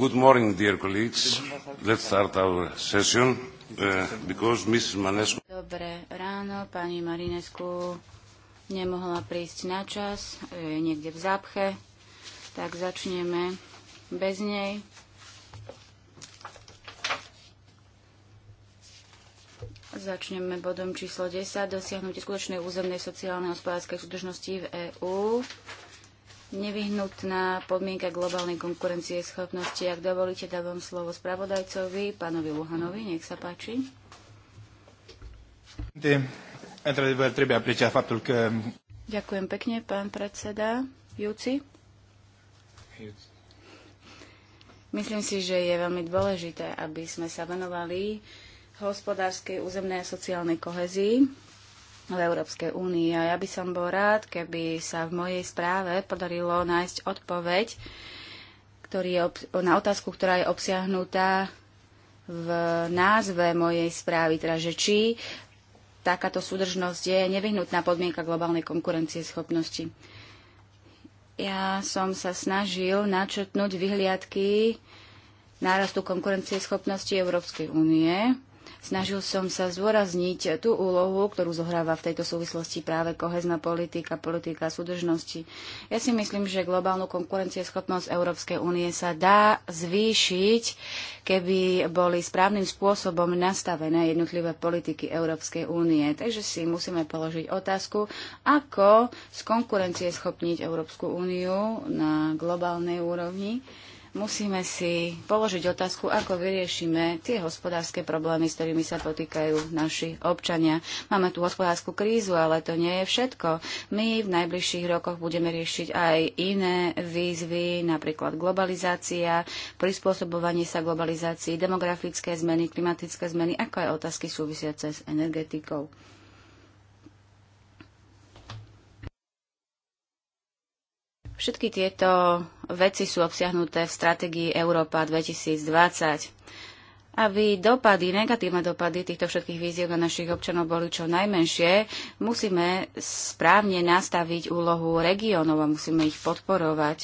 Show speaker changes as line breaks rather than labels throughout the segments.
Good morning, dear colleagues. Let's start our session uh, because Mrs. Manescu...
Dobré ráno, pani Marinescu nemohla prísť na čas, je niekde v zápche, tak začneme bez nej. Začneme bodom číslo 10, dosiahnutie skutočnej územnej sociálnej a hospodárskej súdržnosti v EÚ nevyhnutná podmienka globálnej konkurencie schopnosti. Ak dovolíte, dávam slovo spravodajcovi, pánovi Luhanovi, nech sa páči. Ďakujem pekne, pán predseda. Júci? Myslím si, že je veľmi dôležité, aby sme sa venovali hospodárskej, územnej a sociálnej kohezii v Európskej únii. A ja by som bol rád, keby sa v mojej správe podarilo nájsť odpoveď ktorý je na otázku, ktorá je obsiahnutá v názve mojej správy, teda že či takáto súdržnosť je nevyhnutná podmienka globálnej konkurencie schopnosti. Ja som sa snažil načrtnúť vyhliadky nárastu schopnosti Európskej únie Snažil som sa zdôrazniť tú úlohu, ktorú zohráva v tejto súvislosti práve kohezná politika, politika súdržnosti. Ja si myslím, že globálnu konkurencieschopnosť Európskej únie sa dá zvýšiť, keby boli správnym spôsobom nastavené jednotlivé politiky Európskej únie. Takže si musíme položiť otázku, ako skonkurencieschopniť Európsku úniu na globálnej úrovni musíme si položiť otázku, ako vyriešime tie hospodárske problémy, s ktorými sa potýkajú naši občania. Máme tu hospodárskú krízu, ale to nie je všetko. My v najbližších rokoch budeme riešiť aj iné výzvy, napríklad globalizácia, prispôsobovanie sa globalizácii, demografické zmeny, klimatické zmeny, ako aj otázky súvisiace s energetikou. Všetky tieto veci sú obsiahnuté v stratégii Európa 2020. Aby dopady, negatívne dopady týchto všetkých víziev na našich občanov boli čo najmenšie, musíme správne nastaviť úlohu regiónov a musíme ich podporovať.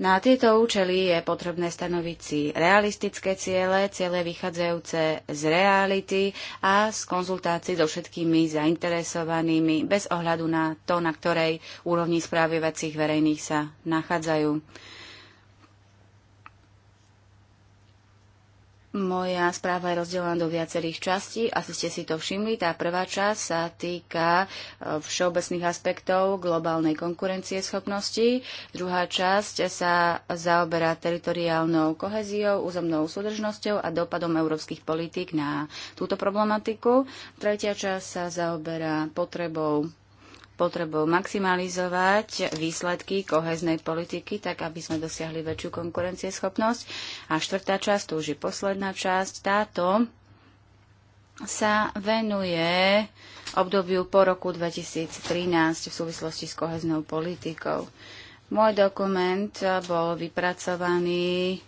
Na tieto účely je potrebné stanoviť si realistické ciele, ciele vychádzajúce z reality a z konzultácií so všetkými zainteresovanými bez ohľadu na to, na ktorej úrovni správovacích verejných sa nachádzajú. Moja správa je rozdelená do viacerých častí. Asi ste si to všimli. Tá prvá časť sa týka e, všeobecných aspektov globálnej konkurencie schopnosti. Druhá časť sa zaoberá teritoriálnou koheziou, územnou súdržnosťou a dopadom európskych politík na túto problematiku. Tretia časť sa zaoberá potrebou potrebou maximalizovať výsledky koheznej politiky, tak aby sme dosiahli väčšiu konkurencieschopnosť. A štvrtá časť, to už je posledná časť, táto sa venuje obdobiu po roku 2013 v súvislosti s koheznou politikou. Môj dokument bol vypracovaný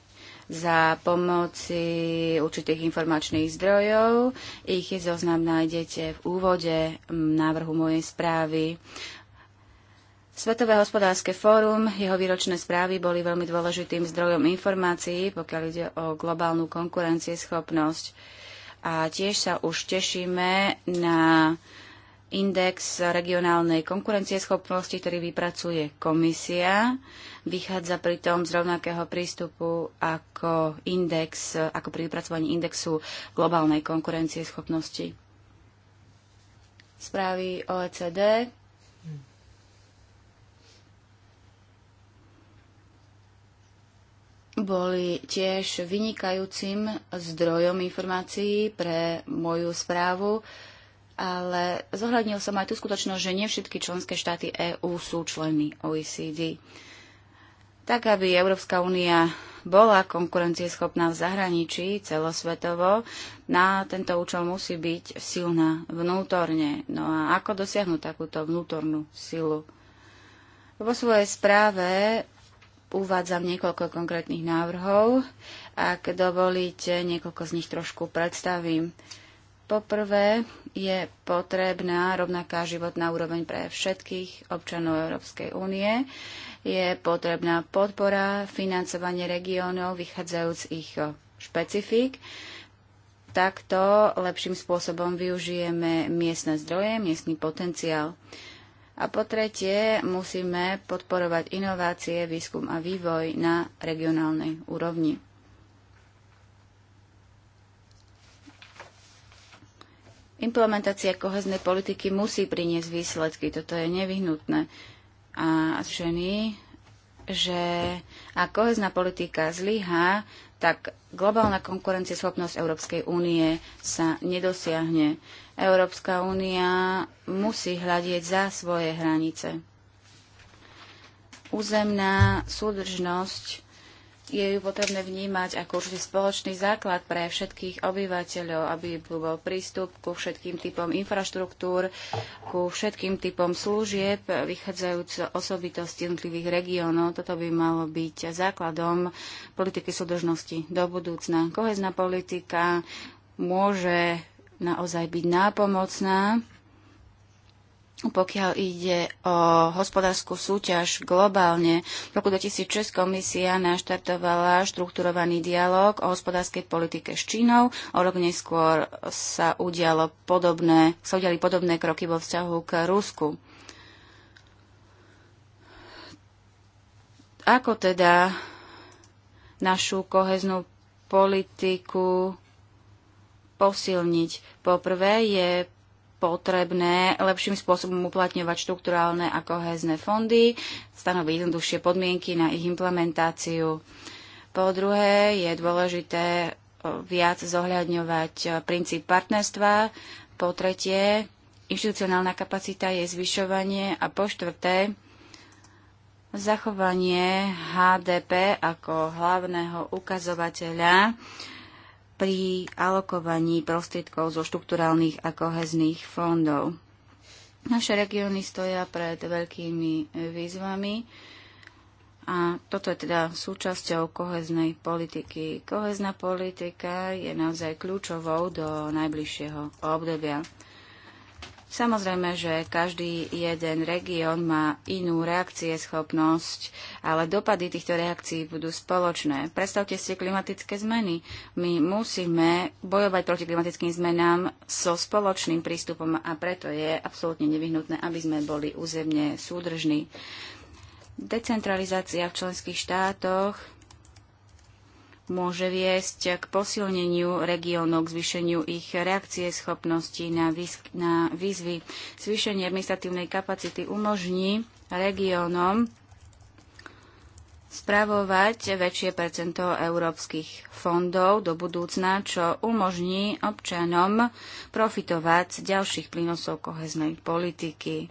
za pomoci určitých informačných zdrojov. Ich zoznam nájdete v úvode návrhu mojej správy. Svetové hospodárske fórum, jeho výročné správy boli veľmi dôležitým zdrojom informácií, pokiaľ ide o globálnu konkurencieschopnosť. A tiež sa už tešíme na index regionálnej konkurencieschopnosti, ktorý vypracuje komisia. Vychádza pritom z rovnakého prístupu ako index, ako pri vypracovaní indexu globálnej konkurencie schopnosti. Správy OECD boli tiež vynikajúcim zdrojom informácií pre moju správu, ale zohľadnil som aj tú skutočnosť, že nie všetky členské štáty EÚ sú členy OECD tak aby Európska únia bola konkurencieschopná v zahraničí celosvetovo, na tento účel musí byť silná vnútorne. No a ako dosiahnuť takúto vnútornú silu? Vo svojej správe uvádzam niekoľko konkrétnych návrhov. Ak dovolíte, niekoľko z nich trošku predstavím. Poprvé je potrebná rovnaká životná úroveň pre všetkých občanov Európskej únie. Je potrebná podpora, financovanie regiónov vychádzajúc z ich špecifik. Takto lepším spôsobom využijeme miestne zdroje, miestny potenciál. A po tretie, musíme podporovať inovácie, výskum a vývoj na regionálnej úrovni. Implementácia koheznej politiky musí priniesť výsledky, toto je nevyhnutné. A ženy, že ak kohezná politika zlyhá, tak globálna konkurencieschopnosť Európskej únie sa nedosiahne. Európska únia musí hľadieť za svoje hranice. Územná súdržnosť je ju potrebné vnímať ako určitý spoločný základ pre všetkých obyvateľov, aby bol prístup ku všetkým typom infraštruktúr, ku všetkým typom služieb, vychádzajúc z osobitosti jednotlivých regiónov. Toto by malo byť základom politiky súdržnosti do budúcna. Kohezná politika môže naozaj byť nápomocná pokiaľ ide o hospodárskú súťaž globálne, v roku 2006 komisia naštartovala štrukturovaný dialog o hospodárskej politike s Čínou. O rok neskôr sa, udialo podobné, sa udiali podobné kroky vo vzťahu k Rusku. Ako teda našu koheznú politiku posilniť? Poprvé je potrebné lepším spôsobom uplatňovať štruktúrálne a kohézne fondy, stanoviť jednoduchšie podmienky na ich implementáciu. Po druhé, je dôležité eh, viac zohľadňovať eh, princíp partnerstva. Po tretie, inštitucionálna kapacita je zvyšovanie. A po štvrté, zachovanie HDP ako hlavného ukazovateľa pri alokovaní prostriedkov zo štrukturálnych a kohezných fondov. Naše regióny stoja pred veľkými výzvami a toto je teda súčasťou koheznej politiky. Kohezná politika je naozaj kľúčovou do najbližšieho obdobia. Samozrejme, že každý jeden región má inú schopnosť, ale dopady týchto reakcií budú spoločné. Predstavte si klimatické zmeny. My musíme bojovať proti klimatickým zmenám so spoločným prístupom a preto je absolútne nevyhnutné, aby sme boli územne súdržní. Decentralizácia v členských štátoch môže viesť k posilneniu regiónov, k zvýšeniu ich reakcie schopnosti na, výsk- na výzvy. Zvýšenie administratívnej kapacity umožní regiónom spravovať väčšie percento európskych fondov do budúcna, čo umožní občanom profitovať z ďalších prínosov koheznej politiky.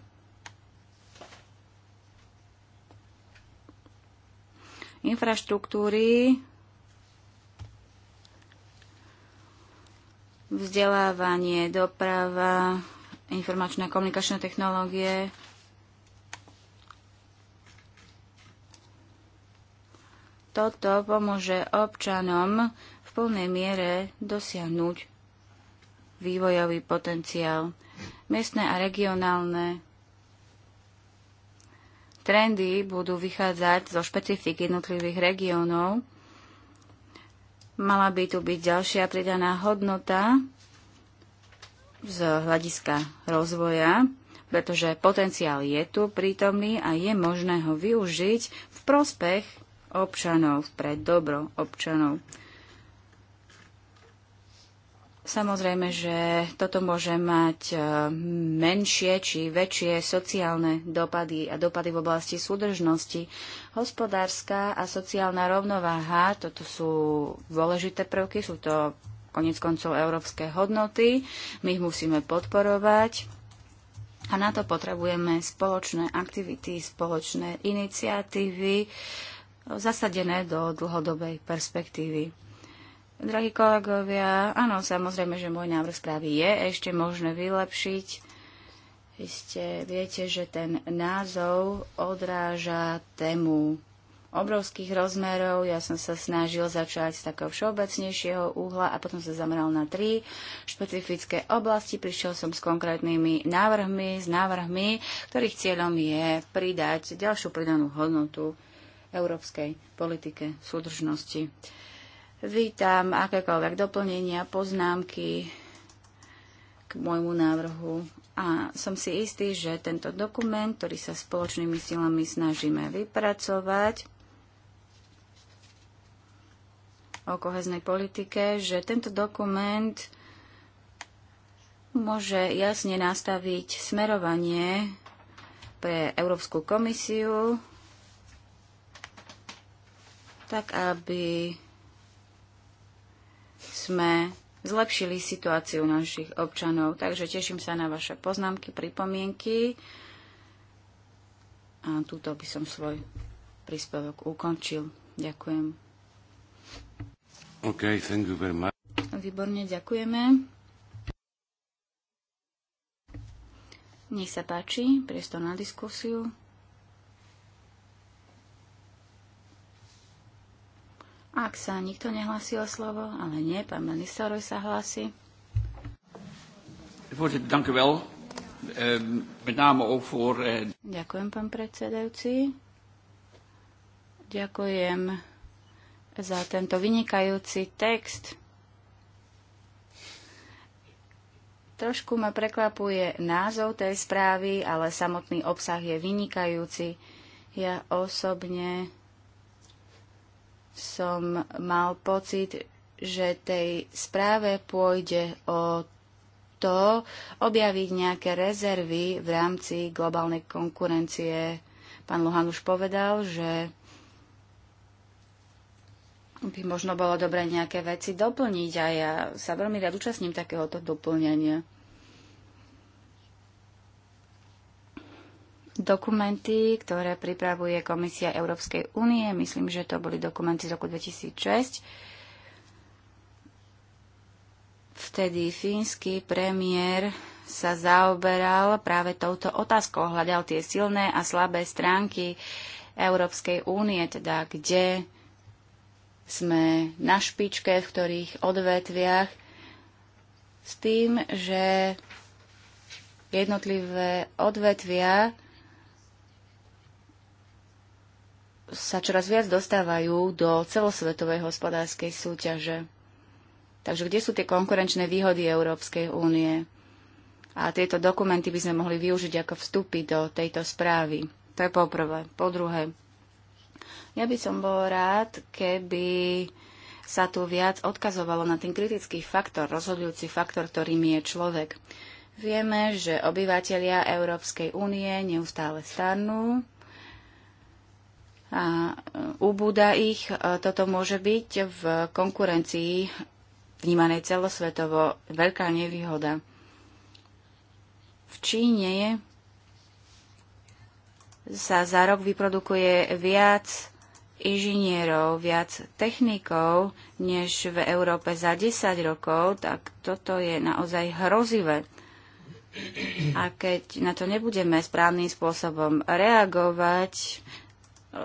Infraštruktúry vzdelávanie, doprava, informačné a komunikačné technológie, Toto pomôže občanom v plnej miere dosiahnuť vývojový potenciál. Miestne a regionálne trendy budú vychádzať zo špecifik jednotlivých regiónov Mala by tu byť ďalšia pridaná hodnota z hľadiska rozvoja, pretože potenciál je tu prítomný a je možné ho využiť v prospech občanov, pre dobro občanov. Samozrejme, že toto môže mať e, menšie či väčšie sociálne dopady a dopady v oblasti súdržnosti. Hospodárska a sociálna rovnováha, toto sú dôležité prvky, sú to konec koncov európske hodnoty, my ich musíme podporovať a na to potrebujeme spoločné aktivity, spoločné iniciatívy zasadené do dlhodobej perspektívy. Drahí kolegovia, áno, samozrejme, že môj návrh správy je ešte možné vylepšiť. Vy ste, viete, že ten názov odráža tému obrovských rozmerov. Ja som sa snažil začať z takého všeobecnejšieho uhla a potom sa zameral na tri špecifické oblasti. Prišiel som s konkrétnymi návrhmi, s návrhmi, ktorých cieľom je pridať ďalšiu pridanú hodnotu európskej politike súdržnosti. Vítam akékoľvek doplnenia, poznámky k môjmu návrhu a som si istý, že tento dokument, ktorý sa spoločnými silami snažíme vypracovať o koheznej politike, že tento dokument môže jasne nastaviť smerovanie pre Európsku komisiu, tak aby sme zlepšili situáciu našich občanov. Takže teším sa na vaše poznámky, pripomienky. A túto by som svoj príspevok ukončil. Ďakujem.
Okay, thank you very much.
Výborne, ďakujeme. Nech sa páči, priestor na diskusiu. Ak sa nikto nehlasí o slovo, ale nie, pán minister sa hlási. Ehm, eh, Ďakujem, pán predsedajúci. Ďakujem za tento vynikajúci text. Trošku ma prekvapuje názov tej správy, ale samotný obsah je vynikajúci. Ja osobne som mal pocit, že tej správe pôjde o to objaviť nejaké rezervy v rámci globálnej konkurencie. Pán Luhan už povedal, že by možno bolo dobre nejaké veci doplniť a ja sa veľmi rád účastním takéhoto doplnenia. dokumenty, ktoré pripravuje Komisia Európskej únie. Myslím, že to boli dokumenty z roku 2006. Vtedy fínsky premiér sa zaoberal práve touto otázkou. Hľadal tie silné a slabé stránky Európskej únie, teda kde sme na špičke, v ktorých odvetviach, s tým, že jednotlivé odvetvia sa čoraz viac dostávajú do celosvetovej hospodárskej súťaže. Takže kde sú tie konkurenčné výhody Európskej únie? A tieto dokumenty by sme mohli využiť ako vstupy do tejto správy. To je poprvé. Po druhé, ja by som bol rád, keby sa tu viac odkazovalo na ten kritický faktor, rozhodujúci faktor, ktorým je človek. Vieme, že obyvateľia Európskej únie neustále starnú, a e, ubúda ich. E, toto môže byť v konkurencii vnímanej celosvetovo veľká nevýhoda. V Číne je, sa za rok vyprodukuje viac inžinierov, viac technikov, než v Európe za 10 rokov, tak toto je naozaj hrozivé. A keď na to nebudeme správnym spôsobom reagovať, E,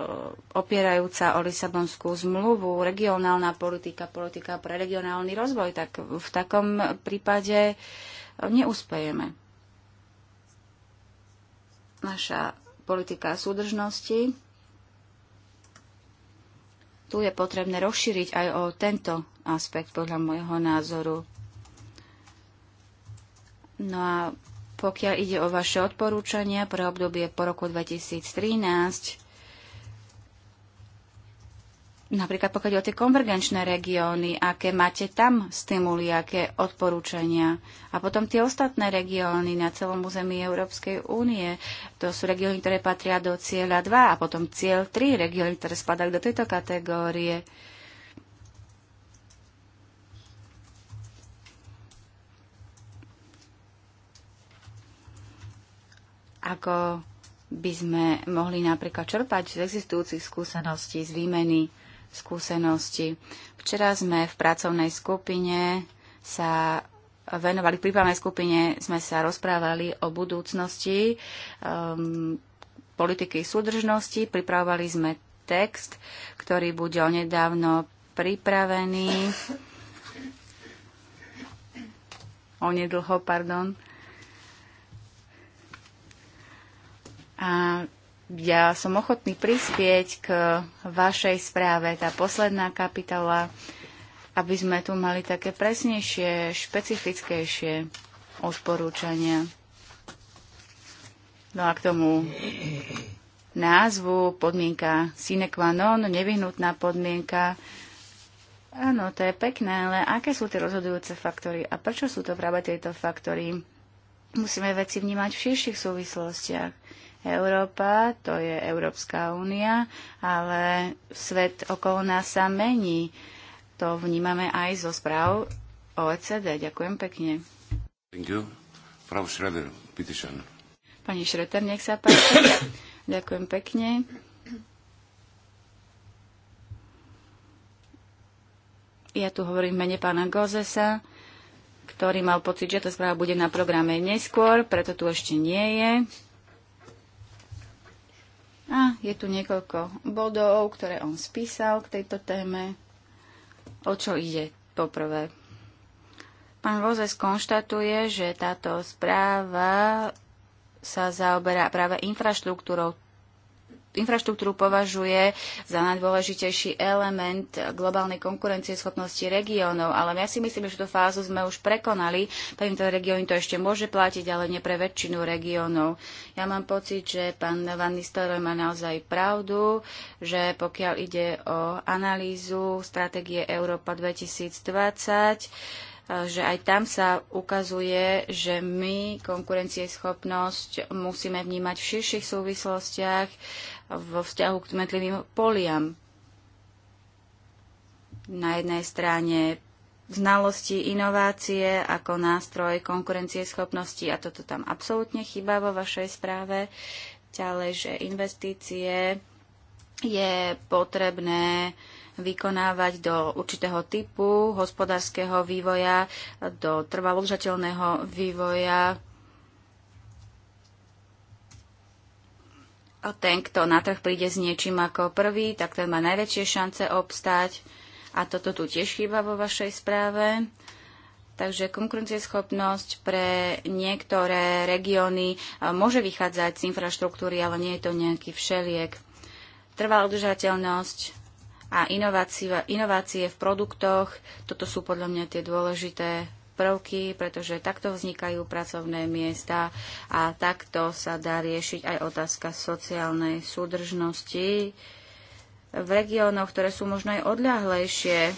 opierajúca o Lisabonskú zmluvu, regionálna politika, politika pre regionálny rozvoj, tak v takom prípade e, neúspejeme. Naša politika súdržnosti. Tu je potrebné rozšíriť aj o tento aspekt podľa môjho názoru. No a pokiaľ ide o vaše odporúčania pre obdobie po roku 2013, Napríklad pokiaľ o tie konvergenčné regióny, aké máte tam stimuly, aké odporúčania. A potom tie ostatné regióny na celom území Európskej únie. To sú regióny, ktoré patria do cieľa 2 a potom cieľ 3, regióny, ktoré spadajú do tejto kategórie. Ako by sme mohli napríklad čerpať z existujúcich skúseností z výmeny skúsenosti. Včera sme v pracovnej skupine sa venovali, v prípravnej skupine sme sa rozprávali o budúcnosti um, politiky súdržnosti. Pripravovali sme text, ktorý bude onedávno pripravený. Onedlho, pardon. A ja som ochotný prispieť k vašej správe, tá posledná kapitola, aby sme tu mali také presnejšie, špecifickejšie odporúčania. No a k tomu názvu, podmienka sine qua non, nevyhnutná podmienka. Áno, to je pekné, ale aké sú tie rozhodujúce faktory a prečo sú to práve tieto faktory? Musíme veci vnímať v širších súvislostiach Európa, to je Európska únia, ale svet okolo nás sa mení. To vnímame aj zo správ OECD. Ďakujem pekne.
Thank you. Frau Schröder, bitte schön.
Pani Šreter, nech sa páči. Ďakujem pekne. Ja tu hovorím mene pána Gozesa, ktorý mal pocit, že tá správa bude na programe neskôr, preto tu ešte nie je je tu niekoľko bodov, ktoré on spísal k tejto téme. O čo ide poprvé? Pán Vozes konštatuje, že táto správa sa zaoberá práve infraštruktúrou infraštruktúru považuje za najdôležitejší element globálnej konkurencieschopnosti regiónov, ale ja si myslím, že túto fázu sme už prekonali. Pre niektoré regióny to ešte môže platiť, ale nie pre väčšinu regiónov. Ja mám pocit, že pán Van Nistelrooy má naozaj pravdu, že pokiaľ ide o analýzu stratégie Európa 2020, že aj tam sa ukazuje, že my konkurencieschopnosť musíme vnímať v širších súvislostiach vo vzťahu k tmetlivým poliam. Na jednej strane znalosti, inovácie ako nástroj konkurencieschopnosti a toto tam absolútne chýba vo vašej správe. Ďalej, že investície je potrebné vykonávať do určitého typu hospodárskeho vývoja, do trvalúžateľného vývoja ten, kto na trh príde s niečím ako prvý, tak ten má najväčšie šance obstáť. A toto tu tiež chýba vo vašej správe. Takže konkurencieschopnosť pre niektoré regióny e, môže vychádzať z infraštruktúry, ale nie je to nejaký všeliek. Trvá udržateľnosť a inovácie v produktoch, toto sú podľa mňa tie dôležité prvky, pretože takto vznikajú pracovné miesta a takto sa dá riešiť aj otázka sociálnej súdržnosti v regiónoch, ktoré sú možno aj odľahlejšie,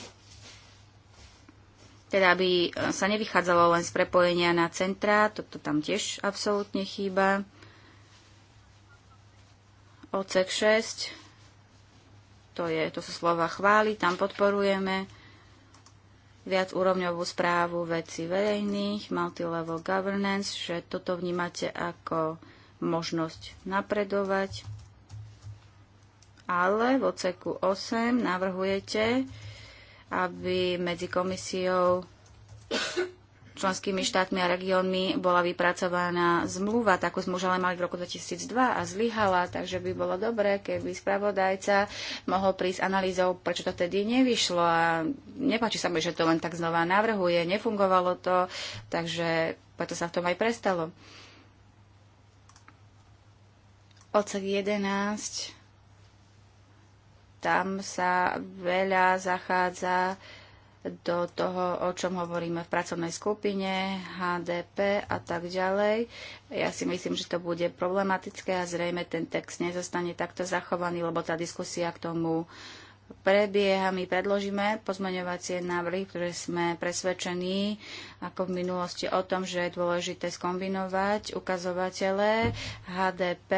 teda aby sa nevychádzalo len z prepojenia na centrá, toto tam tiež absolútne chýba. Odsek 6, to, je, to sú slova chvály, tam podporujeme viac úrovňovú správu veci verejných, multilevel governance, že toto vnímate ako možnosť napredovať. Ale v oceku 8 navrhujete, aby medzi komisiou členskými štátmi a regiónmi bola vypracovaná zmluva, takú sme už ale mali v roku 2002 a zlyhala, takže by bolo dobré, keby spravodajca mohol prísť analýzou, prečo to tedy nevyšlo a nepáči sa mi, že to len tak znova navrhuje, nefungovalo to, takže preto sa v tom aj prestalo. Odsek 11, tam sa veľa zachádza do toho, o čom hovoríme v pracovnej skupine, HDP a tak ďalej. Ja si myslím, že to bude problematické a zrejme ten text nezostane takto zachovaný, lebo tá diskusia k tomu prebieha. My predložíme pozmeňovacie návrhy, ktoré sme presvedčení ako v minulosti o tom, že je dôležité skombinovať ukazovatele HDP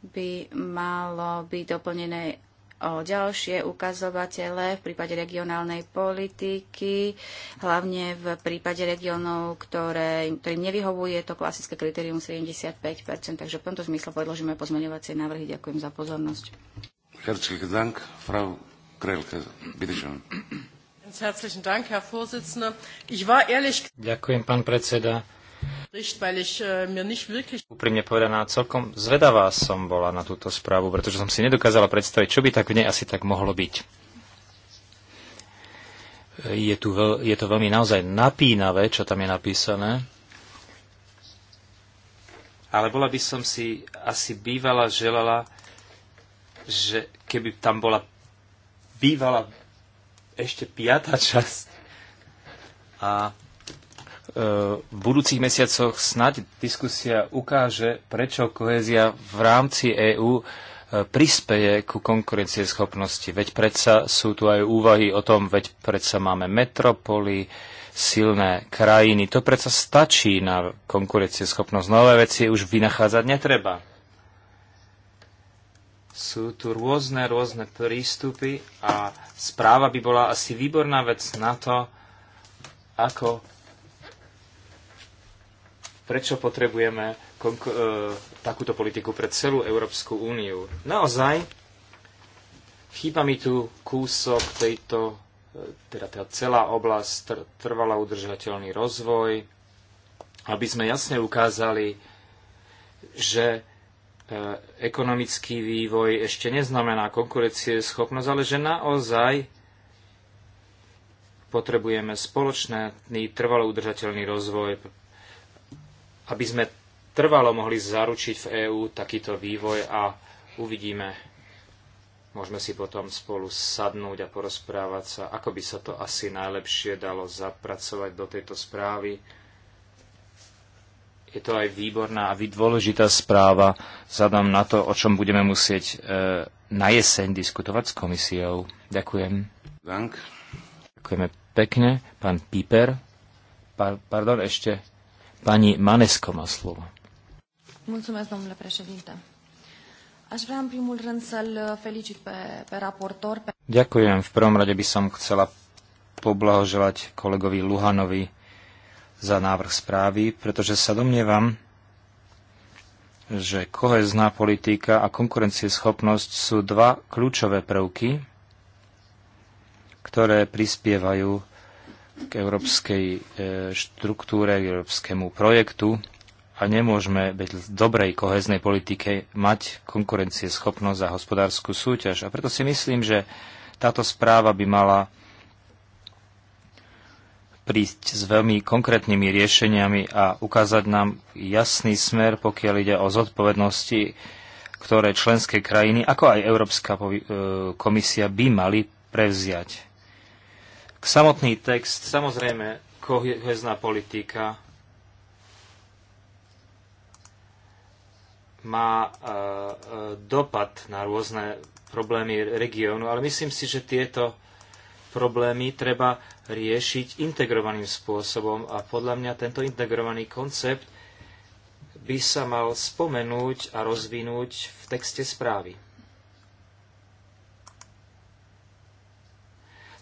by malo byť doplnené o ďalšie ukazovatele v prípade regionálnej politiky, hlavne v prípade regionov, ktoré, ktorým nevyhovuje to klasické kritérium 75 Takže v tomto zmysle podložíme pozmeňovacie návrhy. Ďakujem za pozornosť.
Herzlichen Dank, Frau Krelke, bitte schön.
Herzlichen Dank, Herr Vorsitzender. Ich war ehrlich...
Ďakujem, pán predseda.
Äh,
Úprimne povedaná, celkom zvedavá som bola na túto správu, pretože som si nedokázala predstaviť, čo by tak v nej asi tak mohlo byť. Je, tu veľ, je to veľmi naozaj napínavé, čo tam je napísané. Ale bola by som si asi bývala želala, že keby tam bola bývala ešte piata časť a v budúcich mesiacoch snáď diskusia ukáže, prečo kohézia v rámci EÚ e, prispeje ku konkurencieschopnosti. Veď predsa sú tu aj úvahy o tom, veď predsa máme metropoly, silné krajiny. To predsa stačí na konkurencieschopnosť. Nové veci už vynachádzať netreba. Sú tu rôzne, rôzne prístupy a správa by bola asi výborná vec na to, ako Prečo potrebujeme e, takúto politiku pre celú Európsku úniu? Naozaj, chýba mi tu kúsok tejto, e, teda tá celá oblasť tr- trvala udržateľný rozvoj, aby sme jasne ukázali, že e, ekonomický vývoj ešte neznamená konkurencieschopnosť, ale že naozaj potrebujeme spoločný trvalo udržateľný rozvoj aby sme trvalo mohli zaručiť v EÚ takýto vývoj a uvidíme, môžeme si potom spolu sadnúť a porozprávať sa, ako by sa to asi najlepšie dalo zapracovať do tejto správy. Je to aj výborná a dôležitá správa vzhľadom na to, o čom budeme musieť e, na jeseň diskutovať s komisiou. Ďakujem. Dank. Ďakujeme pekne. Pán Piper. Pa- pardon, ešte Pani Manesko má slovo.
Mulțumesc, domnule președinte. Aș vrea în primul rând să-l felicit pe, pe raportor. Pe...
Ďakujem. V prvom rade by som chcela poblahoželať kolegovi Luhanovi za návrh správy, pretože sa domnievam, že kohezná politika a konkurencieschopnosť sú dva kľúčové prvky, ktoré prispievajú k európskej e, štruktúre, k európskemu projektu a nemôžeme v dobrej koheznej politike mať konkurencieschopnosť a hospodárskú súťaž. A preto si myslím, že táto správa by mala prísť s veľmi konkrétnymi riešeniami a ukázať nám jasný smer, pokiaľ ide o zodpovednosti, ktoré členské krajiny, ako aj Európska e, komisia by mali prevziať k samotný text, samozrejme, kohezná politika má e, e, dopad na rôzne problémy regiónu, ale myslím si, že tieto problémy treba riešiť integrovaným spôsobom a podľa mňa tento integrovaný koncept by sa mal spomenúť a rozvinúť v texte správy.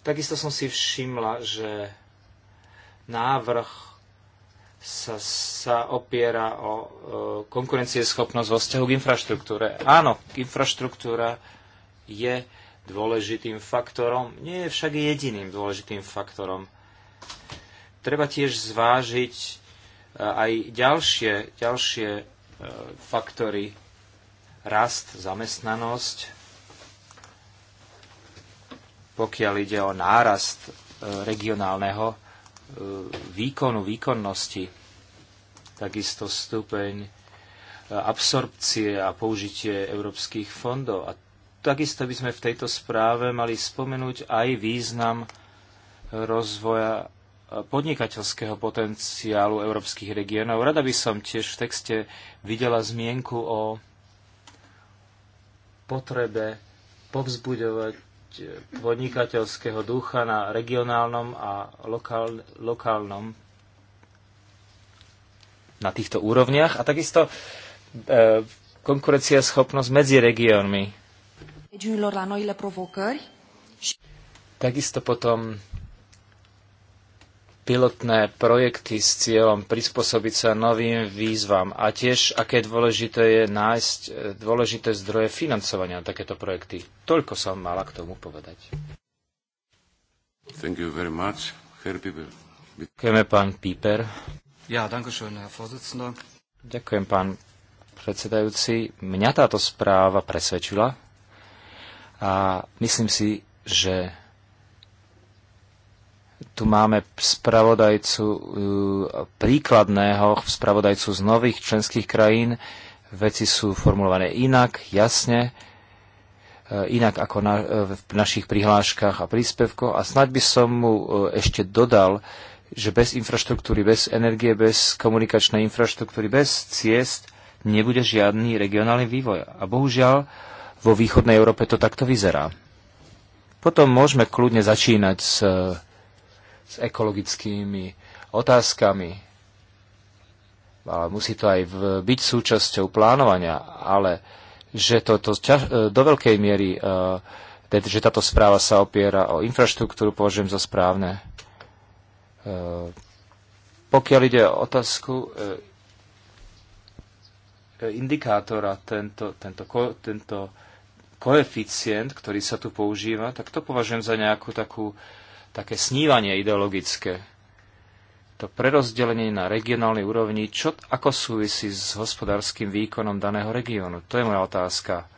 Takisto som si všimla, že návrh sa, sa opiera o e, konkurencieschopnosť vo vzťahu k infraštruktúre. Áno, infraštruktúra je dôležitým faktorom, nie je však jediným dôležitým faktorom. Treba tiež zvážiť e, aj ďalšie, ďalšie e, faktory. Rast, zamestnanosť, pokiaľ ide o nárast e, regionálneho e, výkonu, výkonnosti, takisto stupeň e, absorpcie a použitie európskych fondov. A takisto by sme v tejto správe mali spomenúť aj význam rozvoja podnikateľského potenciálu európskych regiónov. Rada by som tiež v texte videla zmienku o potrebe povzbudovať Eh, podnikateľského ducha na regionálnom a lokál, lokálnom na týchto úrovniach a takisto e, eh, konkurencia schopnosť medzi regiónmi. Takisto potom pilotné projekty s cieľom prispôsobiť sa novým výzvam a tiež, aké dôležité je nájsť e, dôležité zdroje financovania na takéto projekty. Toľko som mala k tomu povedať. Thank you very much. Ďakujeme, pán Píper. Ja, dankeschön, Herr Ďakujem, pán predsedajúci. Mňa táto správa presvedčila a myslím si, že tu máme spravodajcu e, príkladného, spravodajcu z nových členských krajín. Veci sú formulované inak, jasne, e, inak ako na, e, v našich prihláškach a príspevkoch. A snaď by som mu ešte dodal, že bez infraštruktúry, bez energie, bez komunikačnej infraštruktúry, bez ciest nebude žiadny regionálny vývoj. A bohužiaľ vo východnej Európe to takto vyzerá. Potom môžeme kľudne začínať s s ekologickými otázkami. Ale musí to aj byť súčasťou plánovania, ale že to, to ťaž, e, do veľkej miery, e, teda, že táto správa sa opiera o infraštruktúru, považujem za správne. E, pokiaľ ide o otázku indikátora, tento, tento, tento koeficient, ktorý sa tu používa, tak to považujem za nejakú takú také snívanie ideologické. To prerozdelenie na regionálnej úrovni, čo ako súvisí s hospodárskym výkonom daného regiónu? To je moja otázka.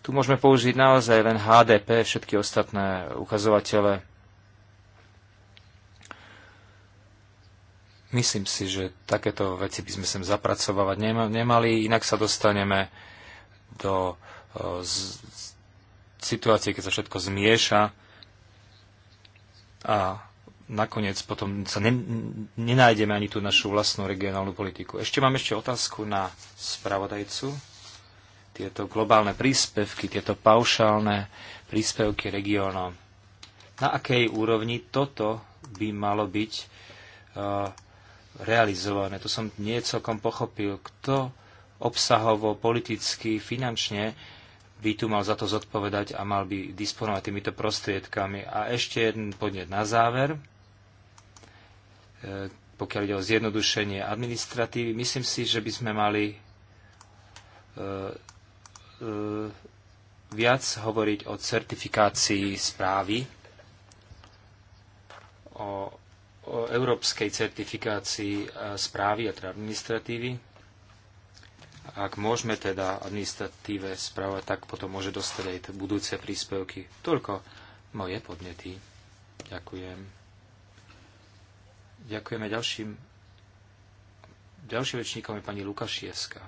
Tu môžeme použiť naozaj len HDP, všetky ostatné ukazovatele. Myslím si, že takéto veci by sme sem zapracovávať nemali, inak sa dostaneme do z, z, situácie, keď sa všetko zmieša a nakoniec potom sa ne, nenájdeme ani tú našu vlastnú regionálnu politiku. Ešte mám ešte otázku na spravodajcu. Tieto globálne príspevky, tieto paušálne príspevky regiónom. Na akej úrovni toto by malo byť uh, realizované? To som nie celkom pochopil. Kto obsahovo, politicky, finančne uh, by tu mal za to zodpovedať a mal by disponovať týmito prostriedkami. A ešte jeden podnet na záver, e, pokiaľ ide o zjednodušenie administratívy. Myslím si, že by sme mali e, e, viac hovoriť o certifikácii správy, o, o európskej certifikácii správy a teda administratívy ak môžeme teda administratíve správať, tak potom môže dostať aj budúce príspevky. Toľko moje podnety. Ďakujem. Ďakujeme ďalším ďalším večníkom je pani Lukašievská.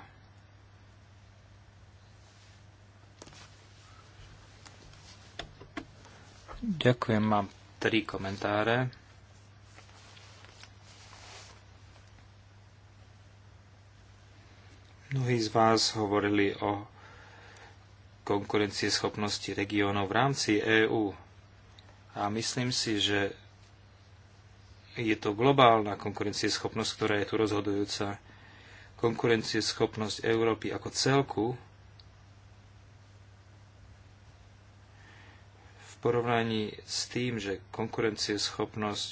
Ďakujem, mám tri komentáre. Mnohí z vás hovorili o konkurencieschopnosti regiónov v rámci EÚ. A myslím si, že je to globálna konkurencieschopnosť, ktorá je tu rozhodujúca. Konkurencieschopnosť Európy ako celku v porovnaní s tým, že konkurencieschopnosť,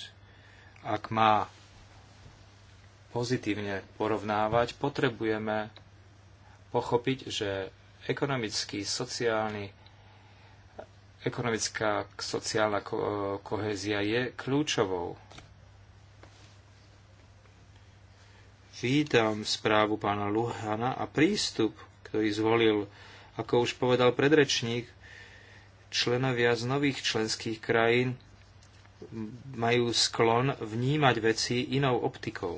ak má pozitívne porovnávať, potrebujeme pochopiť, že ekonomický, sociálny, ekonomická sociálna ko- kohézia je kľúčovou. Vítam správu pána Luhana a prístup, ktorý zvolil, ako už povedal predrečník, členovia z nových členských krajín majú sklon vnímať veci inou optikou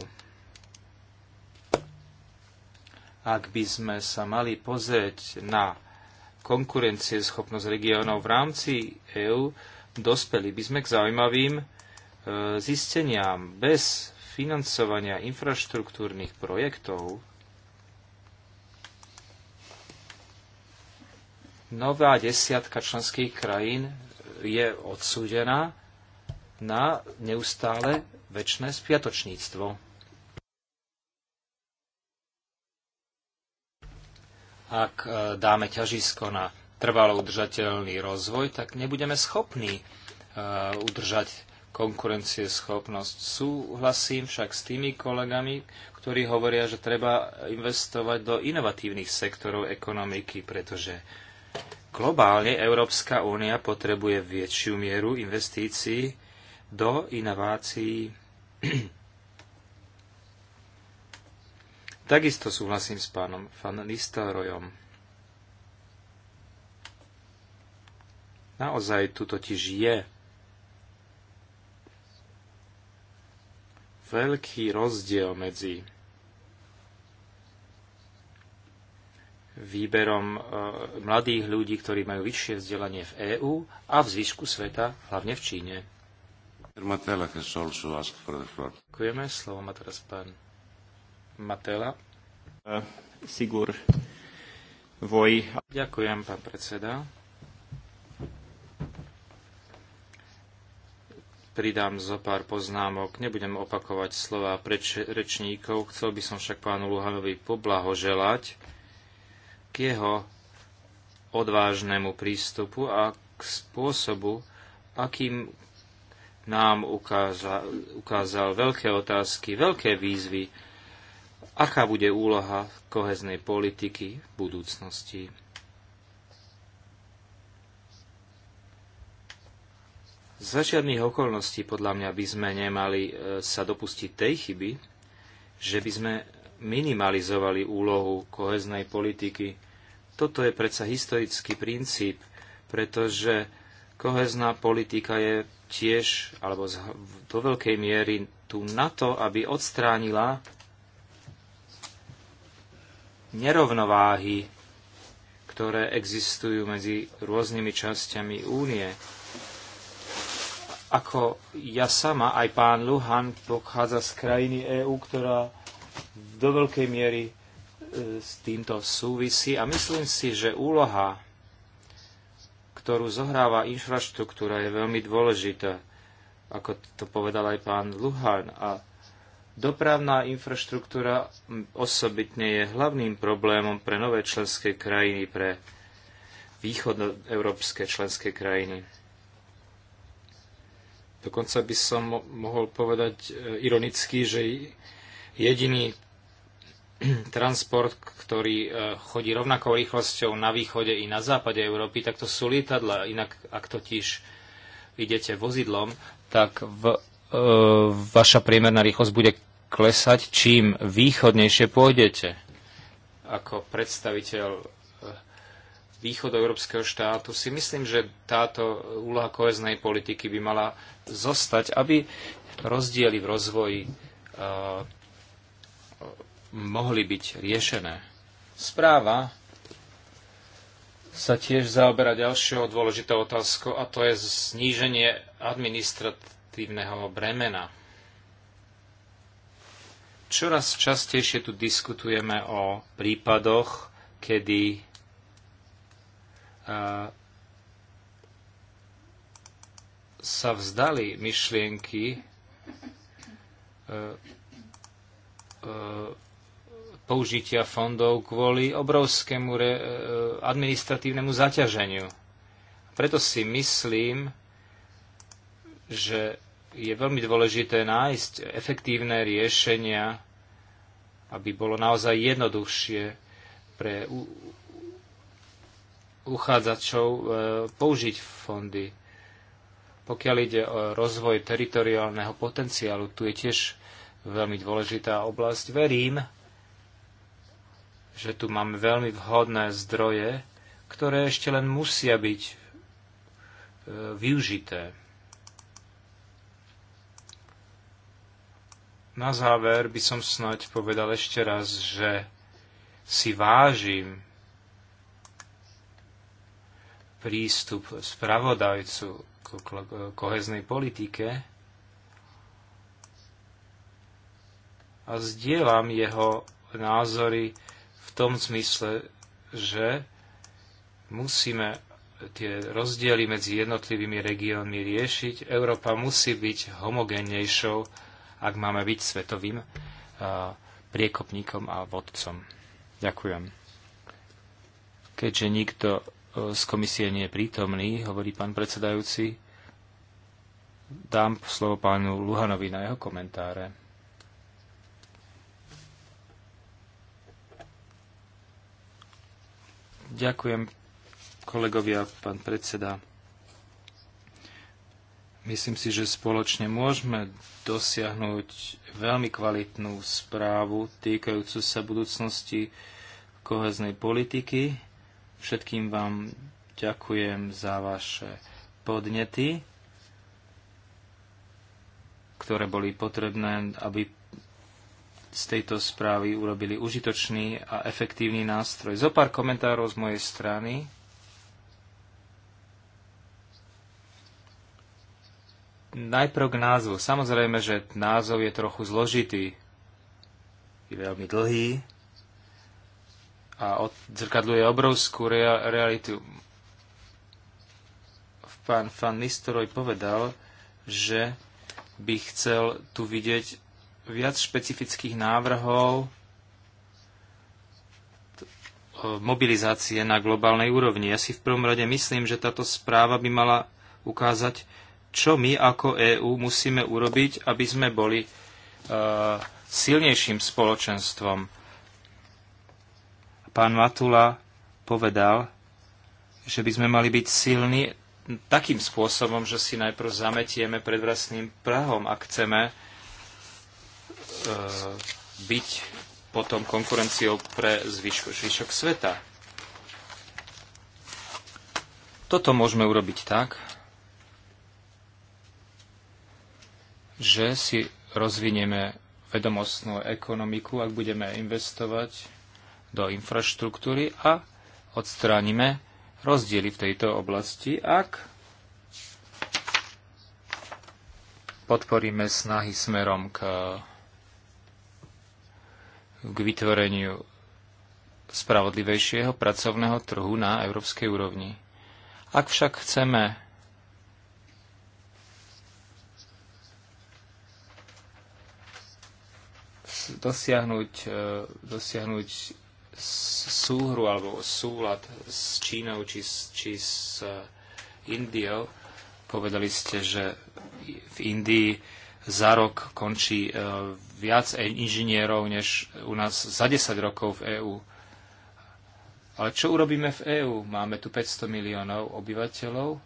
ak by sme sa mali pozrieť na konkurencieschopnosť regiónov v rámci EÚ, dospeli by sme k zaujímavým e, zisteniam. Bez financovania infraštruktúrnych projektov nová desiatka členských krajín je odsúdená na neustále väčšné spiatočníctvo. ak e, dáme ťažisko na trvalo udržateľný rozvoj, tak nebudeme schopní e, udržať konkurencieschopnosť. Súhlasím však s tými kolegami, ktorí hovoria, že treba investovať do inovatívnych sektorov ekonomiky, pretože globálne Európska únia potrebuje väčšiu mieru investícií do inovácií Takisto súhlasím s pánom Van Nistelrojom. Naozaj tu totiž je veľký rozdiel medzi výberom e, mladých ľudí, ktorí majú vyššie vzdelanie v EÚ a v zvyšku sveta, hlavne v Číne.
Ďakujeme,
slovo má teraz pán Matela. Eh, Sigur Voj. Ďakujem, pán predseda. Pridám zo pár poznámok. Nebudem opakovať slova preč, rečníkov. Chcel by som však pánu Luhanovi poblahoželať k jeho odvážnemu prístupu a k spôsobu, akým nám ukázal, ukázal veľké otázky, veľké výzvy, aká bude úloha koheznej politiky v budúcnosti. Za žiadnych okolností podľa mňa by sme nemali e, sa dopustiť tej chyby, že by sme minimalizovali úlohu koheznej politiky. Toto je predsa historický princíp, pretože kohezná politika je tiež, alebo do veľkej miery tu na to, aby odstránila nerovnováhy, ktoré existujú medzi rôznymi časťami únie. Ako ja sama, aj pán Luhan pochádza z krajiny EÚ, ktorá do veľkej miery e, s týmto súvisí a myslím si, že úloha, ktorú zohráva infraštruktúra, je veľmi dôležitá, ako to povedal aj pán Luhan. A Dopravná infraštruktúra osobitne je hlavným problémom pre nové členské krajiny, pre východnoeurópske členské krajiny. Dokonca by som mohol povedať e, ironicky, že jediný transport, ktorý e, chodí rovnakou rýchlosťou na východe i na západe Európy, tak to sú lietadla. Inak, ak totiž idete vozidlom, tak v E, vaša priemerná rýchlosť bude klesať, čím východnejšie pôjdete. Ako predstaviteľ e, európskeho štátu si myslím, že táto úloha koheznej politiky by mala zostať, aby rozdiely v rozvoji uh, mohli byť riešené. Správa sa tiež zaoberá ďalšou dôležitou otázkou a to je zníženie administrat- administratívneho bremena. Čoraz častejšie tu diskutujeme o prípadoch, kedy e, sa vzdali myšlienky e, e, použitia fondov kvôli obrovskému administratívnemu zaťaženiu. Preto si myslím, že je veľmi dôležité nájsť efektívne riešenia, aby bolo naozaj jednoduchšie pre uchádzačov e, použiť fondy. Pokiaľ ide o rozvoj teritoriálneho potenciálu, tu je tiež veľmi dôležitá oblasť. Verím, že tu máme veľmi vhodné zdroje, ktoré ešte len musia byť e, využité. Na záver by som snáď povedal ešte raz, že si vážim prístup spravodajcu k koheznej politike a zdieľam jeho názory v tom zmysle, že musíme tie rozdiely medzi jednotlivými regiónmi riešiť. Európa musí byť homogénnejšou ak máme byť svetovým eh, priekopníkom a vodcom. Ďakujem. Keďže nikto eh, z komisie nie je prítomný, hovorí pán predsedajúci, dám slovo pánu Luhanovi na jeho komentáre. Ďakujem kolegovia, pán predseda. Myslím si, že spoločne môžeme dosiahnuť veľmi kvalitnú správu týkajúcu sa budúcnosti koheznej politiky. Všetkým vám ďakujem za vaše podnety, ktoré boli potrebné, aby z tejto správy urobili užitočný a efektívny nástroj. Zo pár komentárov z mojej strany. Najprv k názvu. Samozrejme, že názov je trochu zložitý. Je veľmi dlhý a odzrkadluje obrovskú rea- realitu. Pán Fan Nistoroj povedal, že by chcel tu vidieť viac špecifických návrhov mobilizácie na globálnej úrovni. Ja si v prvom rade myslím, že táto správa by mala ukázať, čo my ako EÚ musíme urobiť, aby sme boli uh, silnejším spoločenstvom. Pán Matula povedal, že by sme mali byť silní takým spôsobom, že si najprv zametieme pred vlastným prahom, ak chceme e, byť potom konkurenciou pre zvyšok, zvyšok sveta. Toto môžeme urobiť tak, že si rozvinieme vedomostnú ekonomiku, ak budeme investovať do infraštruktúry a odstránime rozdiely v tejto oblasti, ak podporíme snahy smerom k, k vytvoreniu spravodlivejšieho pracovného trhu na európskej úrovni. Ak však chceme dosiahnuť, e, dosiahnuť súhru alebo súlad s Čínou či, či s e, Indiou. Povedali ste, že v Indii za rok končí e, viac inžinierov než u nás za 10 rokov v EÚ. Ale čo urobíme v EÚ? Máme tu 500 miliónov obyvateľov,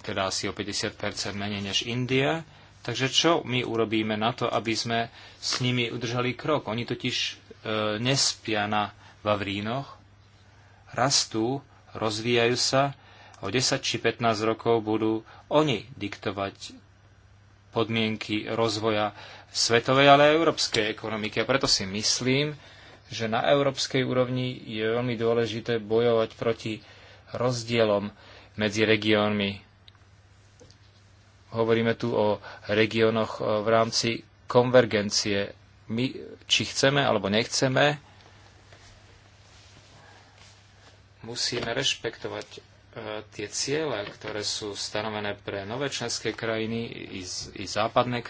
teda asi o 50 menej než India Takže čo my urobíme na to, aby sme s nimi udržali krok? Oni totiž e, nespia na Vavrínoch, rastú, rozvíjajú sa, o 10 či 15 rokov budú oni diktovať podmienky rozvoja svetovej, ale aj európskej ekonomiky. A preto si myslím, že na európskej úrovni je veľmi dôležité bojovať proti rozdielom medzi regiónmi Hovoríme tu o regiónoch e, v rámci konvergencie. My, či chceme alebo nechceme, musíme rešpektovať e, tie ciele, ktoré sú stanovené pre nové členské krajiny i, i západné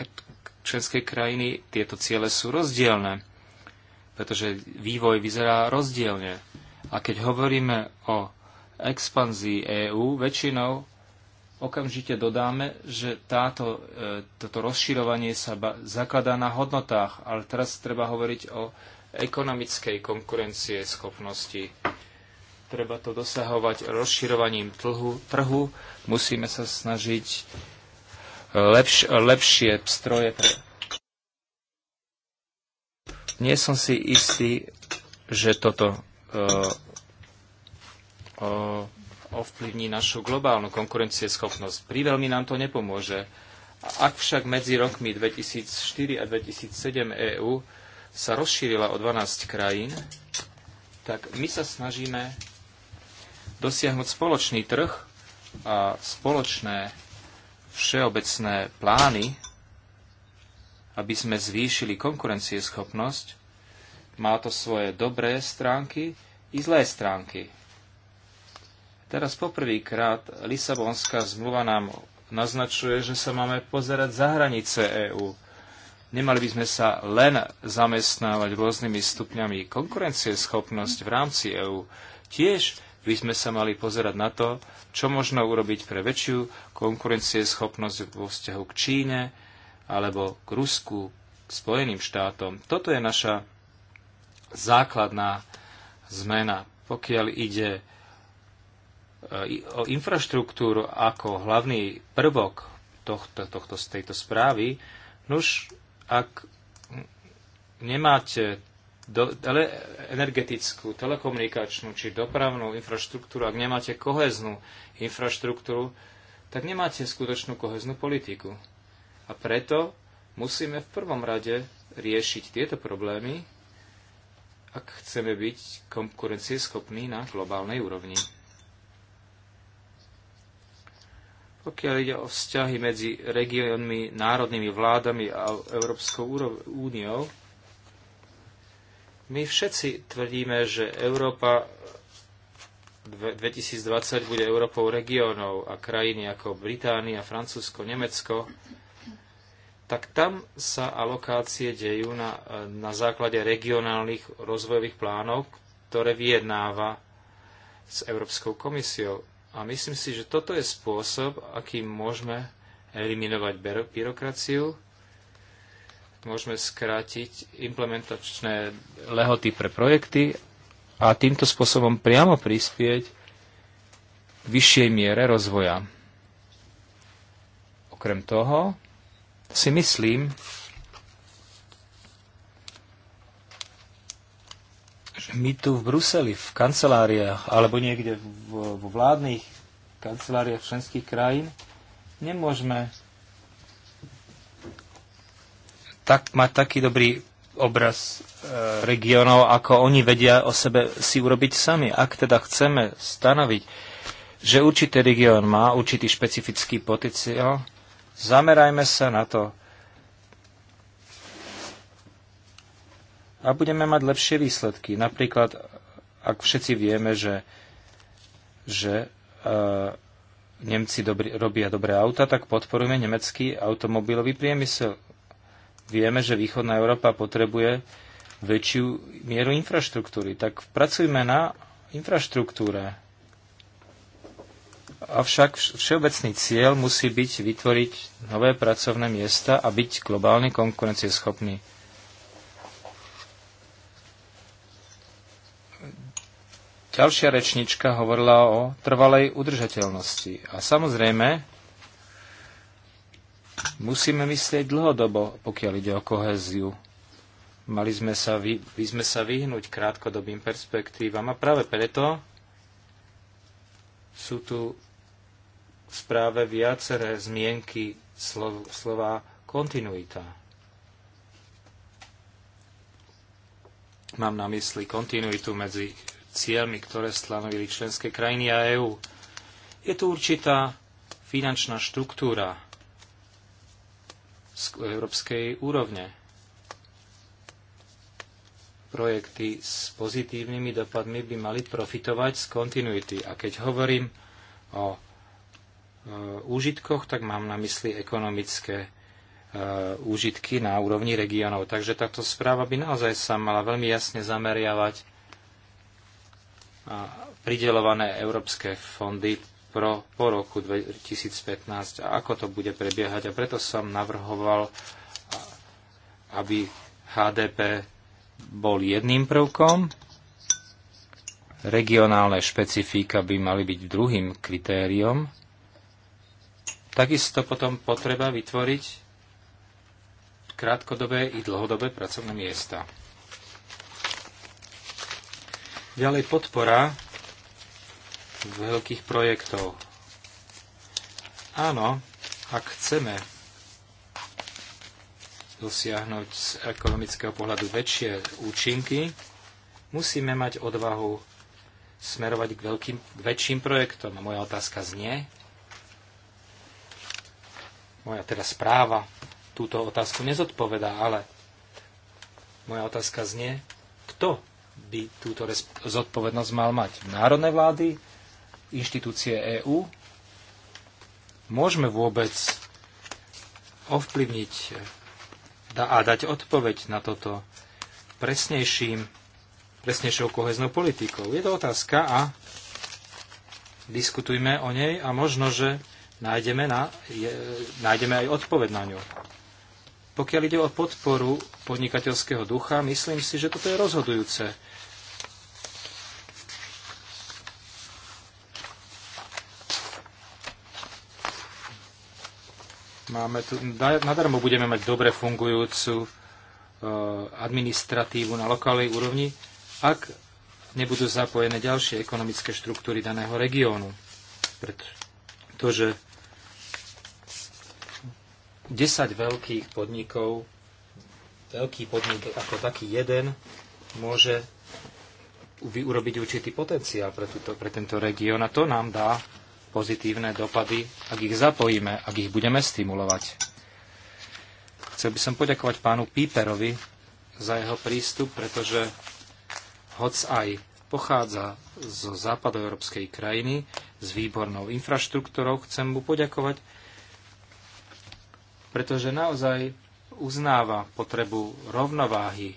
členské krajiny. Tieto ciele sú rozdielne, pretože vývoj vyzerá rozdielne. A keď hovoríme o expanzii EÚ, väčšinou okamžite dodáme, že táto, e, toto rozširovanie sa zakladá na hodnotách, ale teraz treba hovoriť o ekonomickej konkurencie schopnosti. Treba to dosahovať rozširovaním tlhu, trhu. Musíme sa snažiť e, lepš, lepšie stroje. Pre... Nie som si istý, že toto uh, uh, ovplyvní našu globálnu konkurencieschopnosť. Priveľmi nám to nepomôže. Ak však medzi rokmi 2004 a 2007 EÚ sa rozšírila o 12 krajín, tak my sa snažíme dosiahnuť spoločný trh a spoločné všeobecné plány, aby sme zvýšili konkurencieschopnosť. Má to svoje dobré stránky i zlé stránky. Teraz poprvýkrát Lisabonská zmluva nám naznačuje, že sa máme pozerať za hranice EÚ. Nemali by sme sa len zamestnávať rôznymi stupňami konkurencieschopnosť v rámci EÚ. Tiež by sme sa mali pozerať na to, čo možno urobiť pre väčšiu konkurencieschopnosť vo vzťahu k Číne alebo k Rusku, k Spojeným štátom. Toto je naša základná zmena, pokiaľ ide o infraštruktúru ako hlavný prvok tohto, tohto, z tejto správy, nuž, ak nemáte do, ale energetickú, telekomunikačnú či dopravnú infraštruktúru, ak nemáte koheznú infraštruktúru, tak nemáte skutočnú koheznú politiku. A preto musíme v prvom rade riešiť tieto problémy, ak chceme byť konkurencieschopní na globálnej úrovni. pokiaľ ide o vzťahy medzi regiónmi, národnými vládami a Európskou úniou, my všetci tvrdíme, že Európa 2020 bude Európou regiónov a krajiny ako Británia, Francúzsko, Nemecko, tak tam sa alokácie dejú na, na základe regionálnych rozvojových plánov, ktoré vyjednáva s Európskou komisiou. A myslím si, že toto je spôsob, akým môžeme eliminovať byrokraciu, môžeme skrátiť implementačné lehoty pre projekty a týmto spôsobom priamo prispieť k vyššej miere rozvoja. Okrem toho si myslím, my tu v Bruseli, v kanceláriách alebo niekde vo vládnych kanceláriách členských krajín nemôžeme tak, mať taký dobrý obraz e, regionov, ako oni vedia o sebe si urobiť sami. Ak teda chceme stanoviť, že určitý región má určitý špecifický potenciál, zamerajme sa na to, a budeme mať lepšie výsledky. Napríklad, ak všetci vieme, že, že uh, Nemci dobrý, robia dobré auta, tak podporujeme nemecký automobilový priemysel. Vieme, že východná Európa potrebuje väčšiu mieru infraštruktúry, tak pracujme na infraštruktúre. Avšak všeobecný cieľ musí byť vytvoriť nové pracovné miesta a byť globálne konkurencieschopný Ďalšia rečnička hovorila o trvalej udržateľnosti. A samozrejme, musíme myslieť dlhodobo, pokiaľ ide o kohéziu. Mali sme sa, vy, by sme sa vyhnúť krátkodobým perspektívam a práve preto sú tu v správe viaceré zmienky slov, slova kontinuita. Mám na mysli kontinuitu medzi cieľmi, ktoré stanovili členské krajiny a EÚ. Je tu určitá finančná štruktúra z európskej úrovne. Projekty s pozitívnymi dopadmi by mali profitovať z kontinuity. A keď hovorím o e, úžitkoch, tak mám na mysli ekonomické e, úžitky na úrovni regiónov. Takže táto správa by naozaj sa mala veľmi jasne zameriavať pridelované európske fondy pro, po roku 2015 a ako to bude prebiehať. A preto som navrhoval, aby HDP bol jedným prvkom, regionálne špecifika by mali byť druhým kritériom. Takisto potom potreba vytvoriť krátkodobé i dlhodobé pracovné miesta. Ďalej podpora veľkých projektov. Áno, ak chceme dosiahnuť z ekonomického pohľadu väčšie účinky, musíme mať odvahu smerovať k, veľkým, k väčším projektom. A moja otázka znie, moja teda správa túto otázku nezodpovedá, ale moja otázka znie, kto by túto zodpovednosť mal mať? Národné vlády, inštitúcie EÚ? Môžeme vôbec ovplyvniť eh, a dať odpoveď na toto presnejším, presnejšou koheznou politikou? Je to otázka a diskutujme o nej a možno, že nájdeme, na, je, nájdeme aj odpoveď na ňu. Pokiaľ ide o podporu podnikateľského ducha, myslím si, že toto je rozhodujúce. máme tu, nadarmo budeme mať dobre fungujúcu e, administratívu na lokálnej úrovni, ak nebudú zapojené ďalšie ekonomické štruktúry daného regiónu. Pretože 10 veľkých podnikov, veľký podnik ako taký jeden, môže urobiť určitý potenciál pre, túto, pre tento región a to nám dá pozitívne dopady, ak ich zapojíme, ak ich budeme stimulovať. Chcel by som poďakovať pánu Píperovi za jeho prístup, pretože hoc aj pochádza zo západoeurópskej krajiny s výbornou infraštruktúrou, chcem mu poďakovať, pretože naozaj uznáva potrebu rovnováhy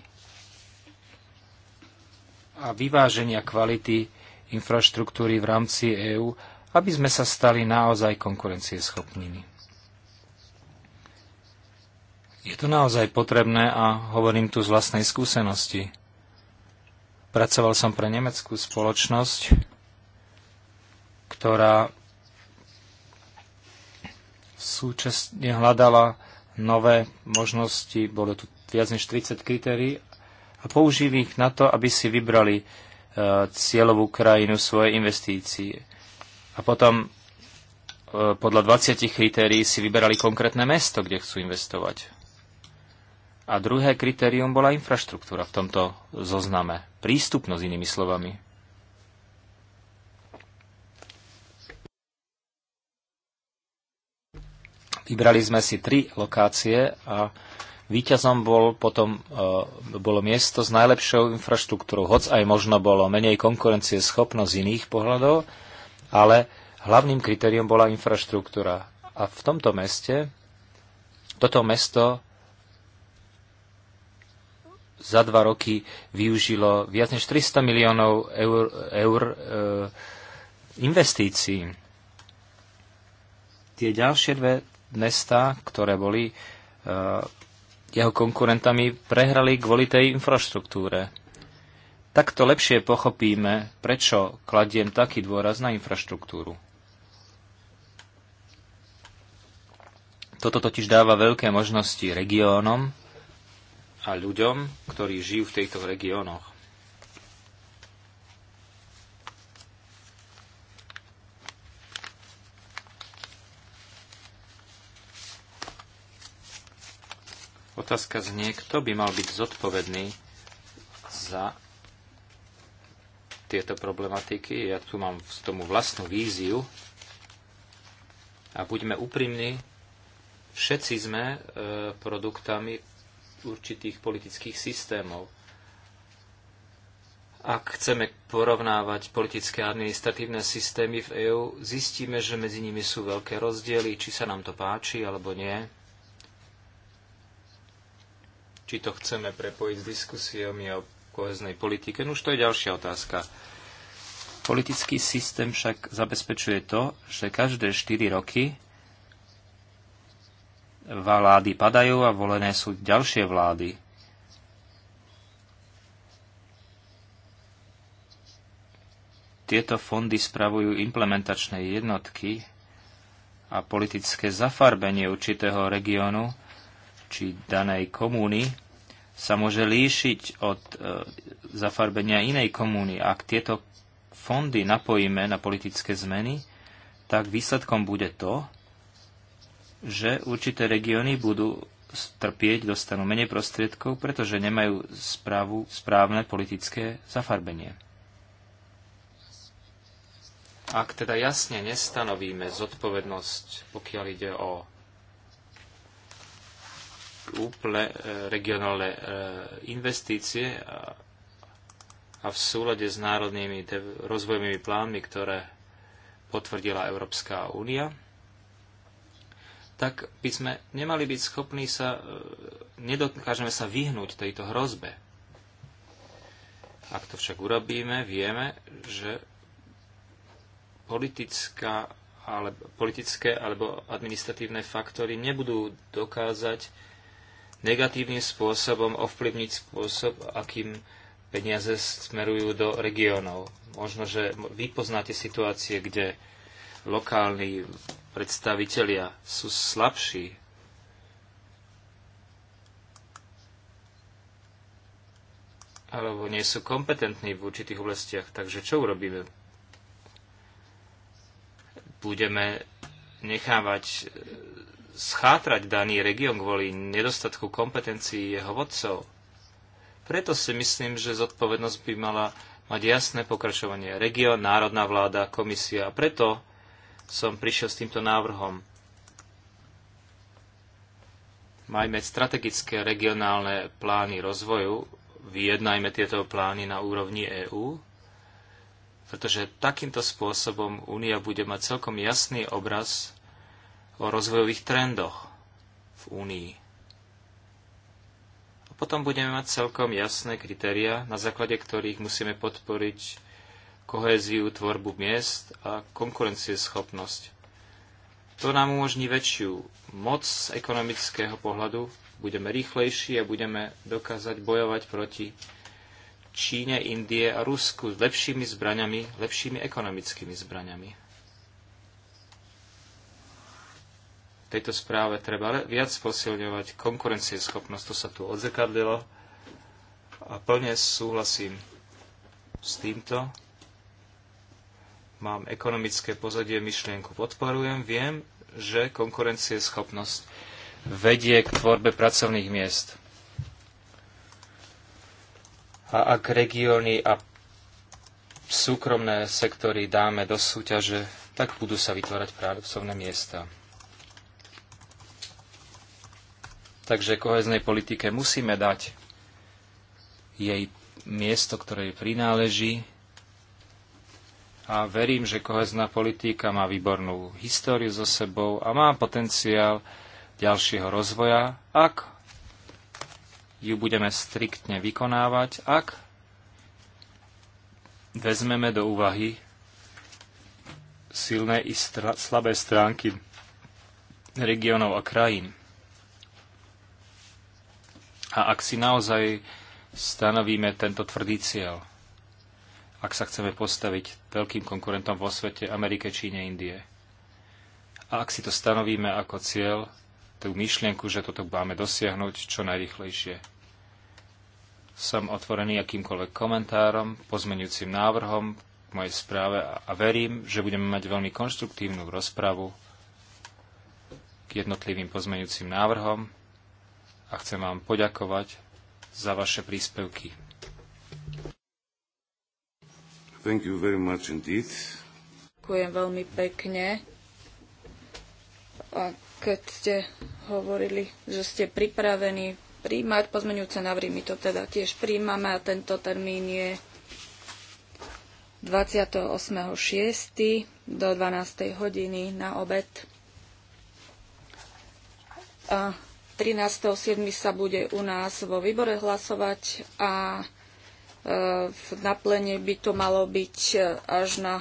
a vyváženia kvality infraštruktúry v rámci EÚ aby sme sa stali naozaj konkurencieschopnými. Je to naozaj potrebné a hovorím tu z vlastnej skúsenosti. Pracoval som pre nemeckú spoločnosť, ktorá súčasne hľadala nové možnosti, bolo tu viac než 30 kritérií a použili ich na to, aby si vybrali e, cieľovú krajinu svoje investície. A potom e, podľa 20 kritérií si vyberali konkrétne mesto, kde chcú investovať. A druhé kritérium bola infraštruktúra v tomto zozname. Prístupnosť inými slovami. Vybrali sme si tri lokácie a výťazom bol potom, uh, bolo miesto s najlepšou infraštruktúrou, hoc aj možno bolo menej konkurencie schopnosť iných pohľadov, ale hlavným kritériom bola infraštruktúra. A v tomto meste, toto mesto za dva roky využilo viac než 300 miliónov eur, eur e, investícií. Tie ďalšie dve mesta, ktoré boli e, jeho konkurentami, prehrali kvôli tej infraštruktúre. Takto lepšie pochopíme, prečo kladiem taký dôraz na infraštruktúru. Toto totiž dáva veľké možnosti regiónom a ľuďom, ktorí žijú v týchto regiónoch. Otázka znie, kto by mal byť zodpovedný za tieto problematiky. Ja tu mám v tomu vlastnú víziu. A buďme úprimní, všetci sme e, produktami určitých politických systémov. Ak chceme porovnávať politické a administratívne systémy v EÚ, zistíme, že medzi nimi sú veľké rozdiely, či sa nám to páči alebo nie. Či to chceme prepojiť s diskusiami o koheznej politike. No už to je ďalšia otázka. Politický systém však zabezpečuje to, že každé 4 roky vlády padajú a volené sú ďalšie vlády. Tieto fondy spravujú implementačné jednotky a politické zafarbenie určitého regiónu či danej komúny sa môže líšiť od e, zafarbenia inej komúny. Ak tieto fondy napojíme na politické zmeny, tak výsledkom bude to, že určité regióny budú trpieť, dostanú menej prostriedkov, pretože nemajú správu, správne politické zafarbenie. Ak teda jasne nestanovíme zodpovednosť, pokiaľ ide o úplne e, regionálne e, investície a v súlade s národnými rozvojovými plánmi, ktoré potvrdila Európska únia, tak by sme nemali byť schopní sa, e, nedokážeme sa vyhnúť tejto hrozbe. Ak to však urobíme, vieme, že politická ale, politické alebo administratívne faktory nebudú dokázať negatívnym spôsobom ovplyvniť spôsob, akým peniaze smerujú do regiónov. Možno, že vy poznáte situácie, kde lokálni predstavitelia sú slabší. alebo nie sú kompetentní v určitých oblastiach. Takže čo urobíme? Budeme nechávať schátrať daný región kvôli nedostatku kompetencií jeho vodcov. Preto si myslím, že zodpovednosť by mala mať jasné pokračovanie. Región, národná vláda, komisia. A preto som prišiel s týmto návrhom. Majme strategické regionálne plány rozvoju, vyjednajme tieto plány na úrovni EÚ, pretože takýmto spôsobom Únia bude mať celkom jasný obraz o rozvojových trendoch v Únii. A potom budeme mať celkom jasné kritéria, na základe ktorých musíme podporiť kohéziu, tvorbu miest a konkurencieschopnosť. To nám umožní väčšiu moc z ekonomického pohľadu, budeme rýchlejší a budeme dokázať bojovať proti Číne, Indie a Rusku s lepšími zbraňami, lepšími ekonomickými zbraňami. tejto správe treba viac posilňovať konkurencieschopnosť. To sa tu odzrkadlilo a plne súhlasím s týmto. Mám ekonomické pozadie, myšlienku podporujem. Viem, že konkurencieschopnosť vedie k tvorbe pracovných miest. A ak regióny a súkromné sektory dáme do súťaže, tak budú sa vytvárať pracovné miesta. Takže koheznej politike musíme dať jej miesto, ktoré jej prináleží. A verím, že kohezná politika má výbornú históriu so sebou a má potenciál ďalšieho rozvoja, ak ju budeme striktne vykonávať, ak vezmeme do úvahy silné i slabé stránky regionov a krajín. A ak si naozaj stanovíme tento tvrdý cieľ, ak sa chceme postaviť veľkým konkurentom vo svete Amerike, Číne, Indie. A ak si to stanovíme ako cieľ, tú myšlienku, že toto máme dosiahnuť čo najrychlejšie. Som otvorený akýmkoľvek komentárom, pozmenujúcim návrhom k mojej správe a verím, že budeme mať veľmi konštruktívnu rozpravu k jednotlivým pozmenujúcim návrhom a chcem vám poďakovať za vaše príspevky.
Thank you very much indeed.
Ďakujem veľmi pekne. A keď ste hovorili, že ste pripravení príjmať pozmeňujúce návrhy, my to teda tiež príjmame a tento termín je 28.6. do 12. hodiny na obed. A 13.7. sa bude u nás vo výbore hlasovať a e, v naplene by to malo byť e, až na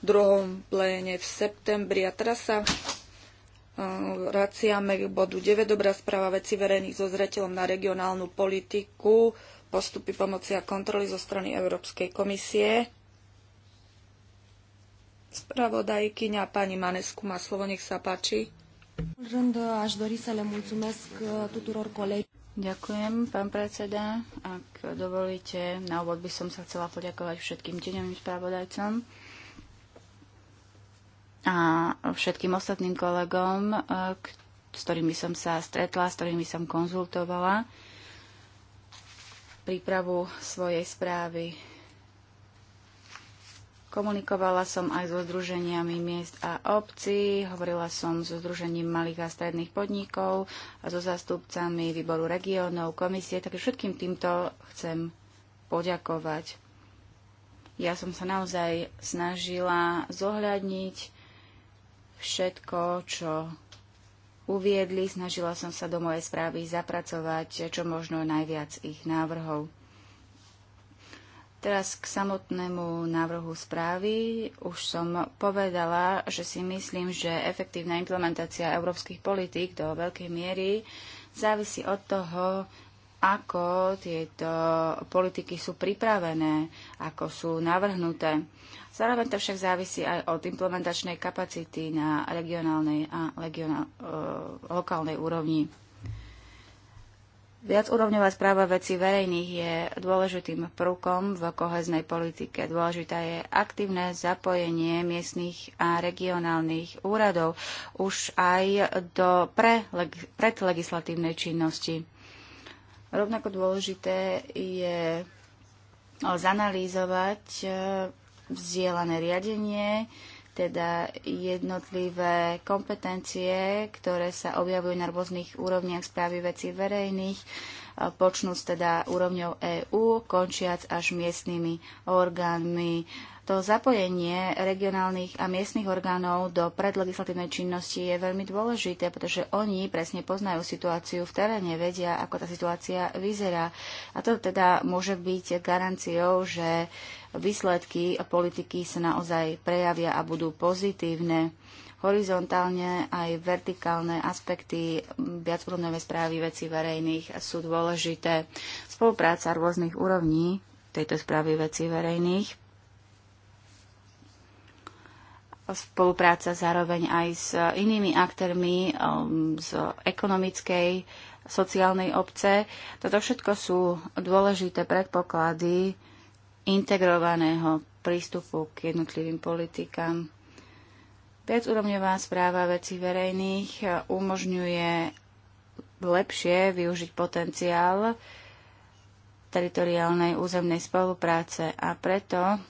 druhom pléne v septembri. A teraz sa e, vraciame k bodu 9. Dobrá správa veci verejných so zreteľom na regionálnu politiku, postupy pomoci a kontroly zo strany Európskej komisie. Spravodajkyňa pani Manesku má slovo, nech sa páči.
Uh, Ďakujem, pán predseda. Ak dovolíte, na úvod by som sa chcela poďakovať všetkým tieňovým spravodajcom a všetkým ostatným kolegom, uh, s ktorými som sa stretla, s ktorými som konzultovala prípravu svojej správy. Komunikovala som aj so združeniami miest a obcí, hovorila som so združením malých a stredných podnikov a so zástupcami výboru regiónov, komisie, takže všetkým týmto chcem poďakovať. Ja som sa naozaj snažila zohľadniť všetko, čo uviedli. Snažila som sa do mojej správy zapracovať čo možno najviac ich návrhov. Teraz k samotnému návrhu správy. Už som povedala, že si myslím, že efektívna implementácia európskych politík do veľkej miery závisí od toho, ako tieto politiky sú pripravené, ako sú navrhnuté. Zároveň to však závisí aj od implementačnej kapacity na regionálnej a regionál, e, lokálnej úrovni. Viacúrovňová správa veci verejných je dôležitým prvkom v koheznej politike. Dôležitá je aktívne zapojenie miestnych a regionálnych úradov už aj do pre, predlegislatívnej činnosti. Rovnako dôležité je zanalýzovať eh, vzdielané riadenie, teda jednotlivé kompetencie, ktoré sa objavujú na rôznych úrovniach správy vecí verejných, počnúc teda úrovňou EÚ, končiac až miestnymi orgánmi, to zapojenie regionálnych a miestnych orgánov do predlegislatívnej činnosti je veľmi dôležité, pretože oni presne poznajú situáciu v teréne, vedia, ako tá situácia vyzerá. A to teda môže byť garanciou, že výsledky politiky sa naozaj prejavia a budú pozitívne. Horizontálne aj vertikálne aspekty viacúrovnové správy veci verejných sú dôležité. Spolupráca rôznych úrovní tejto správy veci verejných spolupráca zároveň aj s inými aktérmi um, z ekonomickej, sociálnej obce. Toto všetko sú dôležité predpoklady integrovaného prístupu k jednotlivým politikám. Viacúrovňová správa vecí verejných umožňuje lepšie využiť potenciál teritoriálnej územnej spolupráce a preto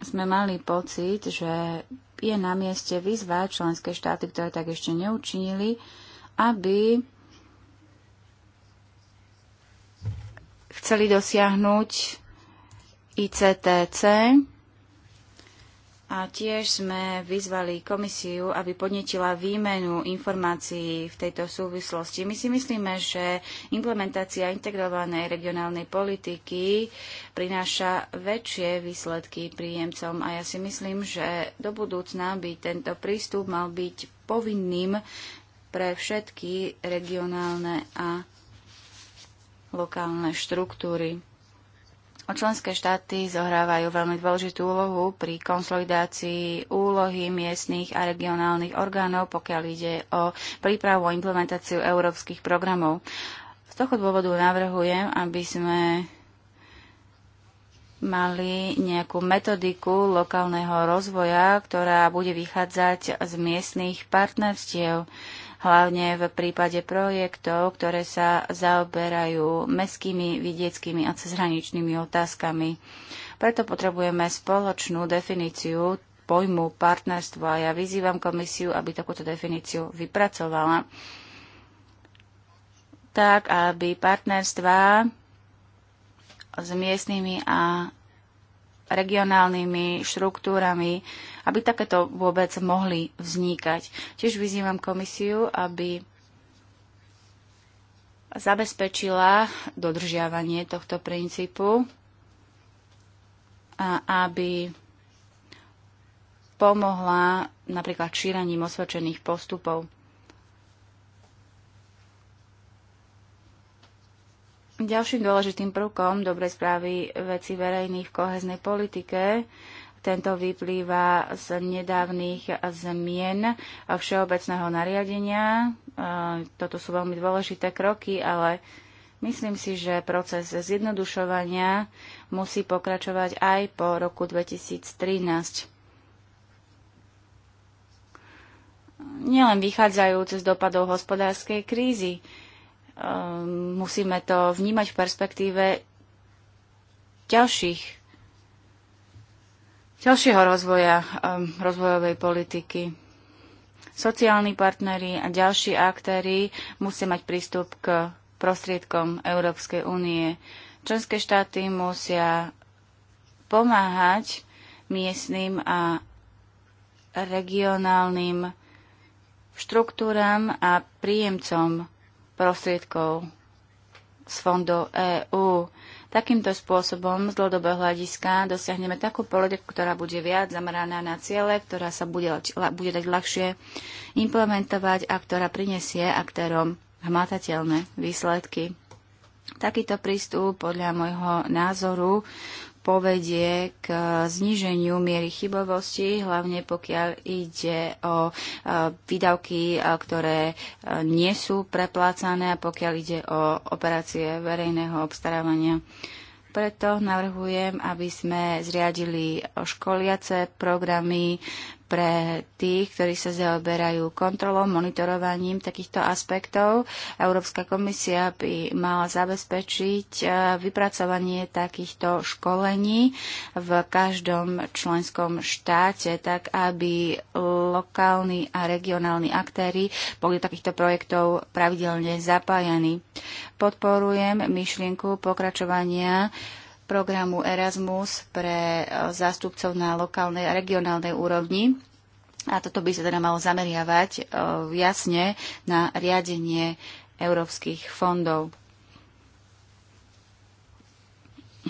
sme mali pocit, že je na mieste vyzvať členské štáty, ktoré tak ešte neučinili, aby chceli dosiahnuť ICTC, a tiež sme vyzvali komisiu, aby podnetila výmenu informácií v tejto súvislosti. My si myslíme, že implementácia integrovanej regionálnej politiky prináša väčšie výsledky príjemcom a ja si myslím, že do budúcna by tento prístup mal byť povinným pre všetky regionálne a lokálne štruktúry. Členské štáty zohrávajú veľmi dôležitú úlohu pri konsolidácii úlohy miestných a regionálnych orgánov, pokiaľ ide o prípravu a implementáciu európskych programov. Z toho dôvodu navrhujem, aby sme mali nejakú metodiku lokálneho rozvoja, ktorá bude vychádzať z miestných partnerstiev hlavne v prípade projektov, ktoré sa zaoberajú mestskými, vidieckými a cezhraničnými otázkami. Preto potrebujeme spoločnú definíciu pojmu partnerstvo a ja vyzývam komisiu, aby takúto definíciu vypracovala tak, aby partnerstva s miestnymi a regionálnymi štruktúrami, aby takéto vôbec mohli vznikať. Tiež vyzývam komisiu, aby zabezpečila dodržiavanie tohto princípu a aby pomohla napríklad šíraním osvedčených postupov. Ďalším dôležitým prvkom dobrej správy veci verejných v koheznej politike tento vyplýva z nedávnych zmien všeobecného nariadenia. Toto sú veľmi dôležité kroky, ale myslím si, že proces zjednodušovania musí pokračovať aj po roku 2013. Nielen vychádzajúc z dopadov hospodárskej krízy, Ehm, musíme to vnímať v perspektíve ďalších, ďalšieho rozvoja ehm, rozvojovej politiky. Sociálni partnery a ďalší aktéry musia mať prístup k prostriedkom Európskej únie. Členské štáty musia pomáhať miestnym a regionálnym štruktúram a príjemcom prostriedkov z fondov EÚ. Takýmto spôsobom z dlhodobého hľadiska dosiahneme takú politiku, ktorá bude viac zameraná na ciele, ktorá sa bude, bude dať ľahšie implementovať a ktorá prinesie aktérom hmatateľné výsledky. Takýto prístup podľa môjho názoru povedie k e, zníženiu miery chybovosti, hlavne pokiaľ ide o e, výdavky, e, ktoré nie sú preplácané a pokiaľ ide o operácie verejného obstarávania. Preto navrhujem, aby sme zriadili školiace programy pre tých, ktorí sa zaoberajú kontrolou, monitorovaním takýchto aspektov. Európska komisia by mala zabezpečiť e, vypracovanie takýchto školení v každom členskom štáte, tak aby lokálni a regionálni aktéry boli do takýchto projektov pravidelne zapájani. Podporujem myšlienku pokračovania programu Erasmus pre e, zástupcov na lokálnej a regionálnej úrovni. A toto by sa teda malo zameriavať e, jasne na riadenie európskych fondov.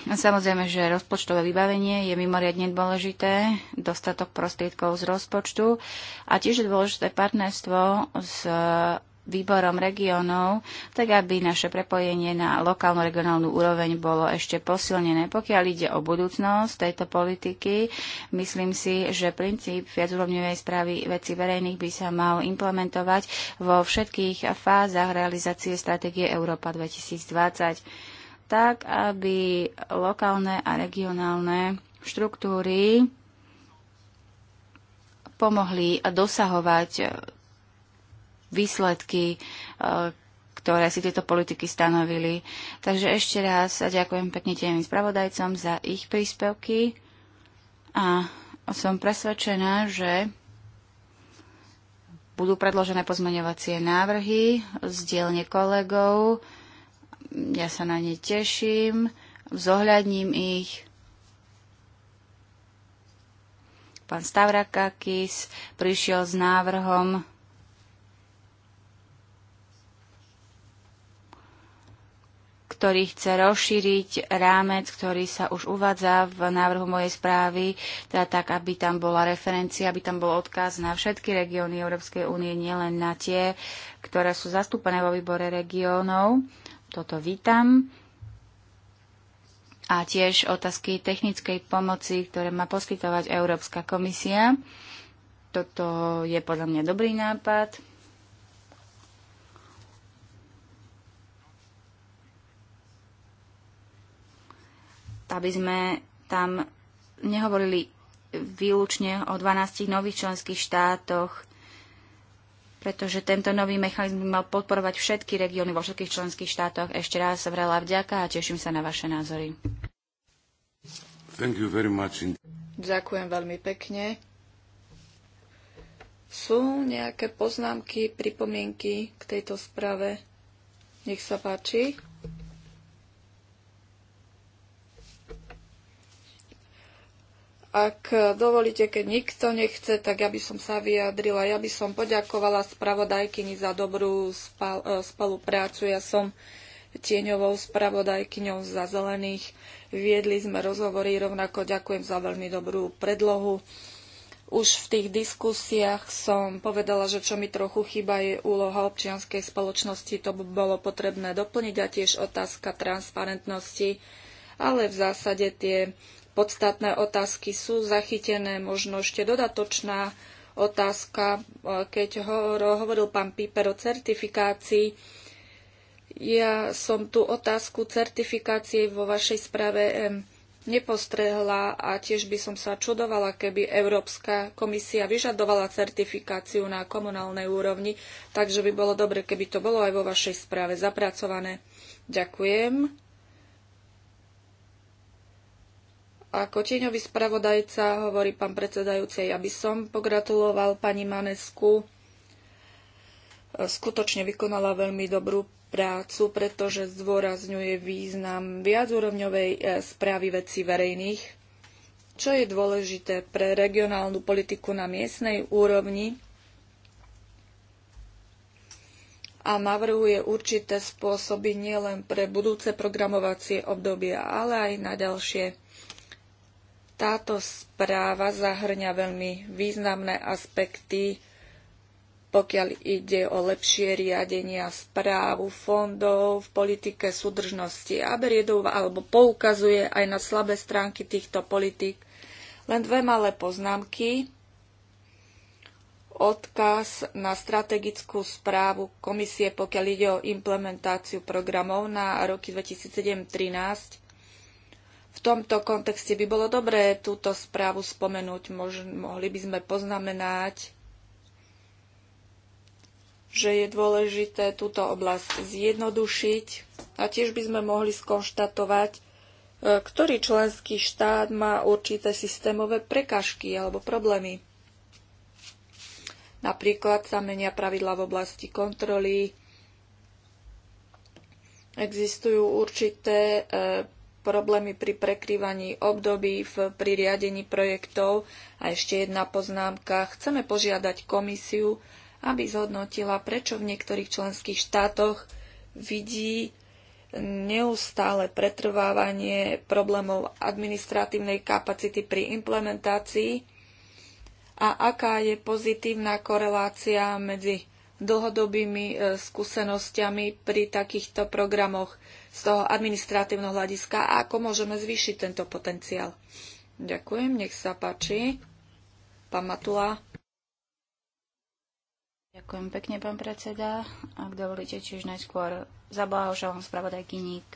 Samozrejme, že rozpočtové vybavenie je mimoriadne dôležité, dostatok prostriedkov z rozpočtu a tiež je dôležité partnerstvo s výborom regiónov, tak aby naše prepojenie na lokálnu regionálnu úroveň bolo ešte posilnené. Pokiaľ ide o budúcnosť tejto politiky, myslím si, že princíp viacúrovňovej správy veci verejných by sa mal implementovať vo všetkých fázach realizácie stratégie Európa 2020 tak, aby lokálne a regionálne štruktúry pomohli dosahovať výsledky, e, ktoré si tieto politiky stanovili. Takže ešte raz ďakujem pekne tým spravodajcom za ich príspevky a som presvedčená, že budú predložené pozmeňovacie návrhy z dielne kolegov. Ja sa na ne teším, zohľadním ich. Pán Stavrakakis prišiel s návrhom ktorý chce rozšíriť rámec, ktorý sa už uvádza v návrhu mojej správy, teda tak, aby tam bola referencia, aby tam bol odkaz na všetky regióny Európskej únie, nielen na tie, ktoré sú zastúpené vo výbore regiónov. Toto vítam. A tiež otázky technickej pomoci, ktoré má poskytovať Európska komisia. Toto je podľa mňa dobrý nápad. aby sme tam nehovorili výlučne o 12 nových členských štátoch, pretože tento nový by mal podporovať všetky regióny vo všetkých členských štátoch. Ešte raz vrela vďaka a teším sa na vaše názory.
Thank you very much.
Ďakujem veľmi pekne.
Sú nejaké poznámky, pripomienky k tejto sprave? Nech sa páči. Ak dovolíte, keď nikto nechce, tak ja by som sa vyjadrila. Ja by som poďakovala spravodajkyni za dobrú e, spoluprácu. Ja som tieňovou spravodajkyňou za zelených. Viedli sme rozhovory, rovnako ďakujem za veľmi dobrú predlohu. Už v tých diskusiách som povedala, že čo mi trochu chýba je úloha občianskej spoločnosti. To by bolo potrebné doplniť a tiež otázka transparentnosti. Ale v zásade tie podstatné otázky sú zachytené. Možno ešte dodatočná otázka, keď ho, hovoril pán Piper o certifikácii. Ja som tú otázku certifikácie vo vašej správe nepostrehla a tiež by som sa čudovala, keby Európska komisia vyžadovala certifikáciu na komunálnej úrovni, takže by bolo dobre, keby to bolo aj vo vašej správe zapracované. Ďakujem. Ako tieňový spravodajca, hovorí pán ja by som pogratuloval pani Manesku. Skutočne vykonala veľmi dobrú prácu, pretože zdôrazňuje význam viacúrovňovej e, správy vecí verejných, čo je dôležité pre regionálnu politiku na miestnej úrovni a navrhuje určité spôsoby nielen pre budúce programovacie obdobia, ale aj na ďalšie. Táto správa zahrňa veľmi významné aspekty, pokiaľ ide o lepšie riadenie a správu fondov v politike súdržnosti a berie do alebo poukazuje aj na slabé stránky týchto politík. Len dve malé poznámky. Odkaz na strategickú správu komisie, pokiaľ ide o implementáciu programov na roky 2007-2013 v tomto kontexte by bolo dobré túto správu spomenúť. Mož, mohli by sme poznamenať, že je dôležité túto oblasť zjednodušiť a tiež by sme mohli skonštatovať, e, ktorý členský štát má určité systémové prekažky alebo problémy. Napríklad sa menia pravidla v oblasti kontroly, existujú určité e, problémy pri prekrývaní období v, pri riadení projektov. A ešte jedna poznámka. Chceme požiadať komisiu, aby zhodnotila, prečo v niektorých členských štátoch vidí neustále pretrvávanie problémov administratívnej kapacity pri implementácii a aká je pozitívna korelácia medzi dlhodobými e, skúsenostiami pri takýchto programoch z toho administratívneho hľadiska a ako môžeme zvýšiť tento potenciál. Ďakujem, nech sa páči. Pán Matula.
Ďakujem pekne, pán predseda. Ak dovolíte, čiže najskôr zablahožalom spravodajkyni k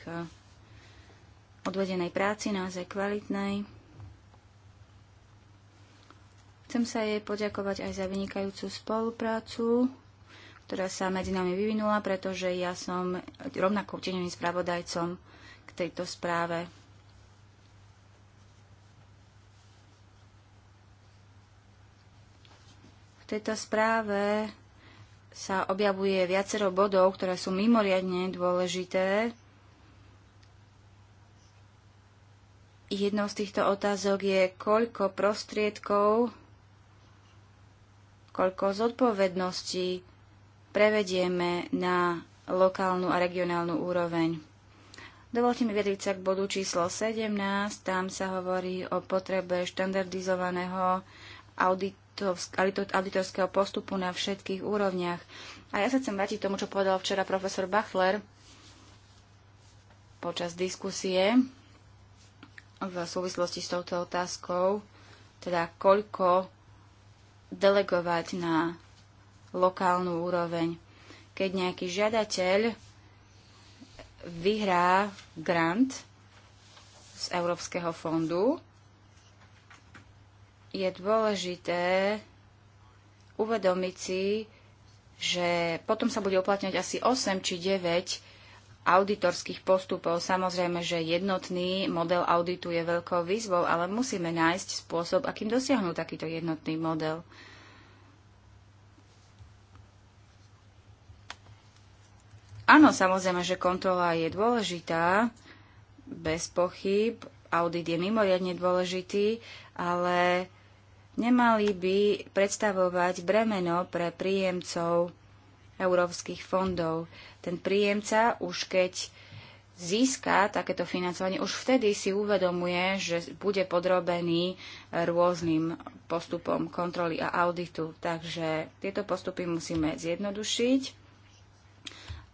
odvedenej práci, naozaj kvalitnej. Chcem sa jej poďakovať aj za vynikajúcu spoluprácu ktorá sa medzi nami vyvinula, pretože ja som rovnako uteneným spravodajcom k tejto správe. V tejto správe sa objavuje viacero bodov, ktoré sú mimoriadne dôležité. Jednou z týchto otázok je, koľko prostriedkov, koľko zodpovedností prevedieme na lokálnu a regionálnu úroveň. Dovolte mi vedieť sa k bodu číslo 17. Tam sa hovorí o potrebe štandardizovaného auditorského postupu na všetkých úrovniach. A ja sa chcem vrátiť tomu, čo povedal včera profesor Bachler počas diskusie v súvislosti s touto otázkou, teda koľko delegovať na lokálnu úroveň. Keď nejaký žiadateľ vyhrá grant z Európskeho fondu, je dôležité uvedomiť si, že potom sa bude uplatňovať asi 8 či 9 auditorských postupov. Samozrejme, že jednotný model auditu je veľkou výzvou, ale musíme nájsť spôsob, akým dosiahnuť takýto jednotný model. Áno, samozrejme, že kontrola je dôležitá, bez pochyb. Audit je mimoriadne dôležitý, ale nemali by predstavovať bremeno pre príjemcov európskych fondov. Ten príjemca už keď získa takéto financovanie, už vtedy si uvedomuje, že bude podrobený rôznym postupom kontroly a auditu. Takže tieto postupy musíme zjednodušiť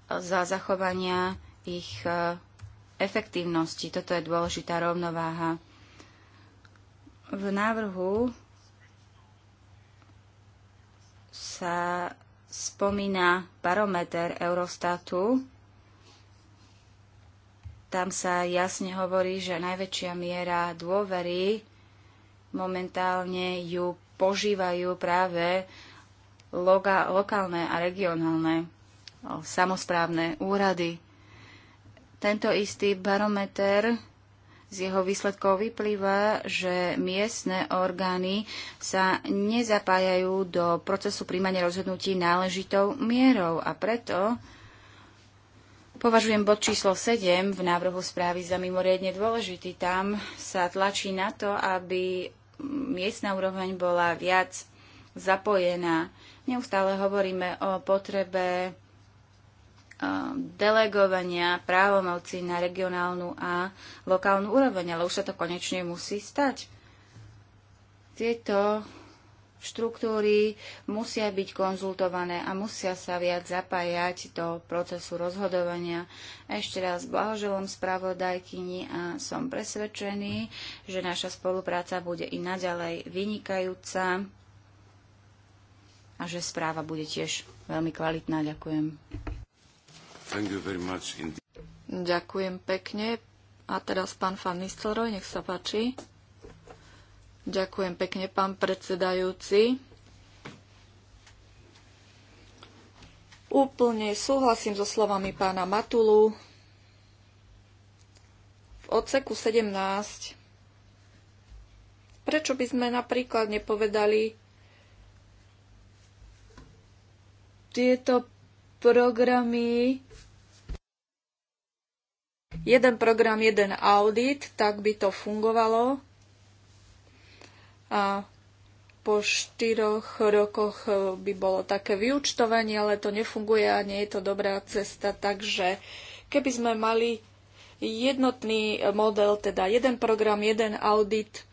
za zachovania ich e, efektívnosti. Toto je dôležitá rovnováha. V návrhu sa spomína barometer Eurostatu. Tam sa jasne hovorí, že najväčšia miera dôvery momentálne ju požívajú práve lokálne a regionálne o samozprávne úrady. Tento istý barometer z jeho výsledkov vyplýva, že miestne orgány sa nezapájajú do procesu príjmania rozhodnutí náležitou mierou a preto Považujem bod číslo 7 v návrhu správy za mimoriadne dôležitý. Tam sa tlačí na to, aby miestna úroveň bola viac zapojená. Neustále hovoríme o potrebe Um, delegovania právomocí na regionálnu a lokálnu úroveň, ale už sa to konečne musí stať. Tieto štruktúry musia byť konzultované a musia sa viac zapájať do procesu rozhodovania. Ešte raz blahoželom spravodajkyni a som presvedčený, že naša spolupráca bude i naďalej vynikajúca a že správa bude tiež veľmi kvalitná. Ďakujem. Ďakujem pekne. A teraz pán Fan Nistelroj, nech sa
páči. Ďakujem pekne, pán predsedajúci. Úplne súhlasím so slovami pána Matulu. V odseku 17 Prečo by sme napríklad nepovedali, tieto programy jeden program, jeden audit, tak by to fungovalo. A po štyroch rokoch e, by bolo také vyučtovanie, ale to nefunguje a nie je to dobrá cesta. Takže keby sme mali jednotný model, teda jeden program, jeden audit,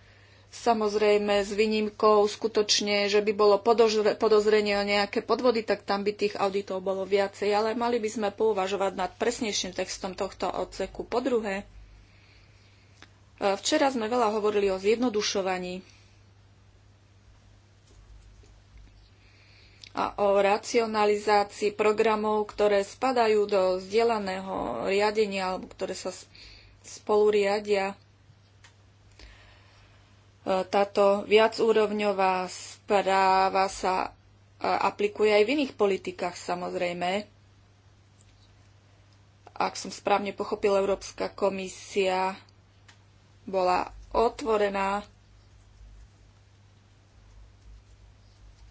Samozrejme, s výnimkou skutočne, že by bolo podozrenie o nejaké podvody, tak tam by tých auditov bolo viacej, ale mali by sme pouvažovať nad presnejším textom tohto odseku. Po druhé, e, včera sme veľa hovorili o zjednodušovaní a o racionalizácii programov, ktoré spadajú do vzdielaného riadenia alebo ktoré sa spolu riadia. E, táto viacúrovňová správa sa e, aplikuje aj v iných politikách samozrejme. Ak som správne pochopil, Európska komisia bola otvorená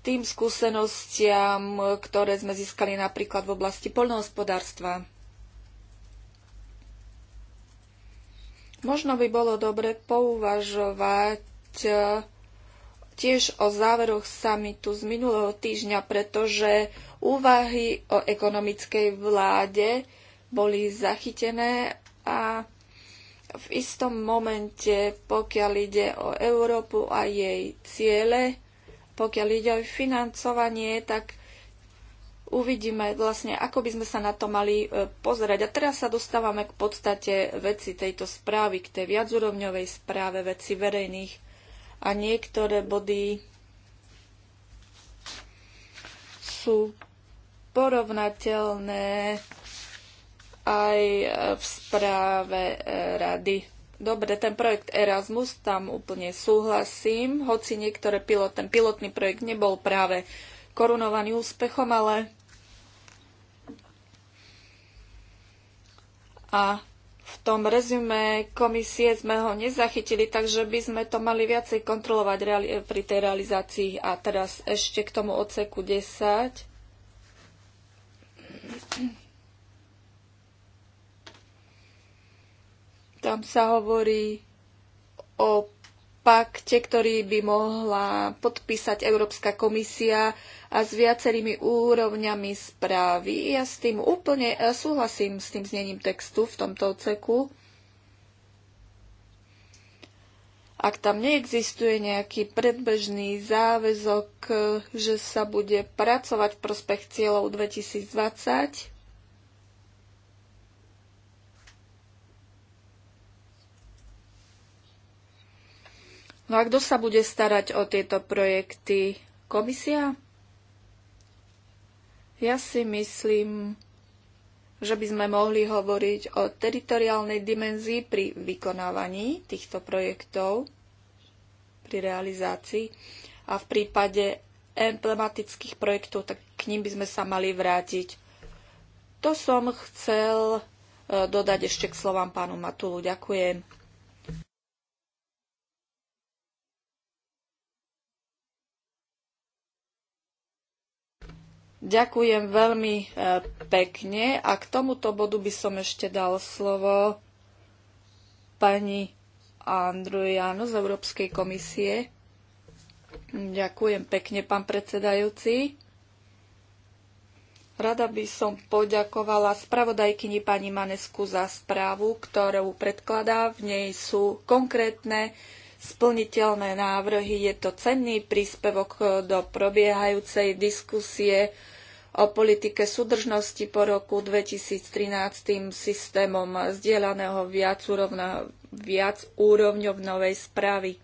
tým skúsenostiam, ktoré sme získali napríklad v oblasti poľnohospodárstva. Možno by bolo dobre pouvažovať E, tiež o záveroch samitu z minulého týždňa, pretože úvahy o ekonomickej vláde boli zachytené a v istom momente, pokiaľ ide o Európu a jej ciele, pokiaľ ide o financovanie, tak uvidíme vlastne, ako by sme sa na to mali e, pozerať. A teraz sa dostávame k podstate veci tejto správy, k tej viacúrovňovej správe veci verejných a niektoré body sú porovnateľné aj v správe e, rady. Dobre, ten projekt Erasmus, tam úplne súhlasím, hoci niektoré pilot, ten pilotný projekt nebol práve korunovaný úspechom, ale a v tom rezume komisie sme ho nezachytili, takže by sme to mali viacej kontrolovať pri tej realizácii. A teraz ešte k tomu odseku 10. Tam sa hovorí o pakte, ktorý by mohla podpísať Európska komisia a s viacerými úrovňami správy. Ja s tým úplne e, súhlasím s tým znením textu v tomto oceku. Ak tam neexistuje nejaký predbežný záväzok, e, že sa bude pracovať v prospech cieľov 2020, No a kto sa bude starať o tieto projekty? Komisia? Ja si myslím, že by sme mohli hovoriť o teritoriálnej dimenzii pri vykonávaní týchto projektov, pri realizácii a v prípade emblematických projektov, tak k ním by sme sa mali vrátiť. To som chcel eh, dodať ešte k slovám pánu Matulu. Ďakujem. Ďakujem veľmi e, pekne a k tomuto bodu by som ešte dal slovo pani Andrujano z Európskej komisie. Ďakujem pekne, pán predsedajúci. Rada by som poďakovala spravodajkyni pani Manesku za správu, ktorú predkladá. V nej sú konkrétne splniteľné návrhy. Je to cenný príspevok do probiehajúcej diskusie o politike súdržnosti po roku 2013 tým systémom zdieľaného viac, viac úrovňovnovej správy. E,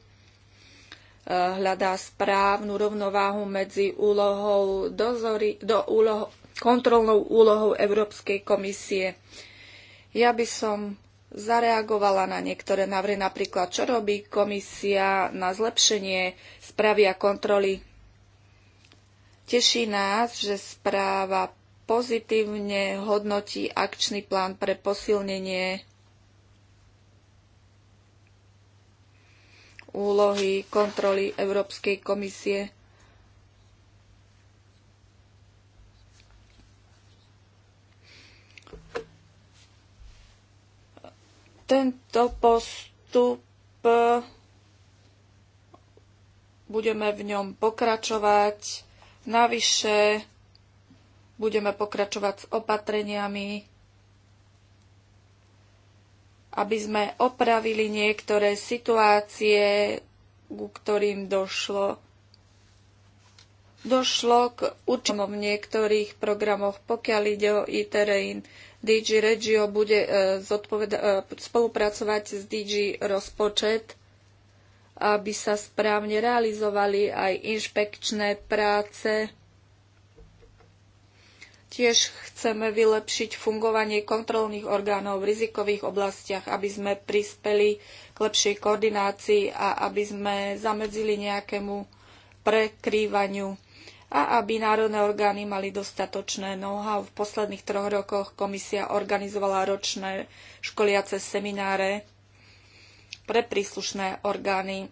hľadá správnu rovnováhu medzi úlohou dozory, do úloho, kontrolnou úlohou Európskej komisie. Ja by som zareagovala na niektoré návrhy, napríklad čo robí komisia na zlepšenie správy a kontroly. Teší nás, že správa pozitívne hodnotí akčný plán pre posilnenie úlohy kontroly Európskej komisie. tento postup eh, budeme v ňom pokračovať. Navyše budeme pokračovať s opatreniami, aby sme opravili niektoré situácie, ku ktorým došlo došlo k určitom v niektorých programoch, pokiaľ ide o ITREIN. DG Regio bude e, e, spolupracovať s DG Rozpočet, aby sa správne realizovali aj inšpekčné práce. Tiež chceme vylepšiť fungovanie kontrolných orgánov v rizikových oblastiach, aby sme prispeli k lepšej koordinácii a aby sme zamedzili nejakému prekrývaniu a aby národné orgány mali dostatočné know-how. V posledných troch rokoch komisia organizovala ročné školiace semináre pre príslušné orgány,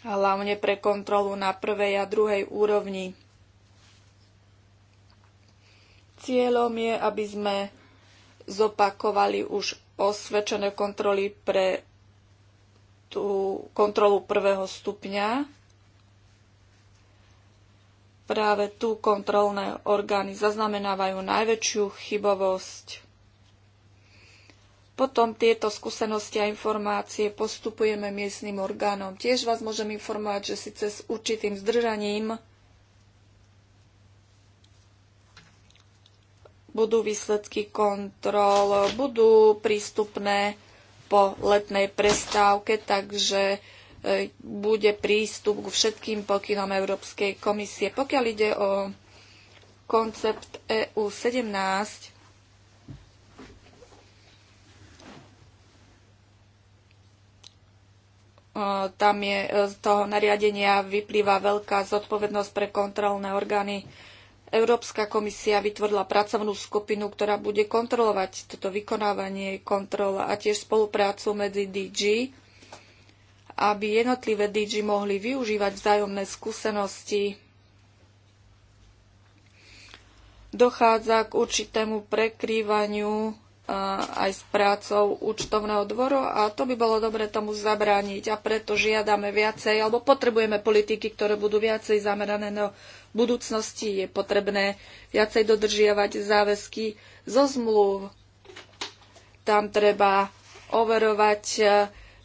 hlavne pre kontrolu na prvej a druhej úrovni. Cieľom je, aby sme zopakovali už osvedčené kontroly pre tú kontrolu prvého stupňa Práve tu kontrolné orgány zaznamenávajú najväčšiu chybovosť. Potom tieto skúsenosti a informácie postupujeme miestnym orgánom. Tiež vás môžem informovať, že síce s určitým zdržaním budú výsledky kontrol, budú prístupné po letnej prestávke, takže bude prístup ku všetkým pokynom Európskej komisie. Pokiaľ ide o koncept EU 17, e, tam je e, z toho nariadenia vyplýva veľká zodpovednosť pre kontrolné orgány. Európska komisia vytvorila pracovnú skupinu, ktorá bude kontrolovať toto vykonávanie kontrol a tiež spoluprácu medzi DG aby jednotlivé DG mohli využívať vzájomné skúsenosti. Dochádza k určitému prekrývaniu aj s prácou účtovného dvoru a to by bolo dobre tomu zabrániť a preto žiadame viacej alebo potrebujeme politiky, ktoré budú viacej zamerané na budúcnosti. Je potrebné viacej dodržiavať záväzky zo zmluv. Tam treba overovať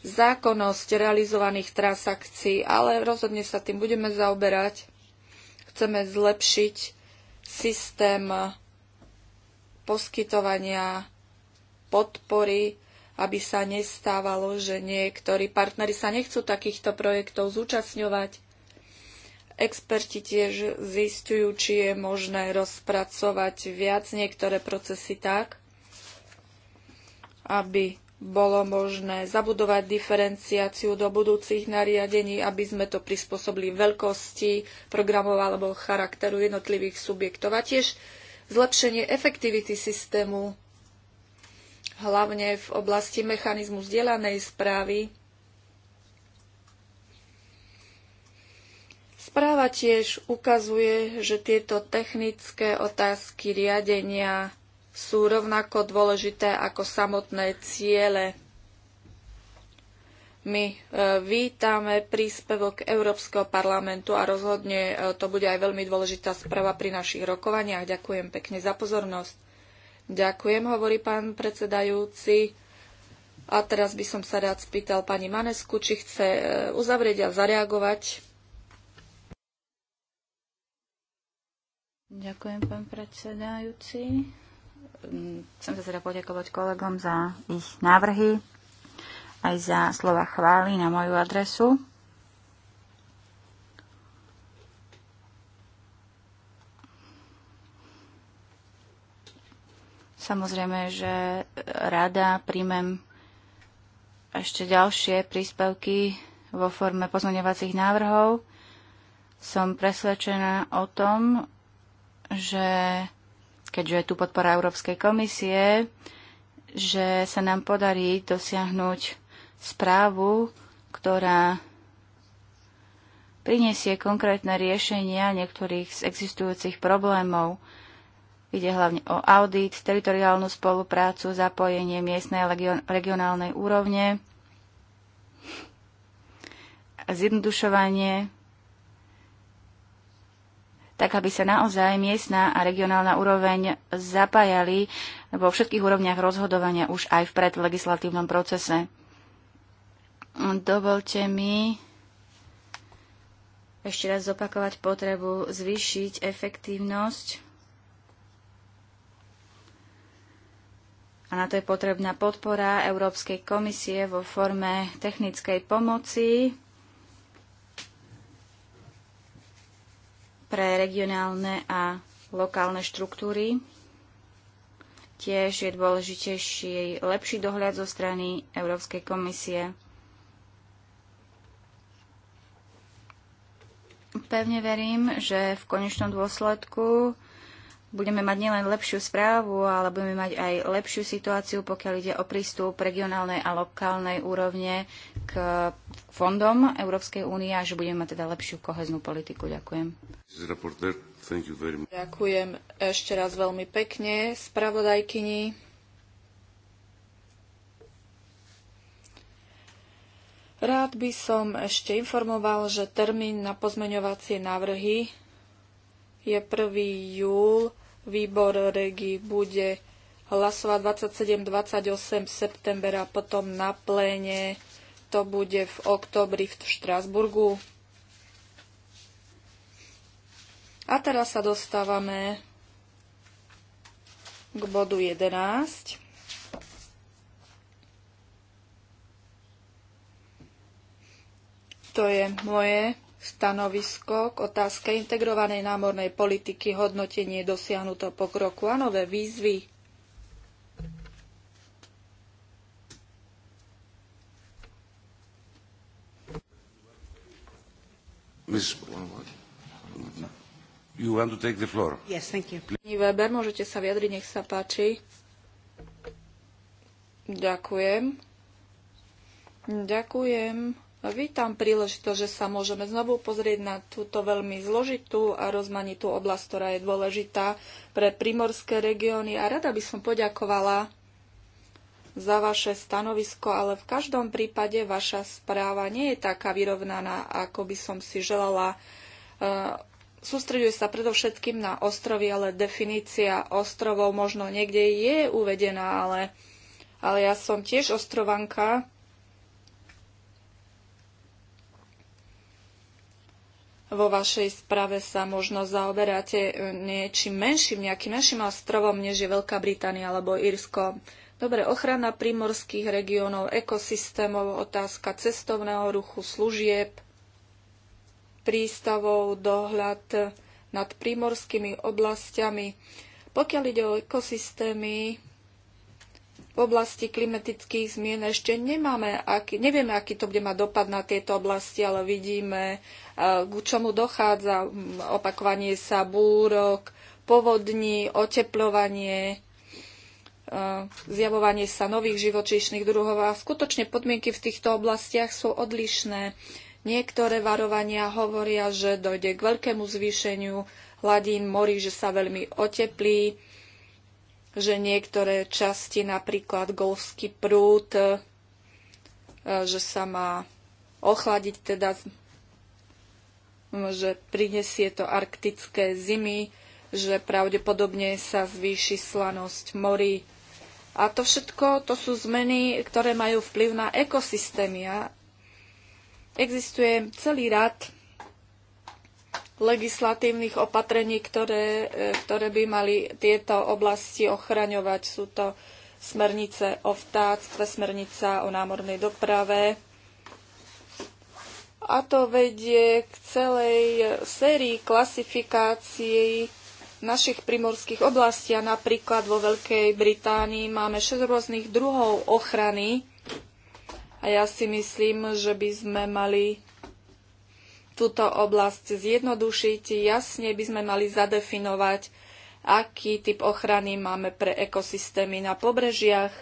zákonnosť realizovaných transakcií, ale rozhodne sa tým budeme zaoberať. Chceme zlepšiť systém poskytovania podpory, aby sa nestávalo, že niektorí partnery sa nechcú takýchto projektov zúčastňovať. Experti tiež zistujú, či je možné rozpracovať viac niektoré procesy tak, aby bolo možné zabudovať diferenciáciu do budúcich nariadení, aby sme to prispôsobili veľkosti programov alebo charakteru jednotlivých subjektov a tiež zlepšenie efektivity systému, hlavne v oblasti mechanizmu zdieľanej správy. Správa tiež ukazuje, že tieto technické otázky riadenia sú rovnako dôležité ako samotné ciele. My e, vítame príspevok Európskeho parlamentu a rozhodne e, to bude aj veľmi dôležitá správa pri našich rokovaniach. Ďakujem pekne za pozornosť. Ďakujem, hovorí pán predsedajúci. A teraz by som sa rád spýtal pani Manesku, či chce e, uzavrieť a zareagovať.
Ďakujem, pán predsedajúci. Chcem sa teda poďakovať kolegom za ich návrhy, aj za slova chvály na moju adresu. Samozrejme, že rada príjmem ešte ďalšie príspevky vo forme pozmeňovacích návrhov. Som presvedčená o tom, že keďže je tu podpora Európskej komisie, že sa nám podarí dosiahnuť správu, ktorá prinesie konkrétne riešenia niektorých z existujúcich problémov. Ide hlavne o audit, teritoriálnu spoluprácu, zapojenie miestnej a regionálnej úrovne, zjednodušovanie tak aby sa naozaj miestna a regionálna úroveň zapájali vo všetkých úrovniach rozhodovania už aj v predlegislatívnom procese. Dovolte mi ešte raz zopakovať potrebu zvýšiť efektívnosť a na to je potrebná podpora Európskej komisie vo forme technickej pomoci pre regionálne a lokálne štruktúry. Tiež je dôležitejší lepší dohľad zo strany Európskej komisie. Pevne verím, že v konečnom dôsledku budeme mať nielen lepšiu správu, ale budeme mať aj lepšiu situáciu, pokiaľ ide o prístup regionálnej a lokálnej úrovne k fondom Európskej únie a že budeme mať teda lepšiu koheznú politiku. Ďakujem. Ďakujem ešte raz veľmi pekne spravodajkyni.
Rád by som ešte informoval, že termín na pozmeňovacie návrhy je 1. júl Výbor regi bude hlasovať 27-28 septembra, a potom na pléne to bude v oktobri v Štrásburgu. A teraz sa dostávame k bodu 11. To je moje stanovisko k otázke integrovanej námornej politiky, hodnotenie dosiahnutého pokroku a nové výzvy.
Ms. You want to take the floor? Yes, thank you. Pani
Weber, môžete sa vyjadriť, nech sa páči. Ďakujem. Ďakujem Vítam príležitosť, že sa môžeme znovu pozrieť na túto veľmi zložitú a rozmanitú oblasť, ktorá je dôležitá pre primorské regióny a rada by som poďakovala za vaše stanovisko, ale v každom prípade vaša správa nie je taká vyrovnaná, ako by som si želala. E, sústreďuje sa predovšetkým na ostrovy, ale definícia ostrovov možno niekde je uvedená, ale, ale ja som tiež ostrovanka vo vašej správe sa možno zaoberáte e, niečím menším, nejakým menším ostrovom, než je Veľká Británia alebo Írsko. Dobre, ochrana primorských regiónov, ekosystémov, otázka cestovného ruchu, služieb, prístavov, dohľad nad primorskými oblastiami. Pokiaľ ide o ekosystémy, v oblasti klimatických zmien ešte nemáme, aký, nevieme, aký to bude mať dopad na tieto oblasti, ale vidíme, eh, k čomu dochádza mm, opakovanie sa búrok, povodní, oteplovanie, eh, zjavovanie sa nových živočíšnych druhov a skutočne podmienky v týchto oblastiach sú odlišné. Niektoré varovania hovoria, že dojde k veľkému zvýšeniu hladín morí, že sa veľmi oteplí, že niektoré časti, napríklad golfský prúd, e, že sa má ochladiť, teda že prinesie to arktické zimy, že pravdepodobne sa zvýši slanosť morí. A to všetko to sú zmeny, ktoré majú vplyv na ekosystémy. A existuje celý rad legislatívnych opatrení, ktoré, e, ktoré by mali tieto oblasti ochraňovať. Sú to smernice o vtáctve, smernica o námornej doprave. A to vedie k celej sérii klasifikácií našich primorských oblastí. A napríklad vo Veľkej Británii máme 6 rôznych druhov ochrany. A ja si myslím, že by sme mali túto oblasť zjednodušiť. Jasne by sme mali zadefinovať, aký typ ochrany máme pre ekosystémy na pobrežiach.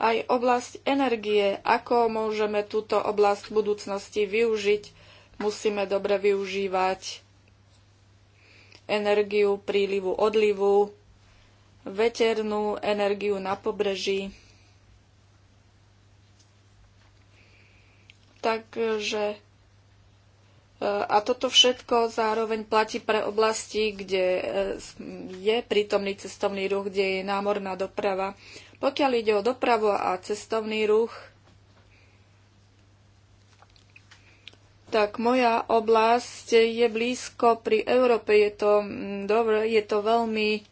Aj oblasť energie, ako môžeme túto oblasť v budúcnosti využiť, musíme dobre využívať energiu prílivu odlivu, veternú energiu na pobreží. Takže e, a toto všetko zároveň platí pre oblasti, kde e, je prítomný cestovný ruch, kde je námorná doprava. Pokiaľ ide o dopravu a cestovný ruch, tak moja oblasť je blízko pri Európe. Je to, mm, dobré, je to veľmi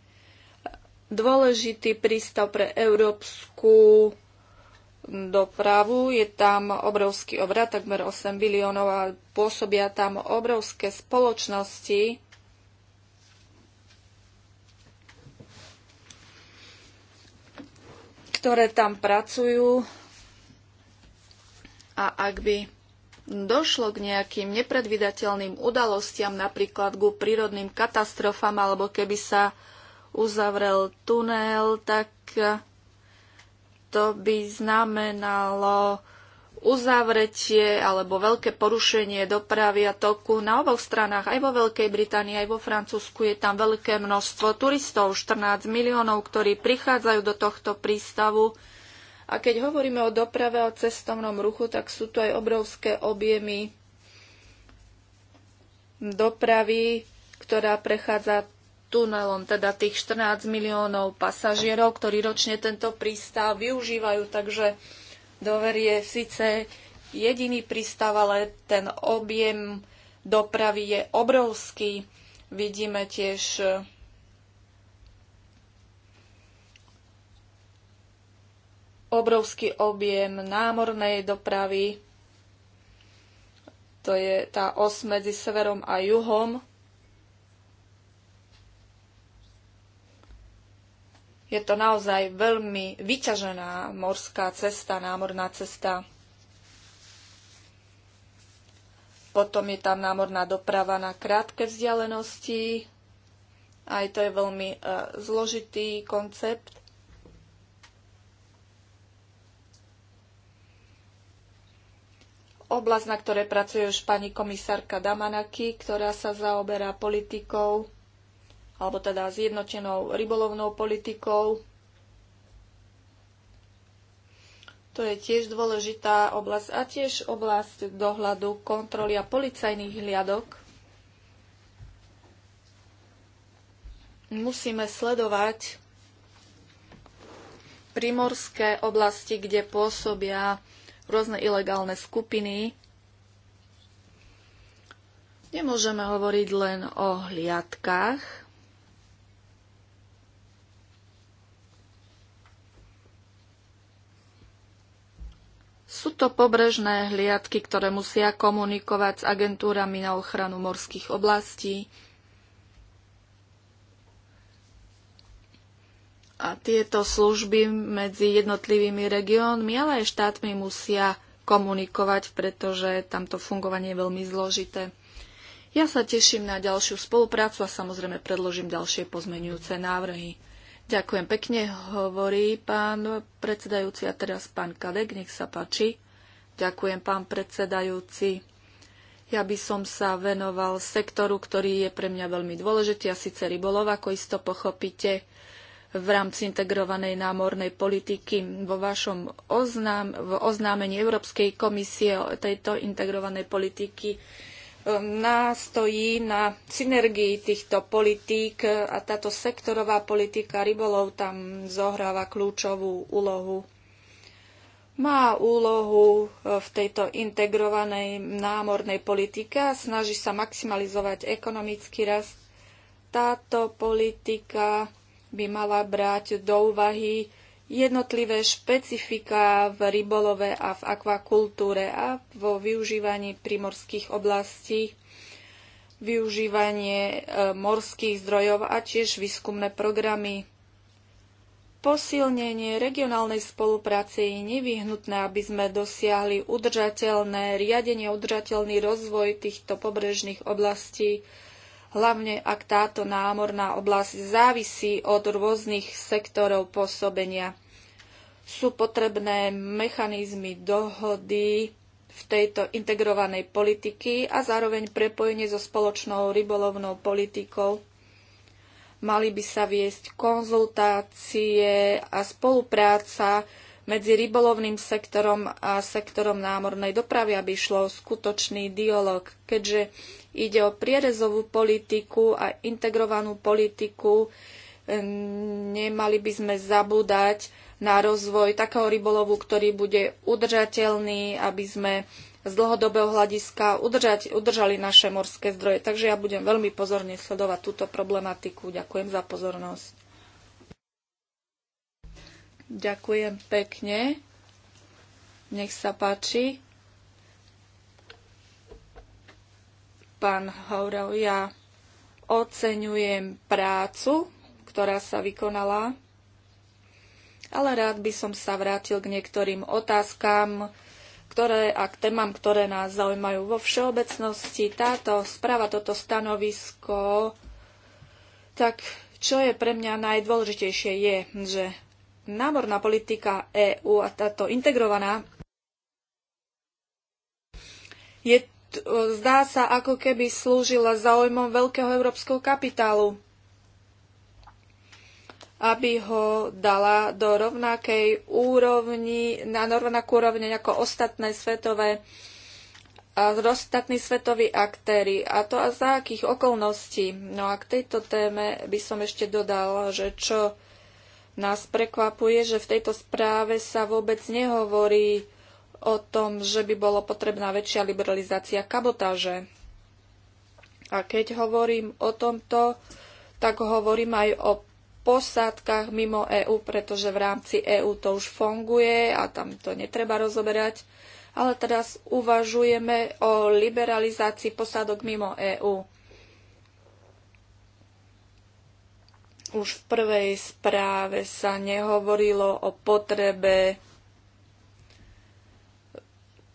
dôležitý prístav pre európsku dopravu. Je tam obrovský obrad, takmer 8 biliónov a pôsobia tam obrovské spoločnosti. ktoré tam pracujú a ak by došlo k nejakým nepredvydateľným udalostiam, napríklad ku prírodným katastrofám, alebo keby sa uzavrel tunel, tak to by znamenalo uzavretie alebo veľké porušenie dopravy a toku na oboch stranách, aj vo Veľkej Británii, aj vo Francúzsku je tam veľké množstvo turistov, 14 miliónov, ktorí prichádzajú do tohto prístavu. A keď hovoríme o doprave a cestovnom ruchu, tak sú tu aj obrovské objemy dopravy, ktorá prechádza tunelom, teda tých 14 miliónov pasažierov, ktorí ročne tento prístav využívajú, takže Dover je síce jediný prístav, ale ten objem dopravy je obrovský. Vidíme tiež obrovský objem námornej dopravy. To je tá os medzi severom a juhom Je to naozaj veľmi vyťažená morská cesta, námorná cesta. Potom je tam námorná doprava na krátke vzdialenosti. Aj to je veľmi e, zložitý koncept. Oblasť, na ktorej pracuje už pani komisárka Damanaki, ktorá sa zaoberá politikou alebo teda zjednotenou rybolovnou politikou. To je tiež dôležitá oblasť a tiež oblasť dohľadu, kontroly a policajných hliadok. Musíme sledovať primorské oblasti, kde pôsobia rôzne ilegálne skupiny. Nemôžeme hovoriť len o hliadkách, Sú to pobrežné hliadky, ktoré musia komunikovať s agentúrami na ochranu morských oblastí. A tieto služby medzi jednotlivými regiónmi, ale aj štátmi musia komunikovať, pretože tamto fungovanie je veľmi zložité. Ja sa teším na ďalšiu spoluprácu a samozrejme predložím ďalšie pozmenujúce návrhy. Ďakujem pekne, hovorí pán predsedajúci a teraz pán Kadek, nech sa páči. Ďakujem, pán predsedajúci. Ja by som sa venoval sektoru, ktorý je pre mňa veľmi dôležitý, a síce rybolov, ako isto pochopíte, v rámci integrovanej námornej politiky. Vo vašom oznám, v oznámení Európskej komisie o tejto integrovanej politiky nástojí na synergii týchto politík a táto sektorová politika rybolov tam zohráva kľúčovú úlohu. Má úlohu e, v tejto integrovanej námornej politike a snaží sa maximalizovať ekonomický rast. Táto politika by mala brať do úvahy jednotlivé špecifika v rybolove a v akvakultúre a vo využívaní primorských oblastí, využívanie e, morských zdrojov a tiež výskumné programy. Posilnenie regionálnej spolupráce je nevyhnutné, aby sme dosiahli udržateľné riadenie, udržateľný rozvoj týchto pobrežných oblastí, hlavne ak táto námorná oblasť závisí od rôznych sektorov pôsobenia. Sú potrebné mechanizmy dohody v tejto integrovanej politiky a zároveň prepojenie so spoločnou rybolovnou politikou. Mali by sa viesť konzultácie a spolupráca medzi rybolovným sektorom a sektorom námornej dopravy, aby šlo skutočný dialog, keďže Ide o prierezovú politiku a integrovanú politiku. Nemali by sme zabúdať na rozvoj takého rybolovu, ktorý bude udržateľný, aby sme z dlhodobého hľadiska udržať, udržali naše morské zdroje. Takže ja budem veľmi pozorne sledovať túto problematiku. Ďakujem za pozornosť. Ďakujem pekne. Nech sa páči. Pán Haurel, ja oceňujem prácu, ktorá sa vykonala, ale rád by som sa vrátil k niektorým otázkam, ktoré a k témam, ktoré nás zaujímajú vo všeobecnosti. Táto správa, toto stanovisko, tak čo je pre mňa najdôležitejšie je, že námorná politika EÚ a táto integrovaná je zdá sa, ako keby slúžila záujmom veľkého európskeho kapitálu, aby ho dala do rovnakej úrovni, na rovnakú úrovni ako ostatné svetové a ostatní svetoví aktéry. A to a za akých okolností? No a k tejto téme by som ešte dodal, že čo nás prekvapuje, že v tejto správe sa vôbec nehovorí o tom, že by bolo potrebná väčšia liberalizácia kabotáže. A keď hovorím o tomto, tak hovorím aj o posádkach mimo EÚ, pretože v rámci EÚ to už funguje a tam to netreba rozoberať. Ale teraz uvažujeme o liberalizácii posádok mimo EÚ. Už v prvej správe sa nehovorilo o potrebe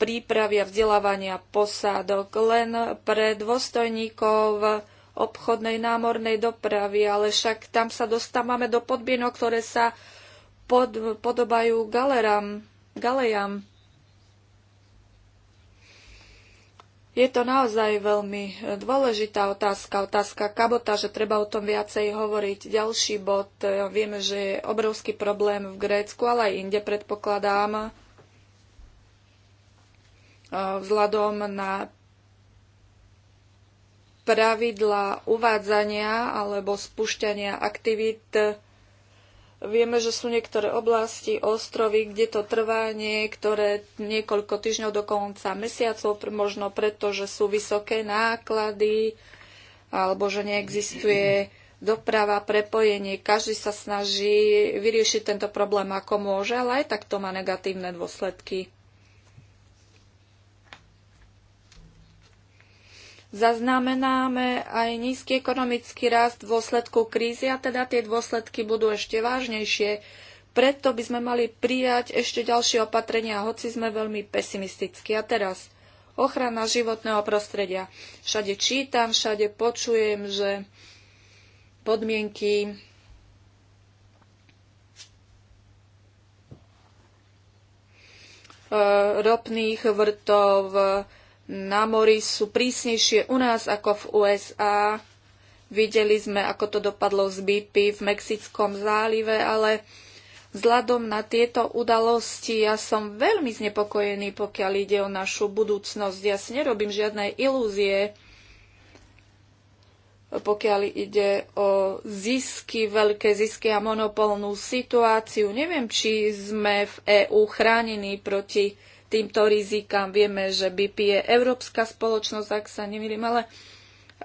prípravy a vzdelávania posádok len pre dôstojníkov obchodnej námornej dopravy, ale však tam sa dostávame do podmienok, ktoré sa pod, podobajú galeram, galejam. Je to naozaj veľmi dôležitá otázka, otázka kabota, že treba o tom viacej hovoriť. Ďalší bod, vieme, že je obrovský problém v Grécku, ale aj inde predpokladám, E, vzhľadom na pravidla uvádzania alebo spúšťania aktivít. Vieme, že sú niektoré oblasti, ostrovy, kde to trvá niektoré niekoľko týždňov, do konca mesiacov, možno preto, že sú vysoké náklady alebo že neexistuje doprava, prepojenie. Každý sa snaží vyriešiť tento problém ako môže, ale aj tak to má negatívne dôsledky. zaznamenáme aj nízky ekonomický rast v dôsledku krízy a teda tie dôsledky budú ešte vážnejšie. Preto by sme mali prijať ešte ďalšie opatrenia, hoci sme veľmi pesimistickí. A teraz ochrana životného prostredia. Všade čítam, všade počujem, že podmienky e, ropných vrtov, na mori sú prísnejšie u nás ako v USA. Videli sme, ako to dopadlo z BP v Mexickom zálive, ale vzhľadom na tieto udalosti ja som veľmi znepokojený, pokiaľ ide o našu budúcnosť. Ja si nerobím žiadne ilúzie, pokiaľ ide o zisky, veľké zisky a monopolnú situáciu. Neviem, či sme v EÚ chránení proti týmto rizikám. Vieme, že BP je európska spoločnosť, ak sa nemýlim, ale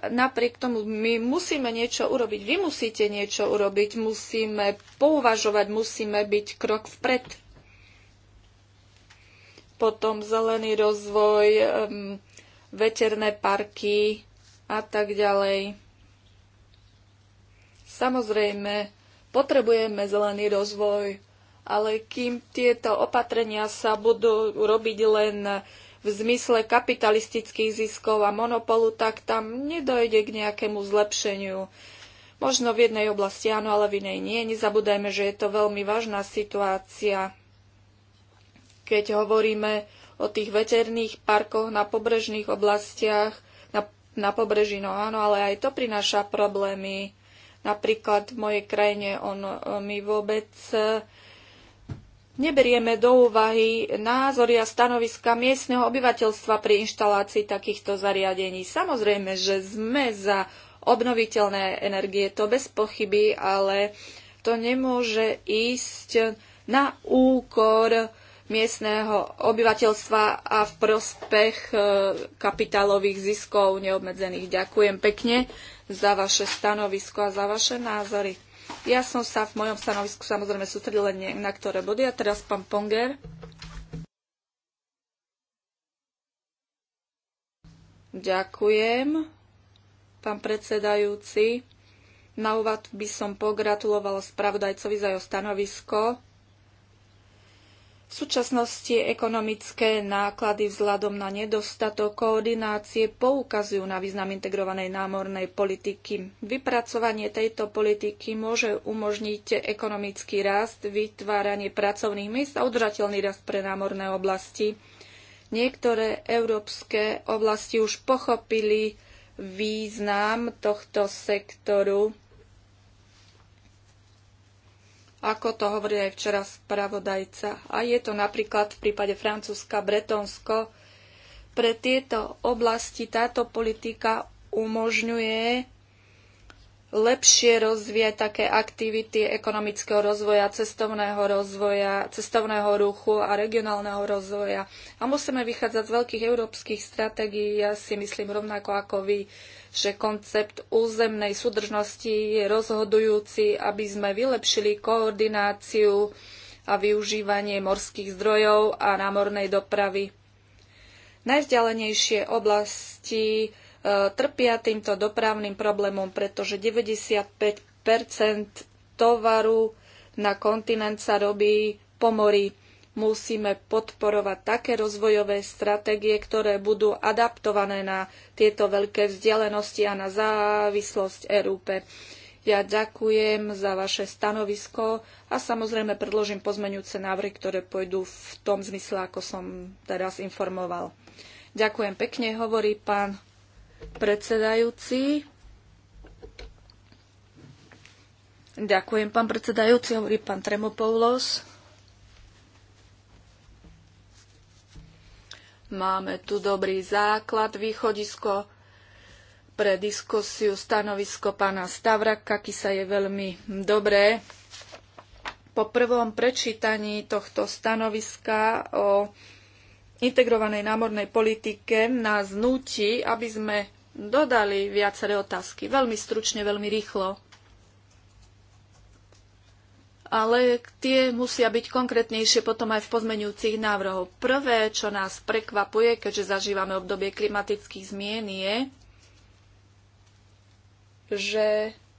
napriek tomu my musíme niečo urobiť. Vy musíte niečo urobiť, musíme pouvažovať, musíme byť krok vpred. Potom zelený rozvoj, veterné parky a tak ďalej. Samozrejme, potrebujeme zelený rozvoj, ale kým tieto opatrenia sa budú robiť len v zmysle kapitalistických ziskov a monopolu, tak tam nedojde k nejakému zlepšeniu. Možno v jednej oblasti áno, ale v inej nie. Nezabúdajme, že je to veľmi vážna situácia, keď hovoríme o tých veterných parkoch na pobrežných oblastiach, na, na pobreží, no áno, ale aj to prináša problémy. Napríklad v mojej krajine on, mi vôbec neberieme do úvahy názory a stanoviska miestneho obyvateľstva pri inštalácii takýchto zariadení. Samozrejme, že sme za obnoviteľné energie, to bez pochyby, ale to nemôže ísť na úkor miestneho obyvateľstva a v prospech e, kapitálových ziskov neobmedzených. Ďakujem pekne za vaše stanovisko a za vaše názory. Ja som sa v mojom stanovisku samozrejme len na ktoré body a teraz pán Ponger. Ďakujem, pán predsedajúci. Na úvod by som pogratulovala spravodajcovi za jeho stanovisko. V súčasnosti ekonomické náklady vzhľadom na nedostatok koordinácie poukazujú na význam integrovanej námornej politiky. Vypracovanie tejto politiky môže umožniť ekonomický rast, vytváranie pracovných miest a udržateľný rast pre námorné oblasti. Niektoré európske oblasti už pochopili význam tohto sektoru ako to hovorí aj včera spravodajca. A je to napríklad v prípade Francúzska, Bretonsko. Pre tieto oblasti táto politika umožňuje lepšie rozvíjať také aktivity ekonomického rozvoja, cestovného rozvoja, cestovného ruchu a regionálneho rozvoja. A musíme vychádzať z veľkých európskych stratégií. Ja si myslím rovnako ako vy, že koncept územnej súdržnosti je rozhodujúci, aby sme vylepšili koordináciu a využívanie morských zdrojov a námornej dopravy. Najvzdialenejšie oblasti E, trpia týmto dopravným problémom, pretože 95 tovaru na kontinent sa robí po mori. Musíme podporovať také rozvojové stratégie, ktoré budú adaptované na tieto veľké vzdialenosti a na závislosť Európe. Ja ďakujem za vaše stanovisko a samozrejme predložím pozmeňujúce návrhy, ktoré pôjdu v tom zmysle, ako som teraz informoval. Ďakujem pekne, hovorí pán predsedajúci. Ďakujem, pán predsedajúci, hovorí pán Tremopoulos. Máme tu dobrý základ, východisko pre diskusiu. Stanovisko pána Stavraka sa je veľmi dobré. Po prvom prečítaní tohto stanoviska o integrovanej námornej politike nás nutí, aby sme dodali viaceré otázky. Veľmi stručne, veľmi rýchlo. Ale tie musia byť konkrétnejšie potom aj v pozmeňujúcich návrhov. Prvé, čo nás prekvapuje, keďže zažívame obdobie klimatických zmien, je, že,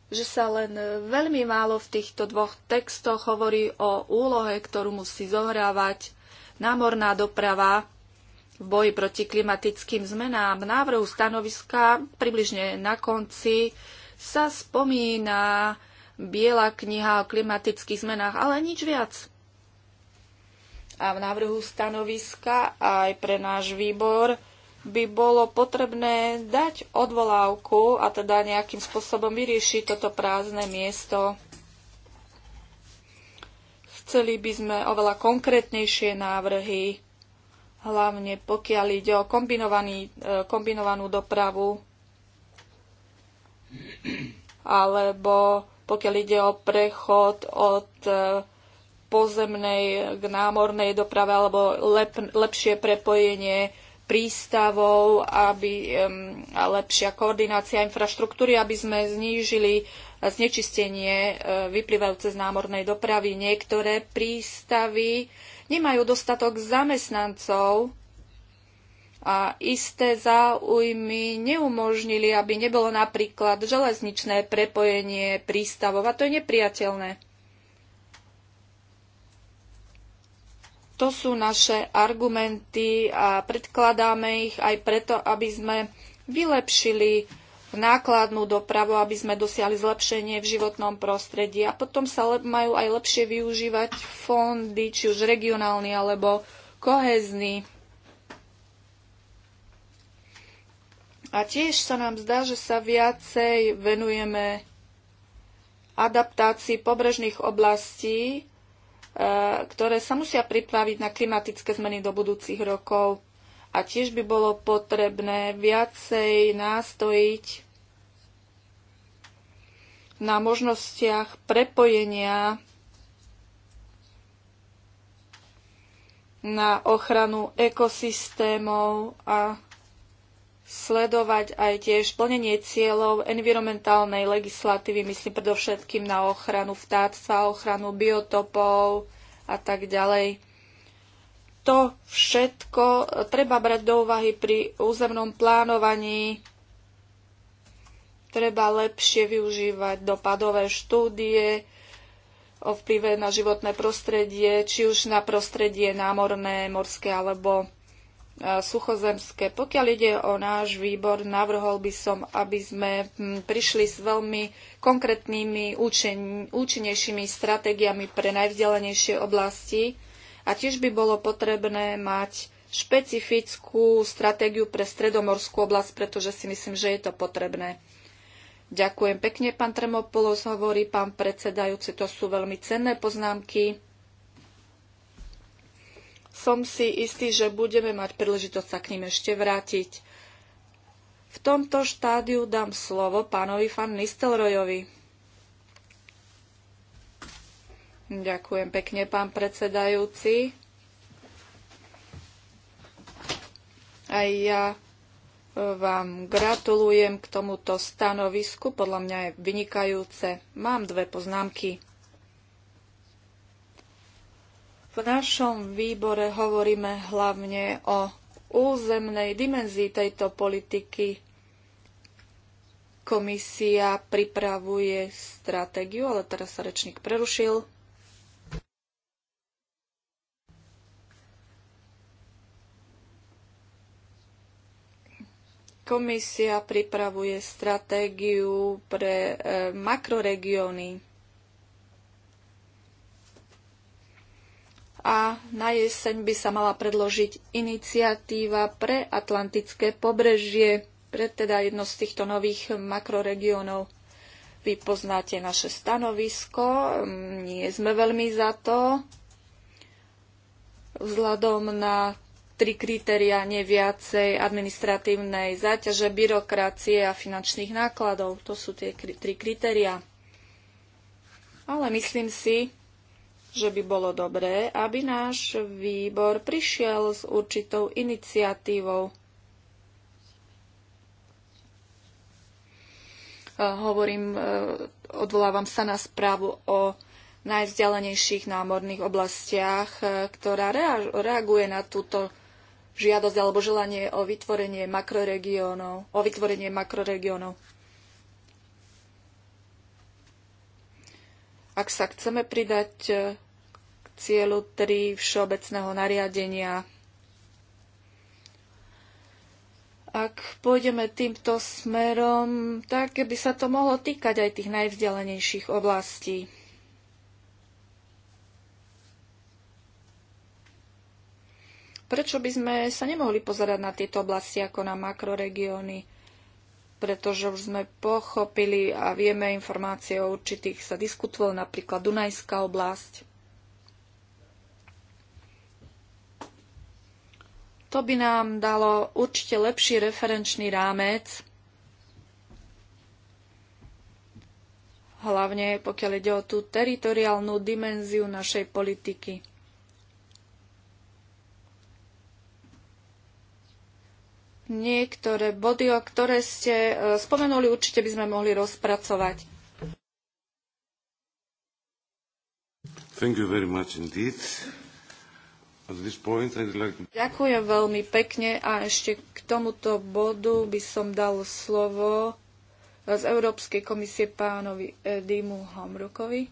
že sa len veľmi málo v týchto dvoch textoch hovorí o úlohe, ktorú musí zohrávať námorná doprava v boji proti klimatickým zmenám. V návrhu stanoviska približne na konci sa spomína biela kniha o klimatických zmenách, ale nič viac. A v návrhu stanoviska aj pre náš výbor by bolo potrebné dať odvolávku a teda nejakým spôsobom vyriešiť toto prázdne miesto Chceli by sme oveľa konkrétnejšie návrhy, hlavne pokiaľ ide o e, kombinovanú dopravu alebo pokiaľ ide o prechod od e, pozemnej k námornej doprave alebo lep, lepšie prepojenie prístavov aby, a lepšia koordinácia infraštruktúry, aby sme znížili znečistenie e, vyplývajúce z námornej dopravy. Niektoré prístavy nemajú dostatok zamestnancov a isté záujmy neumožnili, aby nebolo napríklad železničné prepojenie prístavov a to je nepriateľné. To sú naše argumenty a predkladáme ich aj preto, aby sme vylepšili nákladnú dopravu, aby sme dosiahli zlepšenie v životnom prostredí. A potom sa majú aj lepšie využívať fondy, či už regionálny alebo kohezný. A tiež sa nám zdá, že sa viacej venujeme adaptácii pobrežných oblastí, e, ktoré sa musia pripraviť na klimatické zmeny do budúcich rokov a tiež by bolo potrebné viacej nástojiť na možnostiach prepojenia na ochranu ekosystémov a sledovať aj tiež plnenie cieľov environmentálnej legislatívy, myslím predovšetkým na ochranu vtáctva, ochranu biotopov a tak ďalej to všetko treba brať do úvahy pri územnom plánovaní. Treba lepšie využívať dopadové štúdie o vplyve na životné prostredie, či už na prostredie námorné, morské alebo e, suchozemské. Pokiaľ ide o náš výbor, navrhol by som, aby sme hm, prišli s veľmi konkrétnymi účinnejšími stratégiami pre najvzdelenejšie oblasti a tiež by bolo potrebné mať špecifickú stratégiu pre stredomorskú oblasť, pretože si myslím, že je to potrebné. Ďakujem pekne, pán Tremopolos, hovorí pán predsedajúci. To sú veľmi cenné poznámky. Som si istý, že budeme mať príležitosť sa k ním ešte vrátiť. V tomto štádiu dám slovo pánovi Fan Nistelrojovi. Ďakujem pekne, pán predsedajúci. Aj ja e, vám gratulujem k tomuto stanovisku. Podľa mňa je vynikajúce. Mám dve poznámky. V našom výbore hovoríme hlavne o územnej dimenzii tejto politiky. Komisia pripravuje stratégiu, ale teraz sa rečník prerušil. Komisia pripravuje stratégiu pre e, makroregióny. A na jeseň by sa mala predložiť iniciatíva pre Atlantické pobrežie, pre teda jedno z týchto nových makroregiónov. Vy poznáte naše stanovisko, nie sme veľmi za to, vzhľadom na tri kritéria, neviacej administratívnej záťaže, byrokracie a finančných nákladov. To sú tie kri- tri kritéria. Ale myslím si, že by bolo dobré, aby náš výbor prišiel s určitou iniciatívou. Hovorím, e, odvolávam sa na správu o najvzdialenejších námorných oblastiach, e, ktorá reaguje na túto žiadosť alebo želanie o vytvorenie makroregiónov, o vytvorenie makroregiónov. Ak sa chceme pridať e, k cieľu 3 všeobecného nariadenia, ak pôjdeme týmto smerom, tak by sa to mohlo týkať aj tých najvzdialenejších oblastí. Prečo by sme sa nemohli pozerať na tieto oblasti ako na makroregióny? Pretože už sme pochopili a vieme informácie o určitých, sa diskutoval napríklad Dunajská oblasť. To by nám dalo určite lepší referenčný rámec, hlavne pokiaľ ide o tú teritoriálnu dimenziu našej politiky. niektoré body, o ktoré ste e, spomenuli, určite by sme mohli rozpracovať.
Thank you very much indeed. At this point, I'd like to...
Ďakujem veľmi pekne a ešte k tomuto bodu by som dal slovo e, z Európskej komisie pánovi Edimu Homrukovi.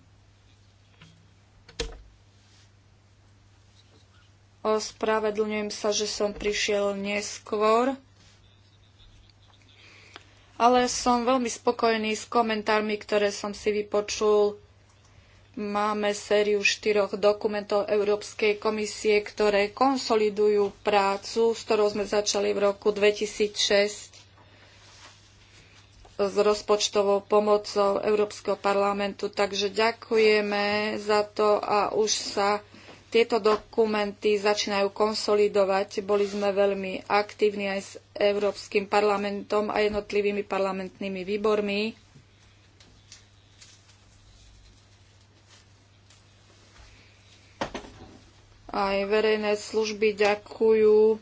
Ospravedlňujem sa, že som prišiel neskôr ale som veľmi spokojný s komentármi, ktoré som si vypočul. Máme sériu štyroch dokumentov Európskej komisie, ktoré konsolidujú prácu, s ktorou sme začali v roku 2006 s rozpočtovou pomocou Európskeho parlamentu. Takže ďakujeme za to a už sa tieto dokumenty začínajú konsolidovať. Boli sme veľmi aktívni aj s Európskym parlamentom a jednotlivými parlamentnými výbormi. Aj verejné služby ďakujú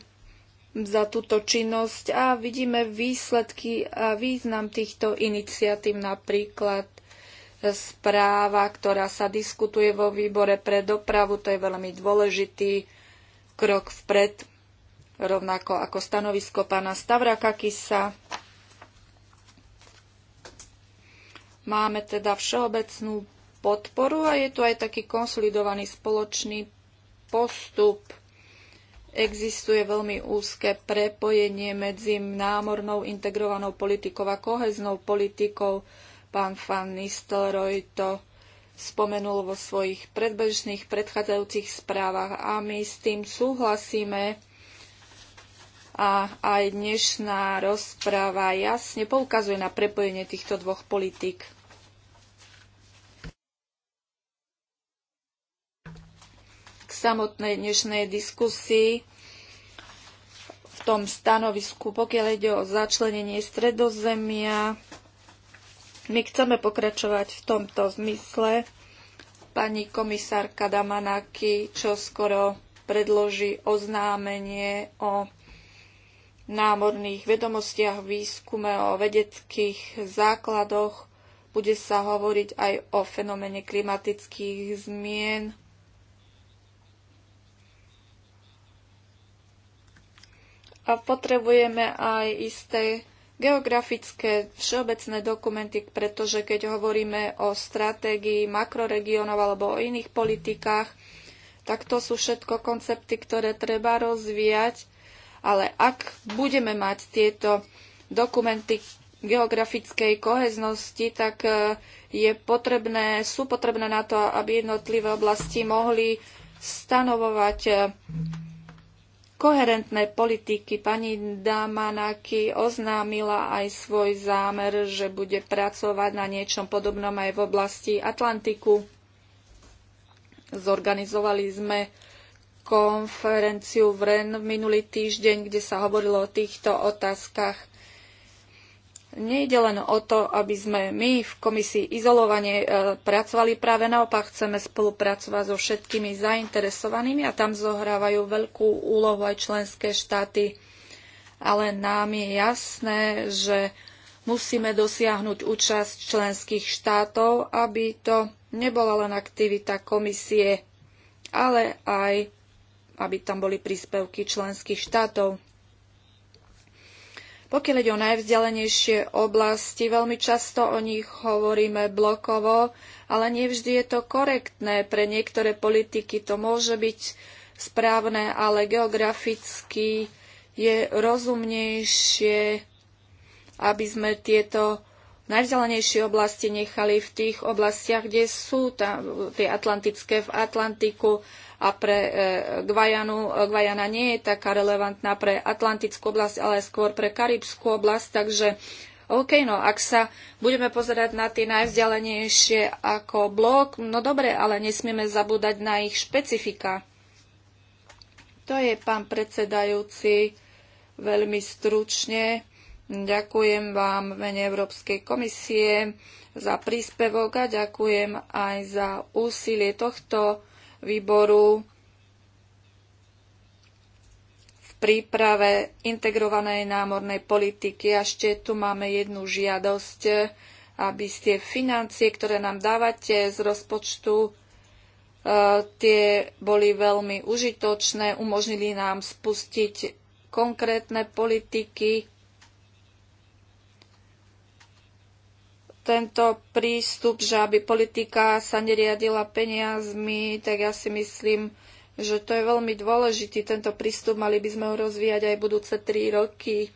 za túto činnosť a vidíme výsledky a význam týchto iniciatív napríklad správa, ktorá sa diskutuje vo výbore pre dopravu. To je veľmi dôležitý krok vpred, rovnako ako stanovisko pána Stavraka Kisa. Máme teda všeobecnú podporu a je tu aj taký konsolidovaný spoločný postup existuje veľmi úzke prepojenie medzi námornou integrovanou politikou a koheznou politikou. Pán Fan Nistelrooy to spomenul vo svojich predbežných predchádzajúcich správach a my s tým súhlasíme. A aj dnešná rozpráva jasne poukazuje na prepojenie týchto dvoch politík. K samotnej dnešnej diskusii v tom stanovisku, pokiaľ ide o začlenenie stredozemia, my chceme pokračovať v tomto zmysle. Pani komisárka Damanaki čo skoro predloží oznámenie o námorných vedomostiach, výskume, o vedeckých základoch. Bude sa hovoriť aj o fenomene klimatických zmien. A potrebujeme aj isté geografické všeobecné dokumenty, pretože keď hovoríme o stratégii makroregiónov alebo o iných politikách, tak to sú všetko koncepty, ktoré treba rozvíjať, ale ak budeme mať tieto dokumenty geografickej koheznosti, tak e, je potrebné, sú potrebné na to, aby jednotlivé oblasti mohli stanovovať e, koherentné politiky. Pani Damanaki oznámila aj svoj zámer, že bude pracovať na niečom podobnom aj v oblasti Atlantiku. Zorganizovali sme konferenciu v REN minulý týždeň, kde sa hovorilo o týchto otázkach Nejde len o to, aby sme my v komisii izolovane e, pracovali, práve naopak chceme spolupracovať so všetkými zainteresovanými a tam zohrávajú veľkú úlohu aj členské štáty. Ale nám je jasné, že musíme dosiahnuť účasť členských štátov, aby to nebola len aktivita komisie, ale aj aby tam boli príspevky členských štátov. Pokiaľ ide o najvzdialenejšie oblasti, veľmi často o nich hovoríme blokovo, ale nevždy je to korektné. Pre niektoré politiky to môže byť správne, ale geograficky je rozumnejšie, aby sme tieto najvzdialenejšie oblasti nechali v tých oblastiach, kde sú tie atlantické v Atlantiku a pre e, Gvajanu. Gvajana nie je taká relevantná pre Atlantickú oblasť, ale skôr pre Karibskú oblasť, takže OK, no ak sa budeme pozerať na tie najvzdialenejšie ako blok, no dobre, ale nesmieme zabúdať na ich špecifika. To je, pán predsedajúci, veľmi stručne. Ďakujem vám v mene Európskej komisie za príspevok a ďakujem aj za úsilie tohto výboru v príprave integrovanej námornej politiky. A ešte tu máme jednu žiadosť, aby ste financie, ktoré nám dávate z rozpočtu, e, tie boli veľmi užitočné, umožnili nám spustiť konkrétne politiky, tento prístup, že aby politika sa neriadila peniazmi, tak ja si myslím, že to je veľmi dôležitý tento prístup. Mali by sme ho rozvíjať aj budúce tri roky.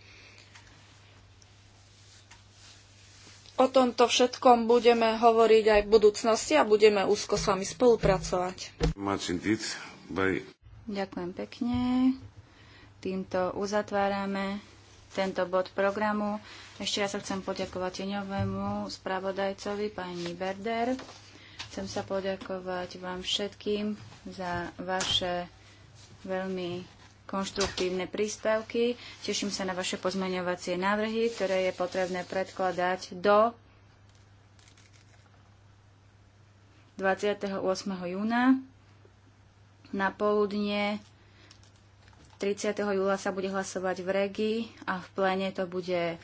O tomto všetkom budeme hovoriť aj v budúcnosti a budeme úzko s vami spolupracovať.
Ďakujem pekne. Týmto uzatvárame tento bod programu. Ešte raz ja sa chcem poďakovať Jeňovému spravodajcovi, pani Berder. Chcem sa poďakovať vám všetkým za vaše veľmi konštruktívne príspevky. Teším sa na vaše pozmeňovacie návrhy, ktoré je potrebné predkladať do 28. júna na poludne 30. júla sa bude hlasovať v Regi a v pléne to bude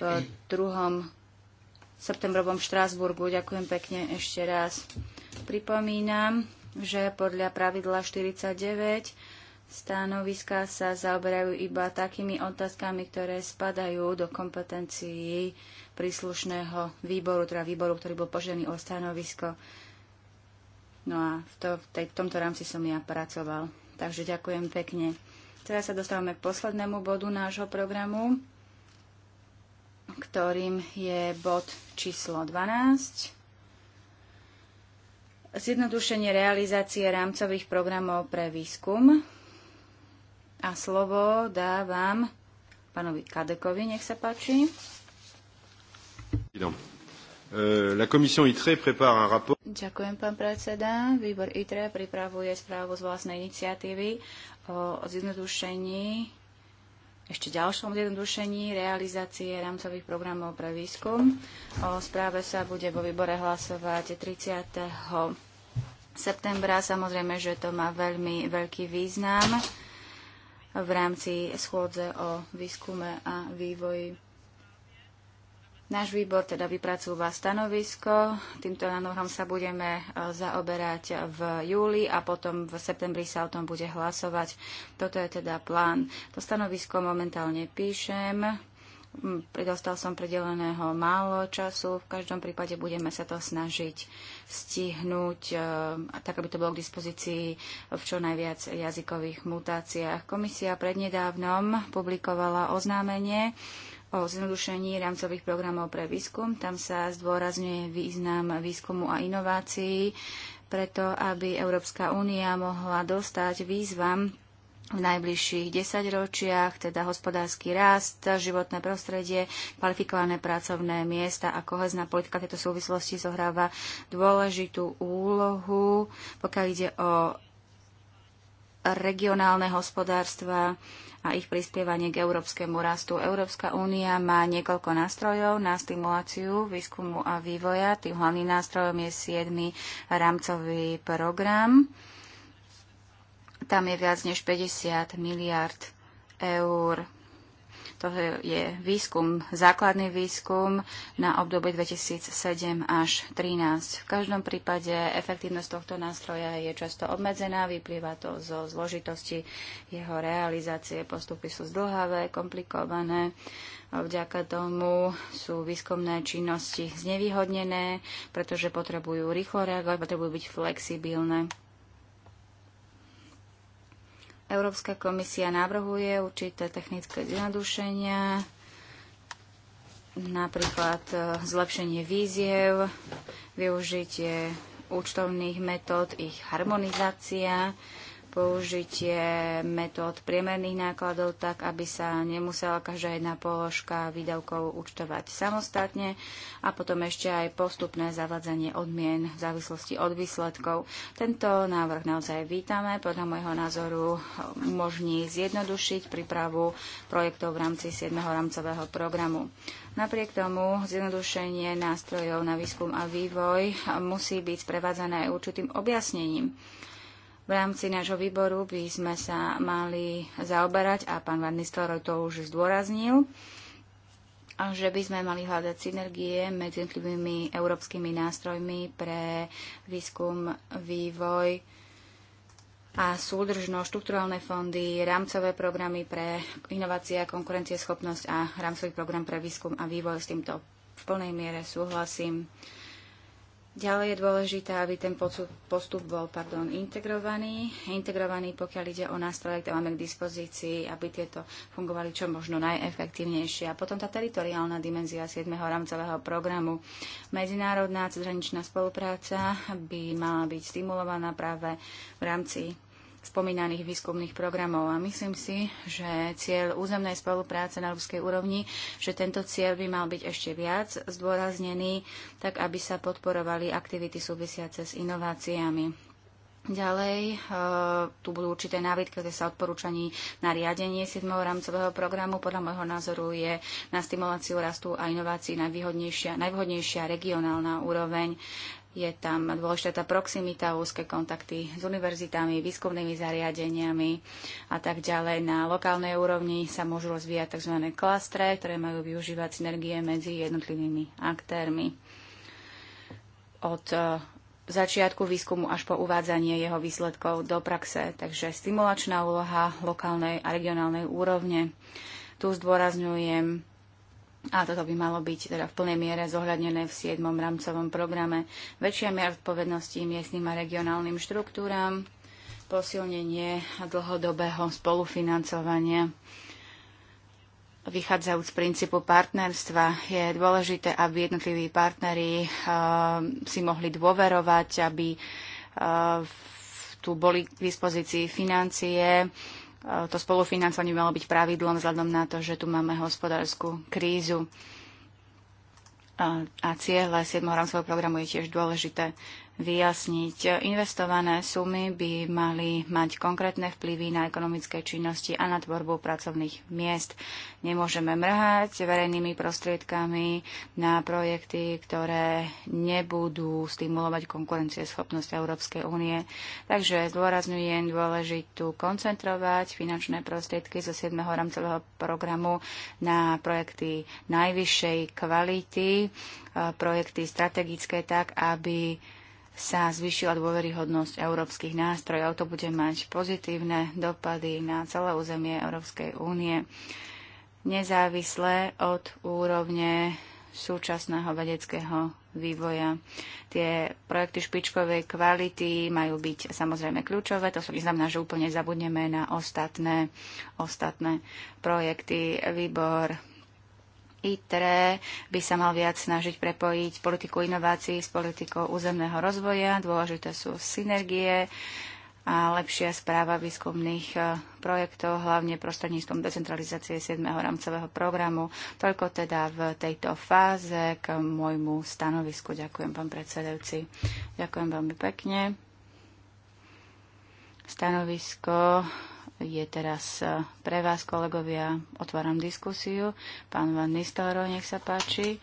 v 2. septembrovom Štrásburgu. Ďakujem pekne ešte raz. Pripomínam, že podľa pravidla 49 stanoviska sa zaoberajú iba takými otázkami, ktoré spadajú do kompetencií príslušného výboru, teda výboru, ktorý bol požený o stanovisko. No a v, to, v, tej, v tomto rámci som ja pracoval. Takže ďakujem pekne. Teraz sa dostávame k poslednému bodu nášho programu, ktorým je bod číslo 12. Zjednodušenie realizácie rámcových programov pre výskum. A slovo dávam pánovi Kadekovi, nech sa páči.
Idem. Euh, la ITRE e un rapport.
Ďakujem, pán predseda. Výbor ITRE pripravuje správu z vlastnej iniciatívy o zjednodušení, ešte ďalšom zjednodušení realizácie rámcových programov pre výskum. O správe sa bude vo výbore hlasovať 30. septembra. Samozrejme, že to má veľmi veľký význam v rámci schôdze o výskume a vývoji. Náš výbor teda vypracúva stanovisko. Týmto návrhom sa budeme e, zaoberať v júli a potom v septembri sa o tom bude hlasovať. Toto je teda plán. To stanovisko momentálne píšem. Mm, Dostal som predeleného málo času. V každom prípade budeme sa to snažiť stihnúť, e, tak aby to bolo k dispozícii v čo najviac jazykových mutáciách. Komisia prednedávnom publikovala oznámenie, o zjednodušení rámcových programov pre výskum. Tam sa zdôrazňuje význam výskumu a inovácií, preto aby Európska únia mohla dostať výzvam v najbližších desaťročiach, teda hospodársky rast, životné prostredie, kvalifikované pracovné miesta a kohezná politika v tejto súvislosti zohráva dôležitú úlohu, pokiaľ ide o regionálne hospodárstva, a ich prispievanie k európskemu rastu. Európska únia má niekoľko nástrojov na stimuláciu výskumu a vývoja. Tým hlavným nástrojom je 7. rámcový program. Tam je viac než 50 miliard eur toho je výskum, základný výskum na obdobie 2007 až 2013. V každom prípade efektívnosť tohto nástroja je často obmedzená, vyplýva to zo zložitosti jeho realizácie. Postupy sú zdlhavé, komplikované. Vďaka tomu sú výskumné činnosti znevýhodnené, pretože potrebujú rýchlo reagovať, potrebujú byť flexibilné. Európska komisia navrhuje určité technické zjednodušenia, napríklad e, zlepšenie víziev, využitie účtovných metód, ich harmonizácia, použitie metód priemerných nákladov tak, aby sa nemusela každá jedna položka výdavkov účtovať samostatne a potom ešte aj postupné zavadzanie odmien v závislosti od výsledkov. Tento návrh naozaj vítame. Podľa môjho názoru umožní zjednodušiť prípravu projektov v rámci 7. rámcového programu. Napriek tomu zjednodušenie nástrojov na výskum a vývoj musí byť sprevádzané aj určitým objasnením v rámci nášho výboru by sme sa mali zaoberať, a pán Van Nistelrooy to už zdôraznil, že by sme mali hľadať synergie medzi jednotlivými európskymi nástrojmi pre výskum, vývoj a súdržnosť, štrukturálne fondy, rámcové programy pre inovácie a konkurencieschopnosť a rámcový program pre výskum a vývoj. S týmto v plnej miere súhlasím. Ďalej je dôležité, aby ten postup bol pardon, integrovaný. Integrovaný, pokiaľ ide o nástroje, ktoré máme k dispozícii, aby tieto fungovali čo možno najefektívnejšie. A potom tá teritoriálna dimenzia 7. rámcového programu. Medzinárodná cezhraničná spolupráca by mala byť stimulovaná práve v rámci spomínaných výskumných programov. A myslím si, že cieľ územnej spolupráce na európskej úrovni, že tento cieľ by mal byť ešte viac zdôraznený, tak aby sa podporovali aktivity súvisiace s inováciami. Ďalej, e, tu budú určité návitky, ktoré sa odporúčaní na riadenie 7. rámcového programu. Podľa môjho názoru je na stimuláciu rastu a inovácií najvýhodnejšia, najvhodnejšia regionálna úroveň. Je tam dôležitá tá proximita, úzke kontakty s univerzitami, výskumnými zariadeniami a tak ďalej. Na lokálnej úrovni sa môžu rozvíjať tzv. klastre, ktoré majú využívať synergie medzi jednotlivými aktérmi. Od e, začiatku výskumu až po uvádzanie jeho výsledkov do praxe. Takže stimulačná úloha lokálnej a regionálnej úrovne. Tu zdôrazňujem a toto by malo byť teda v plnej miere zohľadnené v 7. rámcovom programe. Väčšia miera odpovedností miestnym a regionálnym štruktúram, posilnenie dlhodobého spolufinancovania. Vychádzajúc z princípu partnerstva, je dôležité, aby jednotliví partneri uh, si mohli dôverovať, aby uh, tu boli k dispozícii financie, uh, to spolufinancovanie by malo byť pravidlom vzhľadom na to, že tu máme hospodárskú krízu. A ciele 7. rámcového programu je tiež dôležité vyjasniť. Investované sumy by mali mať konkrétne vplyvy na ekonomické činnosti a na tvorbu pracovných miest. Nemôžeme mrhať verejnými prostriedkami na projekty, ktoré nebudú stimulovať konkurencieschopnosť Európskej únie. Takže zdôrazňujem dôležitú koncentrovať finančné prostriedky zo 7. rámcového programu na projekty najvyššej kvality, projekty strategické tak, aby sa zvyšila dôveryhodnosť európskych nástrojov. To bude mať pozitívne dopady na celé územie Európskej únie, nezávisle od úrovne súčasného vedeckého vývoja. Tie projekty špičkovej kvality majú byť samozrejme kľúčové, to znamená, že úplne zabudneme na ostatné, ostatné projekty. Výbor ITRE by sa mal viac snažiť prepojiť politiku inovácií s politikou územného rozvoja. Dôležité sú synergie a lepšia správa výskumných e, projektov, hlavne prostredníctvom decentralizácie 7. rámcového programu. Toľko teda v tejto fáze k môjmu stanovisku. Ďakujem, pán predsedajúci. Ďakujem veľmi pekne. Stanovisko je teraz e, pre vás, kolegovia. Otváram diskusiu. Pán Van Nistelro, nech sa páči.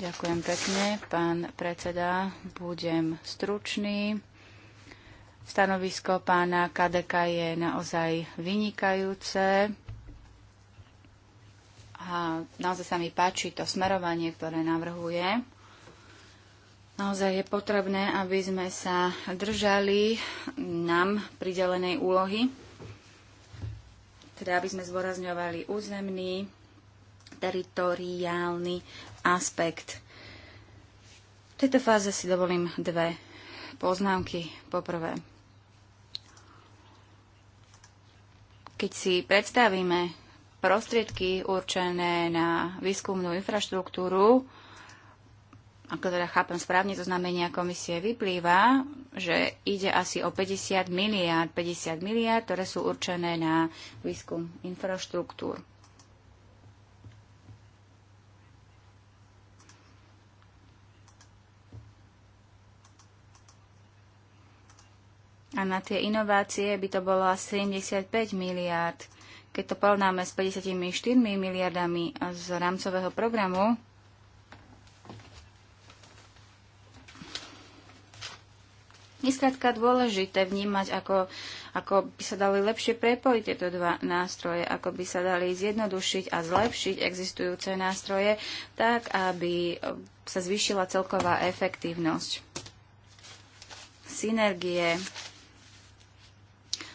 Ďakujem pekne. Pán predseda, budem stručný. Stanovisko pána Kadeka je naozaj vynikajúce. A naozaj sa mi páči to smerovanie, ktoré navrhuje. Naozaj je potrebné, aby sme sa držali nám pridelenej úlohy teda aby sme zvorazňovali územný, teritoriálny aspekt. V tejto fáze si dovolím dve poznámky. Poprvé, keď si predstavíme prostriedky určené na výskumnú infraštruktúru, ako teda chápem správne, to znamenia komisie vyplýva, že ide asi o 50 miliard, 50 miliard, ktoré sú určené na výskum infraštruktúr. A na tie inovácie by to bolo asi 75 miliárd. Keď to porovnáme s 54 miliardami z rámcového programu, Je skrátka dôležité vnímať, ako, ako by sa dali lepšie prepojiť tieto dva nástroje, ako by sa dali zjednodušiť a zlepšiť existujúce nástroje, tak aby sa zvýšila celková efektívnosť. Synergie.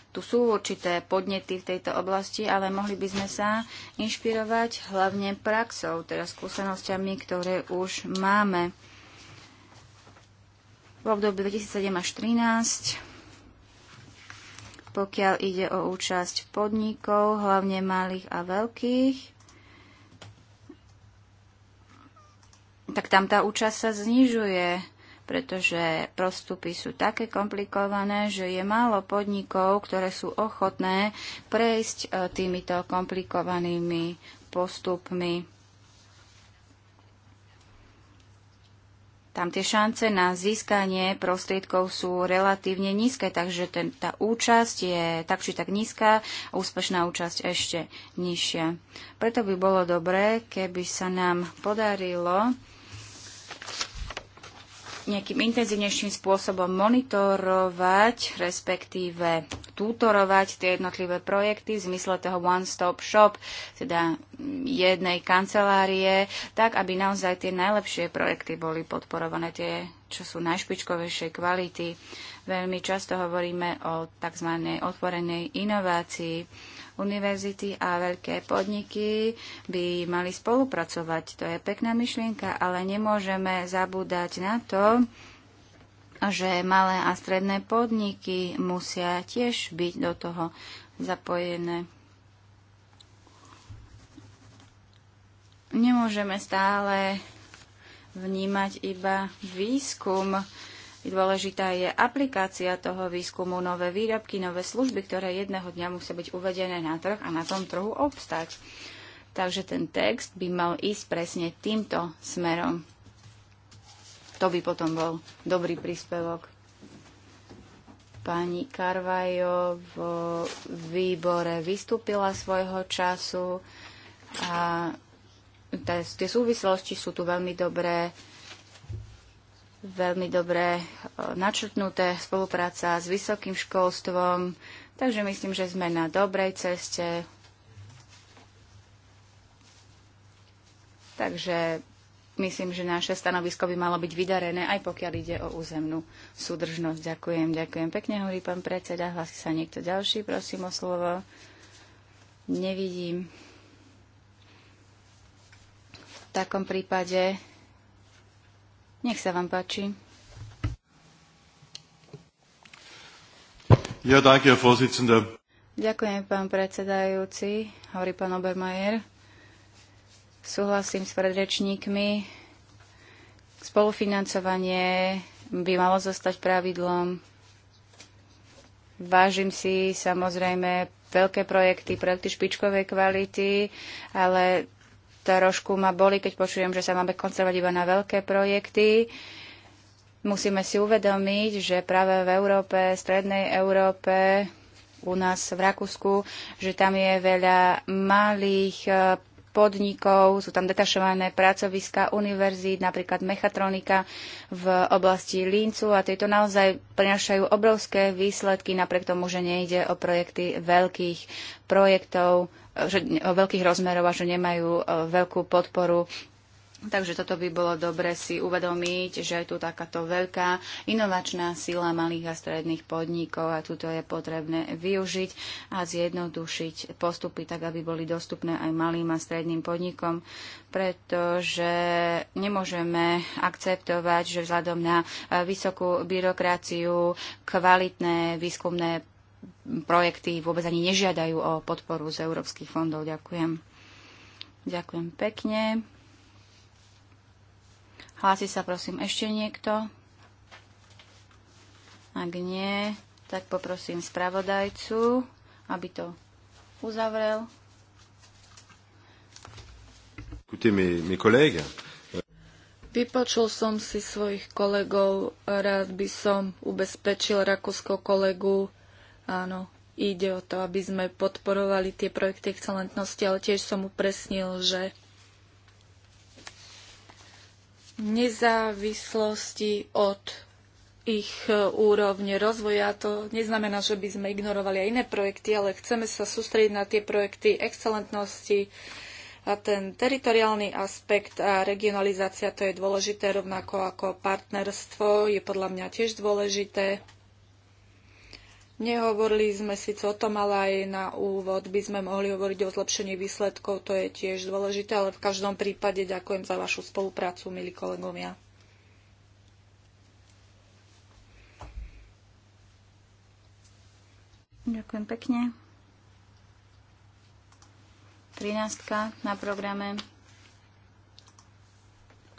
Tu sú určité podnety v tejto oblasti, ale mohli by sme sa inšpirovať hlavne praxou, teda skúsenosťami, ktoré už máme v období 2007 až 2013, pokiaľ ide o účasť podnikov, hlavne malých a veľkých, tak tam tá účasť sa znižuje pretože prostupy sú také komplikované, že je málo podnikov, ktoré sú ochotné prejsť e, týmito komplikovanými postupmi. tam tie šance na získanie prostriedkov sú relatívne nízke, takže ten, tá účasť je tak či tak nízka a úspešná účasť ešte nižšia. Preto by bolo dobré, keby sa nám podarilo nejakým intenzívnejším spôsobom monitorovať, respektíve tutorovať tie jednotlivé projekty v zmysle toho one-stop shop, teda jednej kancelárie, tak aby naozaj tie najlepšie projekty boli podporované, tie, čo sú najšpičkovejšej kvality. Veľmi často hovoríme o tzv. otvorenej inovácii, univerzity a veľké podniky by mali spolupracovať. To je pekná myšlienka, ale nemôžeme zabúdať na to, že malé a stredné podniky musia tiež byť do toho zapojené. Nemôžeme stále vnímať iba výskum, Dôležitá je aplikácia toho výskumu, nové výrobky, nové služby, ktoré jedného dňa musia byť uvedené na trh a na tom trhu obstať. Takže ten text by mal ísť presne týmto smerom. To by potom bol dobrý príspevok pani Karvajo v výbore vystúpila svojho času a tie súvislosti sú tu veľmi dobré veľmi dobre e, načrtnuté, spolupráca s vysokým školstvom, takže myslím, že sme na dobrej ceste. Takže myslím, že naše stanovisko by malo byť vydarené, aj pokiaľ ide o územnú súdržnosť. Ďakujem, ďakujem pekne, hovorí pán predseda. Hlasí sa niekto ďalší, prosím o slovo. Nevidím. V takom prípade nech sa vám páči. Ja, danke, Ďakujem, pán predsedajúci, hovorí pán Obermajer. Súhlasím s predrečníkmi. Spolufinancovanie by malo zostať pravidlom. Vážim si samozrejme veľké projekty, projekty špičkovej kvality, ale trošku ma boli, keď počujem, že sa máme koncentrovať iba na veľké projekty. Musíme si uvedomiť, že práve v Európe, strednej Európe, u nás v Rakúsku, že tam je veľa malých eh, podnikov, sú tam detašované pracoviska univerzít, napríklad mechatronika v oblasti Lincu a tieto naozaj prinašajú obrovské výsledky napriek tomu, že nejde o projekty veľkých projektov, že, o veľkých rozmerov a že nemajú e, veľkú podporu Takže toto by bolo dobre si uvedomiť, že je tu takáto veľká inovačná sila malých a stredných podnikov a tuto je potrebné využiť a zjednodušiť postupy tak, aby boli dostupné aj malým a stredným podnikom, pretože nemôžeme akceptovať, že vzhľadom na vysokú byrokraciu kvalitné výskumné projekty vôbec ani nežiadajú o podporu z európskych fondov. Ďakujem. Ďakujem pekne. Hlási sa prosím ešte niekto? Ak nie, tak poprosím spravodajcu, aby to uzavrel. Vypočul som
si svojich kolegov, rád by som ubezpečil Rakúsko kolegu. Áno, ide o to, aby sme podporovali tie projekty excelentnosti, ale tiež som upresnil, že nezávislosti od ich e, úrovne rozvoja. To neznamená, že by sme ignorovali aj iné projekty, ale chceme sa sústrediť na tie projekty excelentnosti a ten teritoriálny aspekt a regionalizácia to je dôležité, rovnako ako partnerstvo je podľa mňa tiež dôležité. Nehovorili sme síce o tom, ale aj na úvod by sme mohli hovoriť o zlepšení výsledkov, to je tiež dôležité, ale v každom prípade ďakujem za vašu spoluprácu, milí kolegovia.
Ďakujem pekne. 13 na programe.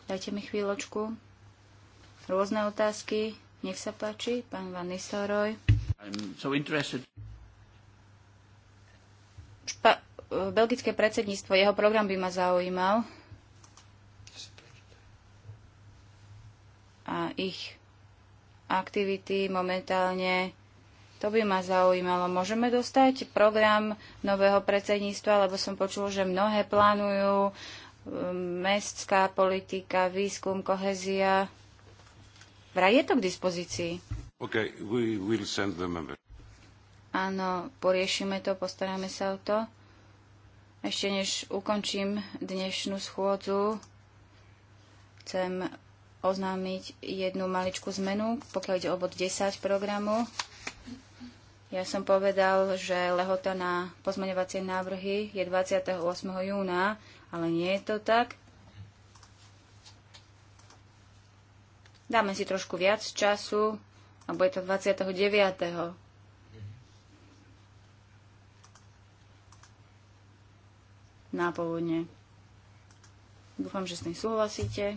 Dajte mi chvíľočku. Rôzne otázky. Nech sa páči, pán Van Nistelrooy. Špa- belgické predsedníctvo, jeho program by ma zaujímal. A ich aktivity momentálne, to by ma zaujímalo. Môžeme dostať program nového predsedníctva, lebo som počul, že mnohé plánujú um, mestská politika, výskum, kohezia. Vraj je to k dispozícii.
Okay, we will send the member.
Áno, poriešime to, postaráme sa o to. Ešte než ukončím dnešnú schôdzu, chcem oznámiť jednu maličkú zmenu, pokiaľ ide o bod 10 programu. Ja som povedal, že lehota na pozmeňovacie návrhy je 28. júna, ale nie je to tak. Dáme si trošku viac času, a je to 29. na povodne. Dúfam, že s tým súhlasíte.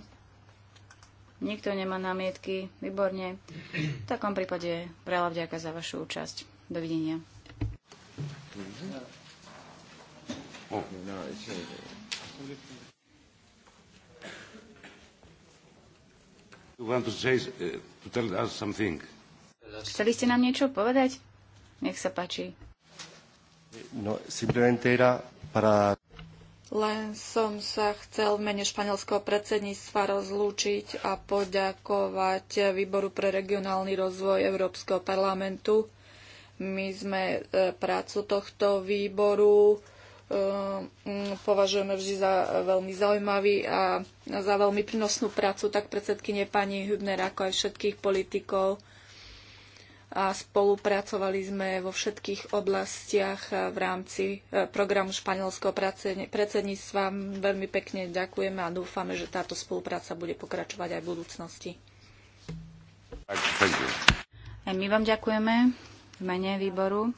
Nikto nemá námietky. Výborne. V takom prípade veľa vďaka za vašu účasť. Dovidenia.
Oh. No, it's, uh... want to say, uh, to tell us something.
Chceli ste nám niečo povedať? Nech sa páči.
No, simplemente era para...
Len som sa chcel v mene španielského predsedníctva rozlúčiť a poďakovať Výboru pre regionálny rozvoj Európskeho parlamentu. My sme e, prácu tohto výboru e, považujeme vždy za veľmi zaujímavý a za veľmi prínosnú prácu tak predsedkyne pani Hübner, ako aj všetkých politikov a spolupracovali sme vo všetkých oblastiach v rámci e, programu španielského predsedníctva. Veľmi pekne ďakujeme a dúfame, že táto spolupráca bude pokračovať aj v
budúcnosti. Aj my vám ďakujeme v mene výboru.